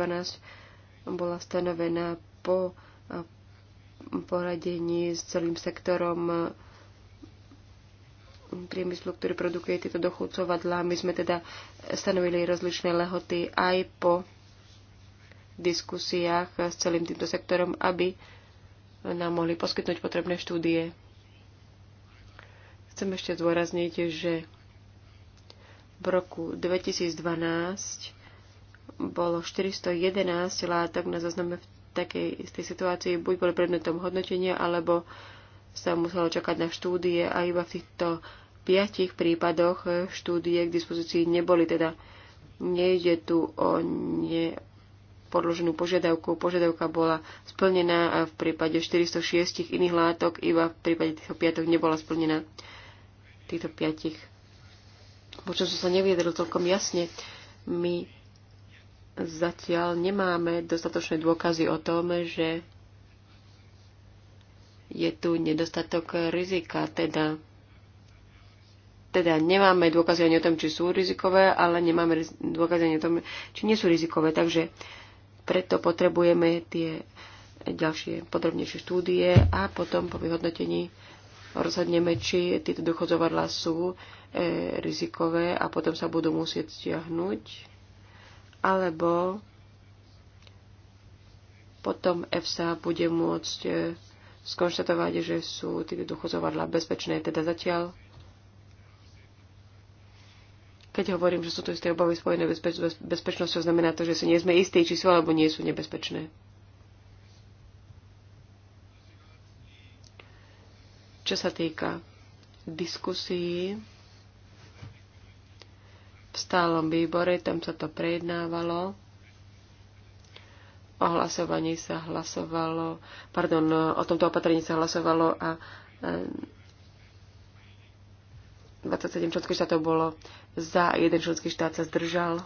bola stanovená po e, poradení s celým sektorom priemyslu, ktorý produkuje tieto dochúcovadlá. My sme teda stanovili rozličné lehoty aj po diskusiách s celým týmto sektorom, aby nám mohli poskytnúť potrebné štúdie. Chcem ešte zdôrazniť, že v roku 2012 bolo 411 látok na zozname v takej istej situácii, buď boli predmetom hodnotenia, alebo uh, sa muselo čakať na štúdie a iba v týchto piatich prípadoch e, štúdie k dispozícii neboli. Teda nejde tu o nepodloženú požiadavku. Požiadavka bola splnená a v prípade 406 iných látok iba v prípade týchto piatok nebola splnená. Týchto piatich. Počo som sa neviedol celkom jasne, my zatiaľ nemáme dostatočné dôkazy o tom, že je tu nedostatok rizika, teda teda nemáme dôkazy ani o tom, či sú rizikové, ale nemáme dôkazy ani o tom, či nie sú rizikové. Takže preto potrebujeme tie ďalšie podrobnejšie štúdie a potom po vyhodnotení rozhodneme, či tieto dochodzovadla sú e, rizikové a potom sa budú musieť stiahnuť, alebo potom EFSA bude môcť e, skonštatovať, že sú títo dôchodcovadla bezpečné. Teda zatiaľ, keď hovorím, že sú to isté obavy spojené bezpeč- bezpečnosťou, znamená to, že si nie sme istí, či sú alebo nie sú nebezpečné. Čo sa týka diskusí v stálom výbore, tam sa to prejednávalo. O hlasovaní sa hlasovalo, pardon, o tomto opatrení sa hlasovalo a 27 e, členských štátov bolo za, jeden členský štát sa zdržal.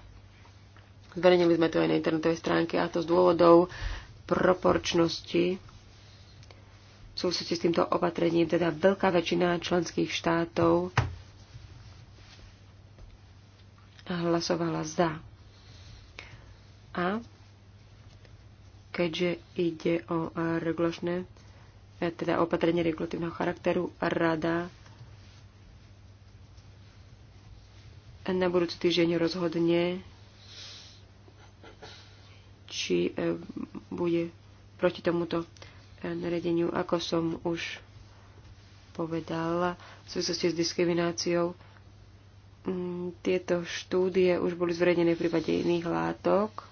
Zverejnili sme to aj na internetovej stránke a to z dôvodov proporčnosti v súvislosti s týmto opatrením, teda veľká väčšina členských štátov hlasovala za. A keďže ide o regulačné, e, teda opatrenie regulatívneho charakteru, rada na budúci týždeň rozhodne, či e, bude proti tomuto e, naredeniu, ako som už povedala, v súvislosti s diskrimináciou. Tieto štúdie už boli zverejnené v prípade iných látok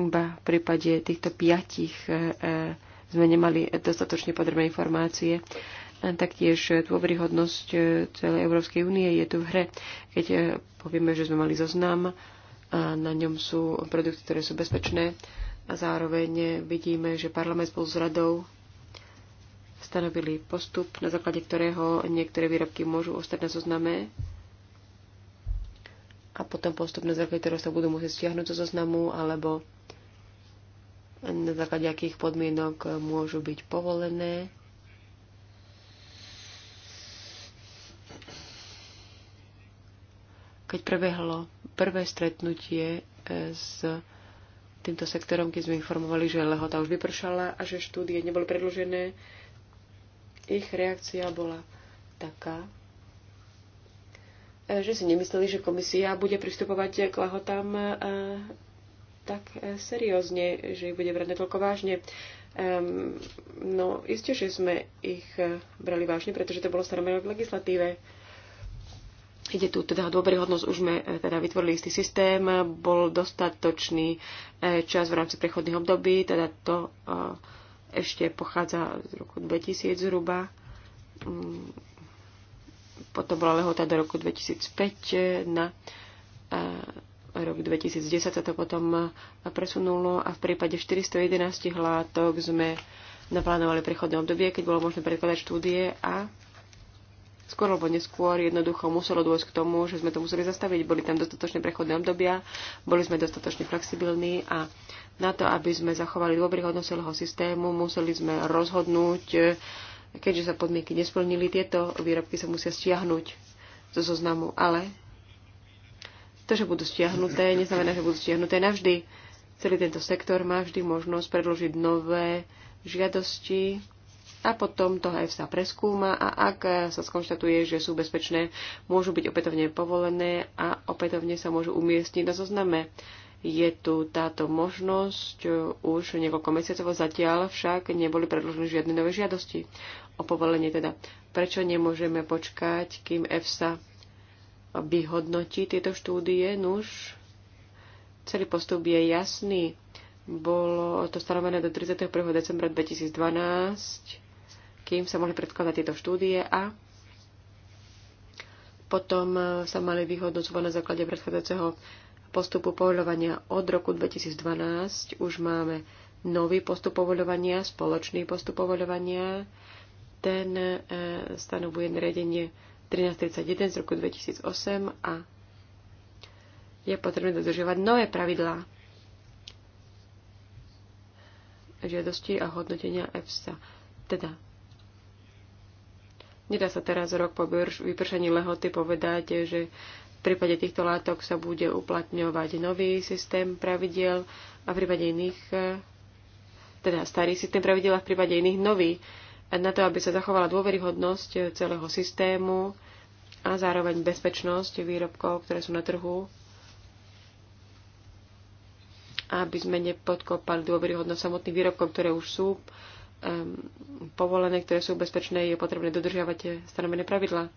iba v prípade týchto piatich e, e, sme nemali dostatočne podrobné informácie. Taktiež dôveryhodnosť e, celej Európskej únie je tu v hre. Keď povieme, že sme mali zoznam, a na ňom sú produkty, ktoré sú bezpečné a zároveň vidíme, že parlament spolu s radou stanovili postup, na základe ktorého niektoré výrobky môžu ostať na zozname a potom postupne na základe ktorého sa budú musieť stiahnuť zo zoznamu alebo na základe akých podmienok môžu byť povolené. Keď prebehlo prvé stretnutie e, s týmto sektorom, keď sme informovali, že lehota už vypršala a že štúdie neboli predložené, ich reakcia bola taká, že si nemysleli, že komisia bude pristupovať k lahotám e, tak e, seriózne, že ich bude brať natoľko vážne. No, isté, že sme ich e, brali vážne, pretože to bolo stanovené v legislatíve. Ide tu teda dôveryhodnosť, už sme teda vytvorili istý systém, bol dostatočný čas v rámci prechodných období, teda to ešte pochádza z roku 2000 zhruba mm, potom bola lehota do roku 2005 na e, rok 2010 sa to potom e, presunulo a v prípade 411 látok sme naplánovali prechodné obdobie, keď bolo možné predkladať štúdie a skôr alebo neskôr jednoducho muselo dôjsť k tomu, že sme to museli zastaviť. Boli tam dostatočné prechodné obdobia, boli sme dostatočne flexibilní a na to, aby sme zachovali dôvry celého systému, museli sme rozhodnúť, Keďže sa podmienky nesplnili, tieto výrobky sa musia stiahnuť zo zoznamu. Ale to, že budú stiahnuté, neznamená, že budú stiahnuté navždy. Celý tento sektor má vždy možnosť predložiť nové žiadosti a potom to sa preskúma a ak sa skonštatuje, že sú bezpečné, môžu byť opätovne povolené a opätovne sa môžu umiestniť na zozname. Je tu táto možnosť e, už niekoľko mesiacov, zatiaľ však neboli predložené žiadne nové žiadosti o povolenie. Teda prečo nemôžeme počkať, kým EFSA vyhodnotí tieto štúdie? Nuž, celý postup je jasný. Bolo to stanovené do 31. decembra 2012, kým sa mohli predkladať tieto štúdie a potom sa mali vyhodnocovať na základe predchádzajúceho postupu povoľovania od roku 2012 už máme nový postup povoľovania, spoločný postup povoľovania. Ten e, stanovuje nariadenie 1331 z roku 2008 a je potrebné dodržovať nové pravidlá žiadosti a hodnotenia EFSA. Teda, nedá sa teraz rok po vypršení lehoty povedať, že v prípade týchto látok sa bude uplatňovať nový systém pravidiel a v prípade iných, teda starý systém pravidel a v prípade iných nový. Na to, aby sa zachovala dôveryhodnosť celého systému a zároveň bezpečnosť výrobkov, ktoré sú na trhu, aby sme nepodkopali dôveryhodnosť samotných výrobkov, ktoré už sú um, povolené, ktoré sú bezpečné, je potrebné dodržiavať stanovené pravidlá.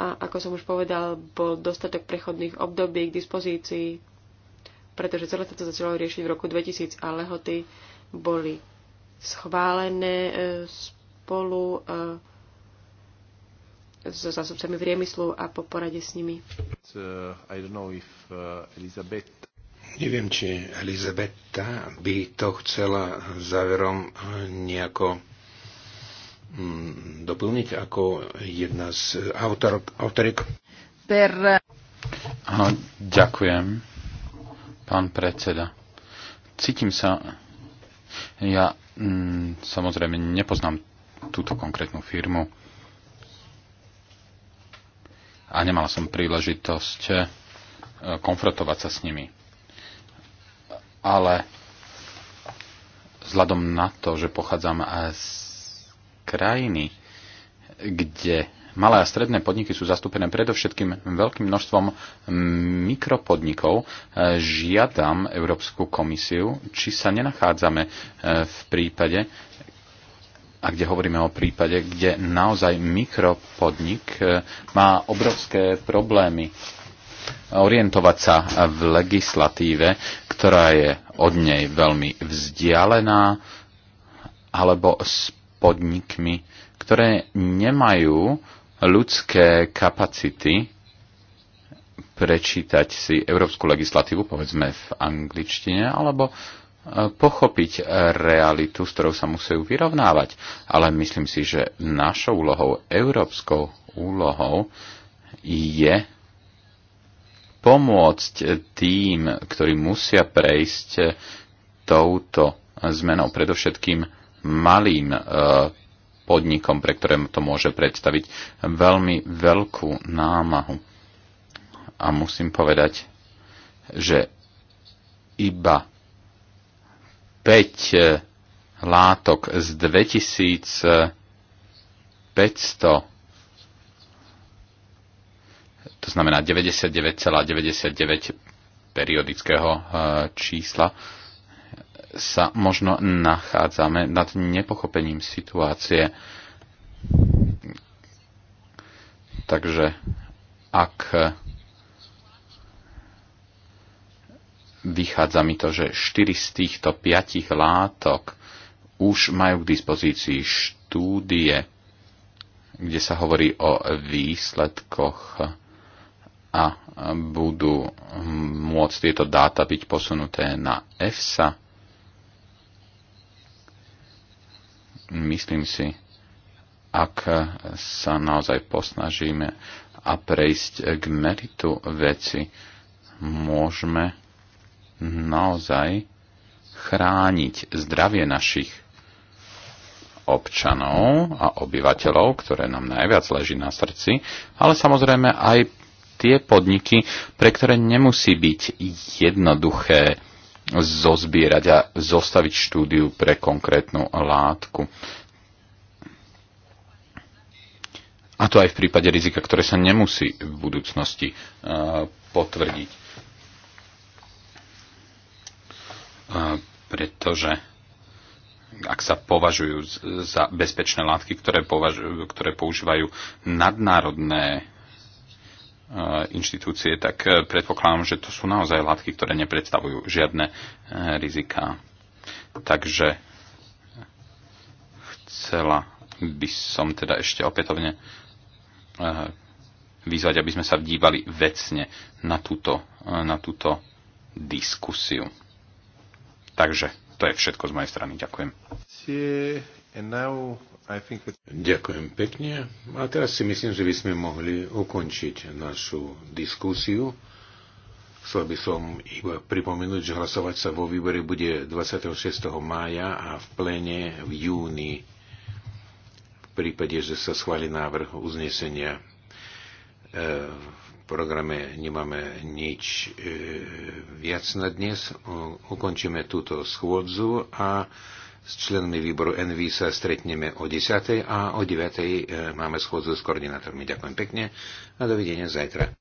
A ako som už povedal, bol dostatok prechodných období k dispozícii, pretože celé sa to začalo riešiť v roku 2000 a lehoty boli schválené e, spolu e, so v riemyslu a po porade s nimi. Uh, uh, Neviem, či Elizabeta by to chcela záverom e, nejako Mm, doplniť ako jedna z autorok, autoriek? Per... Aha, ďakujem, pán predseda. Cítim sa... Ja mm, samozrejme nepoznám túto konkrétnu firmu a nemala som príležitosť e, konfrontovať sa s nimi. Ale vzhľadom na to, že pochádzam z krajiny, kde malé a stredné podniky sú zastúpené predovšetkým veľkým množstvom mikropodnikov, e, žiadam Európsku komisiu, či sa nenachádzame e, v prípade, a kde hovoríme o prípade, kde naozaj mikropodnik e, má obrovské problémy orientovať sa v legislatíve, ktorá je od nej veľmi vzdialená, alebo podnikmi, ktoré nemajú ľudské kapacity prečítať si európsku legislatívu, povedzme v angličtine, alebo e, pochopiť realitu, s ktorou sa musia vyrovnávať. Ale myslím si, že našou úlohou, európskou úlohou je pomôcť tým, ktorí musia prejsť e, touto zmenou, predovšetkým malým e, podnikom, pre ktoré to môže predstaviť veľmi veľkú námahu. A musím povedať, že iba 5 e, látok z 2500 to znamená 99,99 ,99 periodického e, čísla, sa možno nachádzame nad nepochopením situácie. Takže ak vychádza mi to, že 4 z týchto 5 látok už majú k dispozícii štúdie, kde sa hovorí o výsledkoch a budú môcť tieto dáta byť posunuté na EFSA myslím si, ak sa naozaj posnažíme a prejsť k meritu veci, môžeme naozaj chrániť zdravie našich občanov a obyvateľov, ktoré nám najviac leží na srdci, ale samozrejme aj tie podniky, pre ktoré nemusí byť jednoduché zozbierať a zostaviť štúdiu pre konkrétnu látku. A to aj v prípade rizika, ktoré sa nemusí v budúcnosti e, potvrdiť. E, pretože ak sa považujú za bezpečné látky, ktoré, považujú, ktoré používajú nadnárodné Eh, inštitúcie, tak eh, predpokladám, že to sú naozaj látky, ktoré nepredstavujú žiadne eh, riziká. Takže chcela by som teda ešte opätovne vyzvať, aby sme sa dívali vecne na túto, na túto diskusiu. Takže to je všetko z mojej strany. Ďakujem. Ďakujem pekne. A teraz si myslím, že by sme mohli ukončiť našu diskusiu. Chcel by som iba pripomenúť, že hlasovať sa vo výbore bude 26. mája a v plene v júni v prípade, že sa schváli návrh uznesenia. E, v programe nemáme nič e, viac na dnes. Ukončíme túto schôdzu a s členmi výboru NV sa stretneme o 10. a o 9. E, máme schôdzu s koordinátormi. Ďakujem pekne a dovidenia zajtra.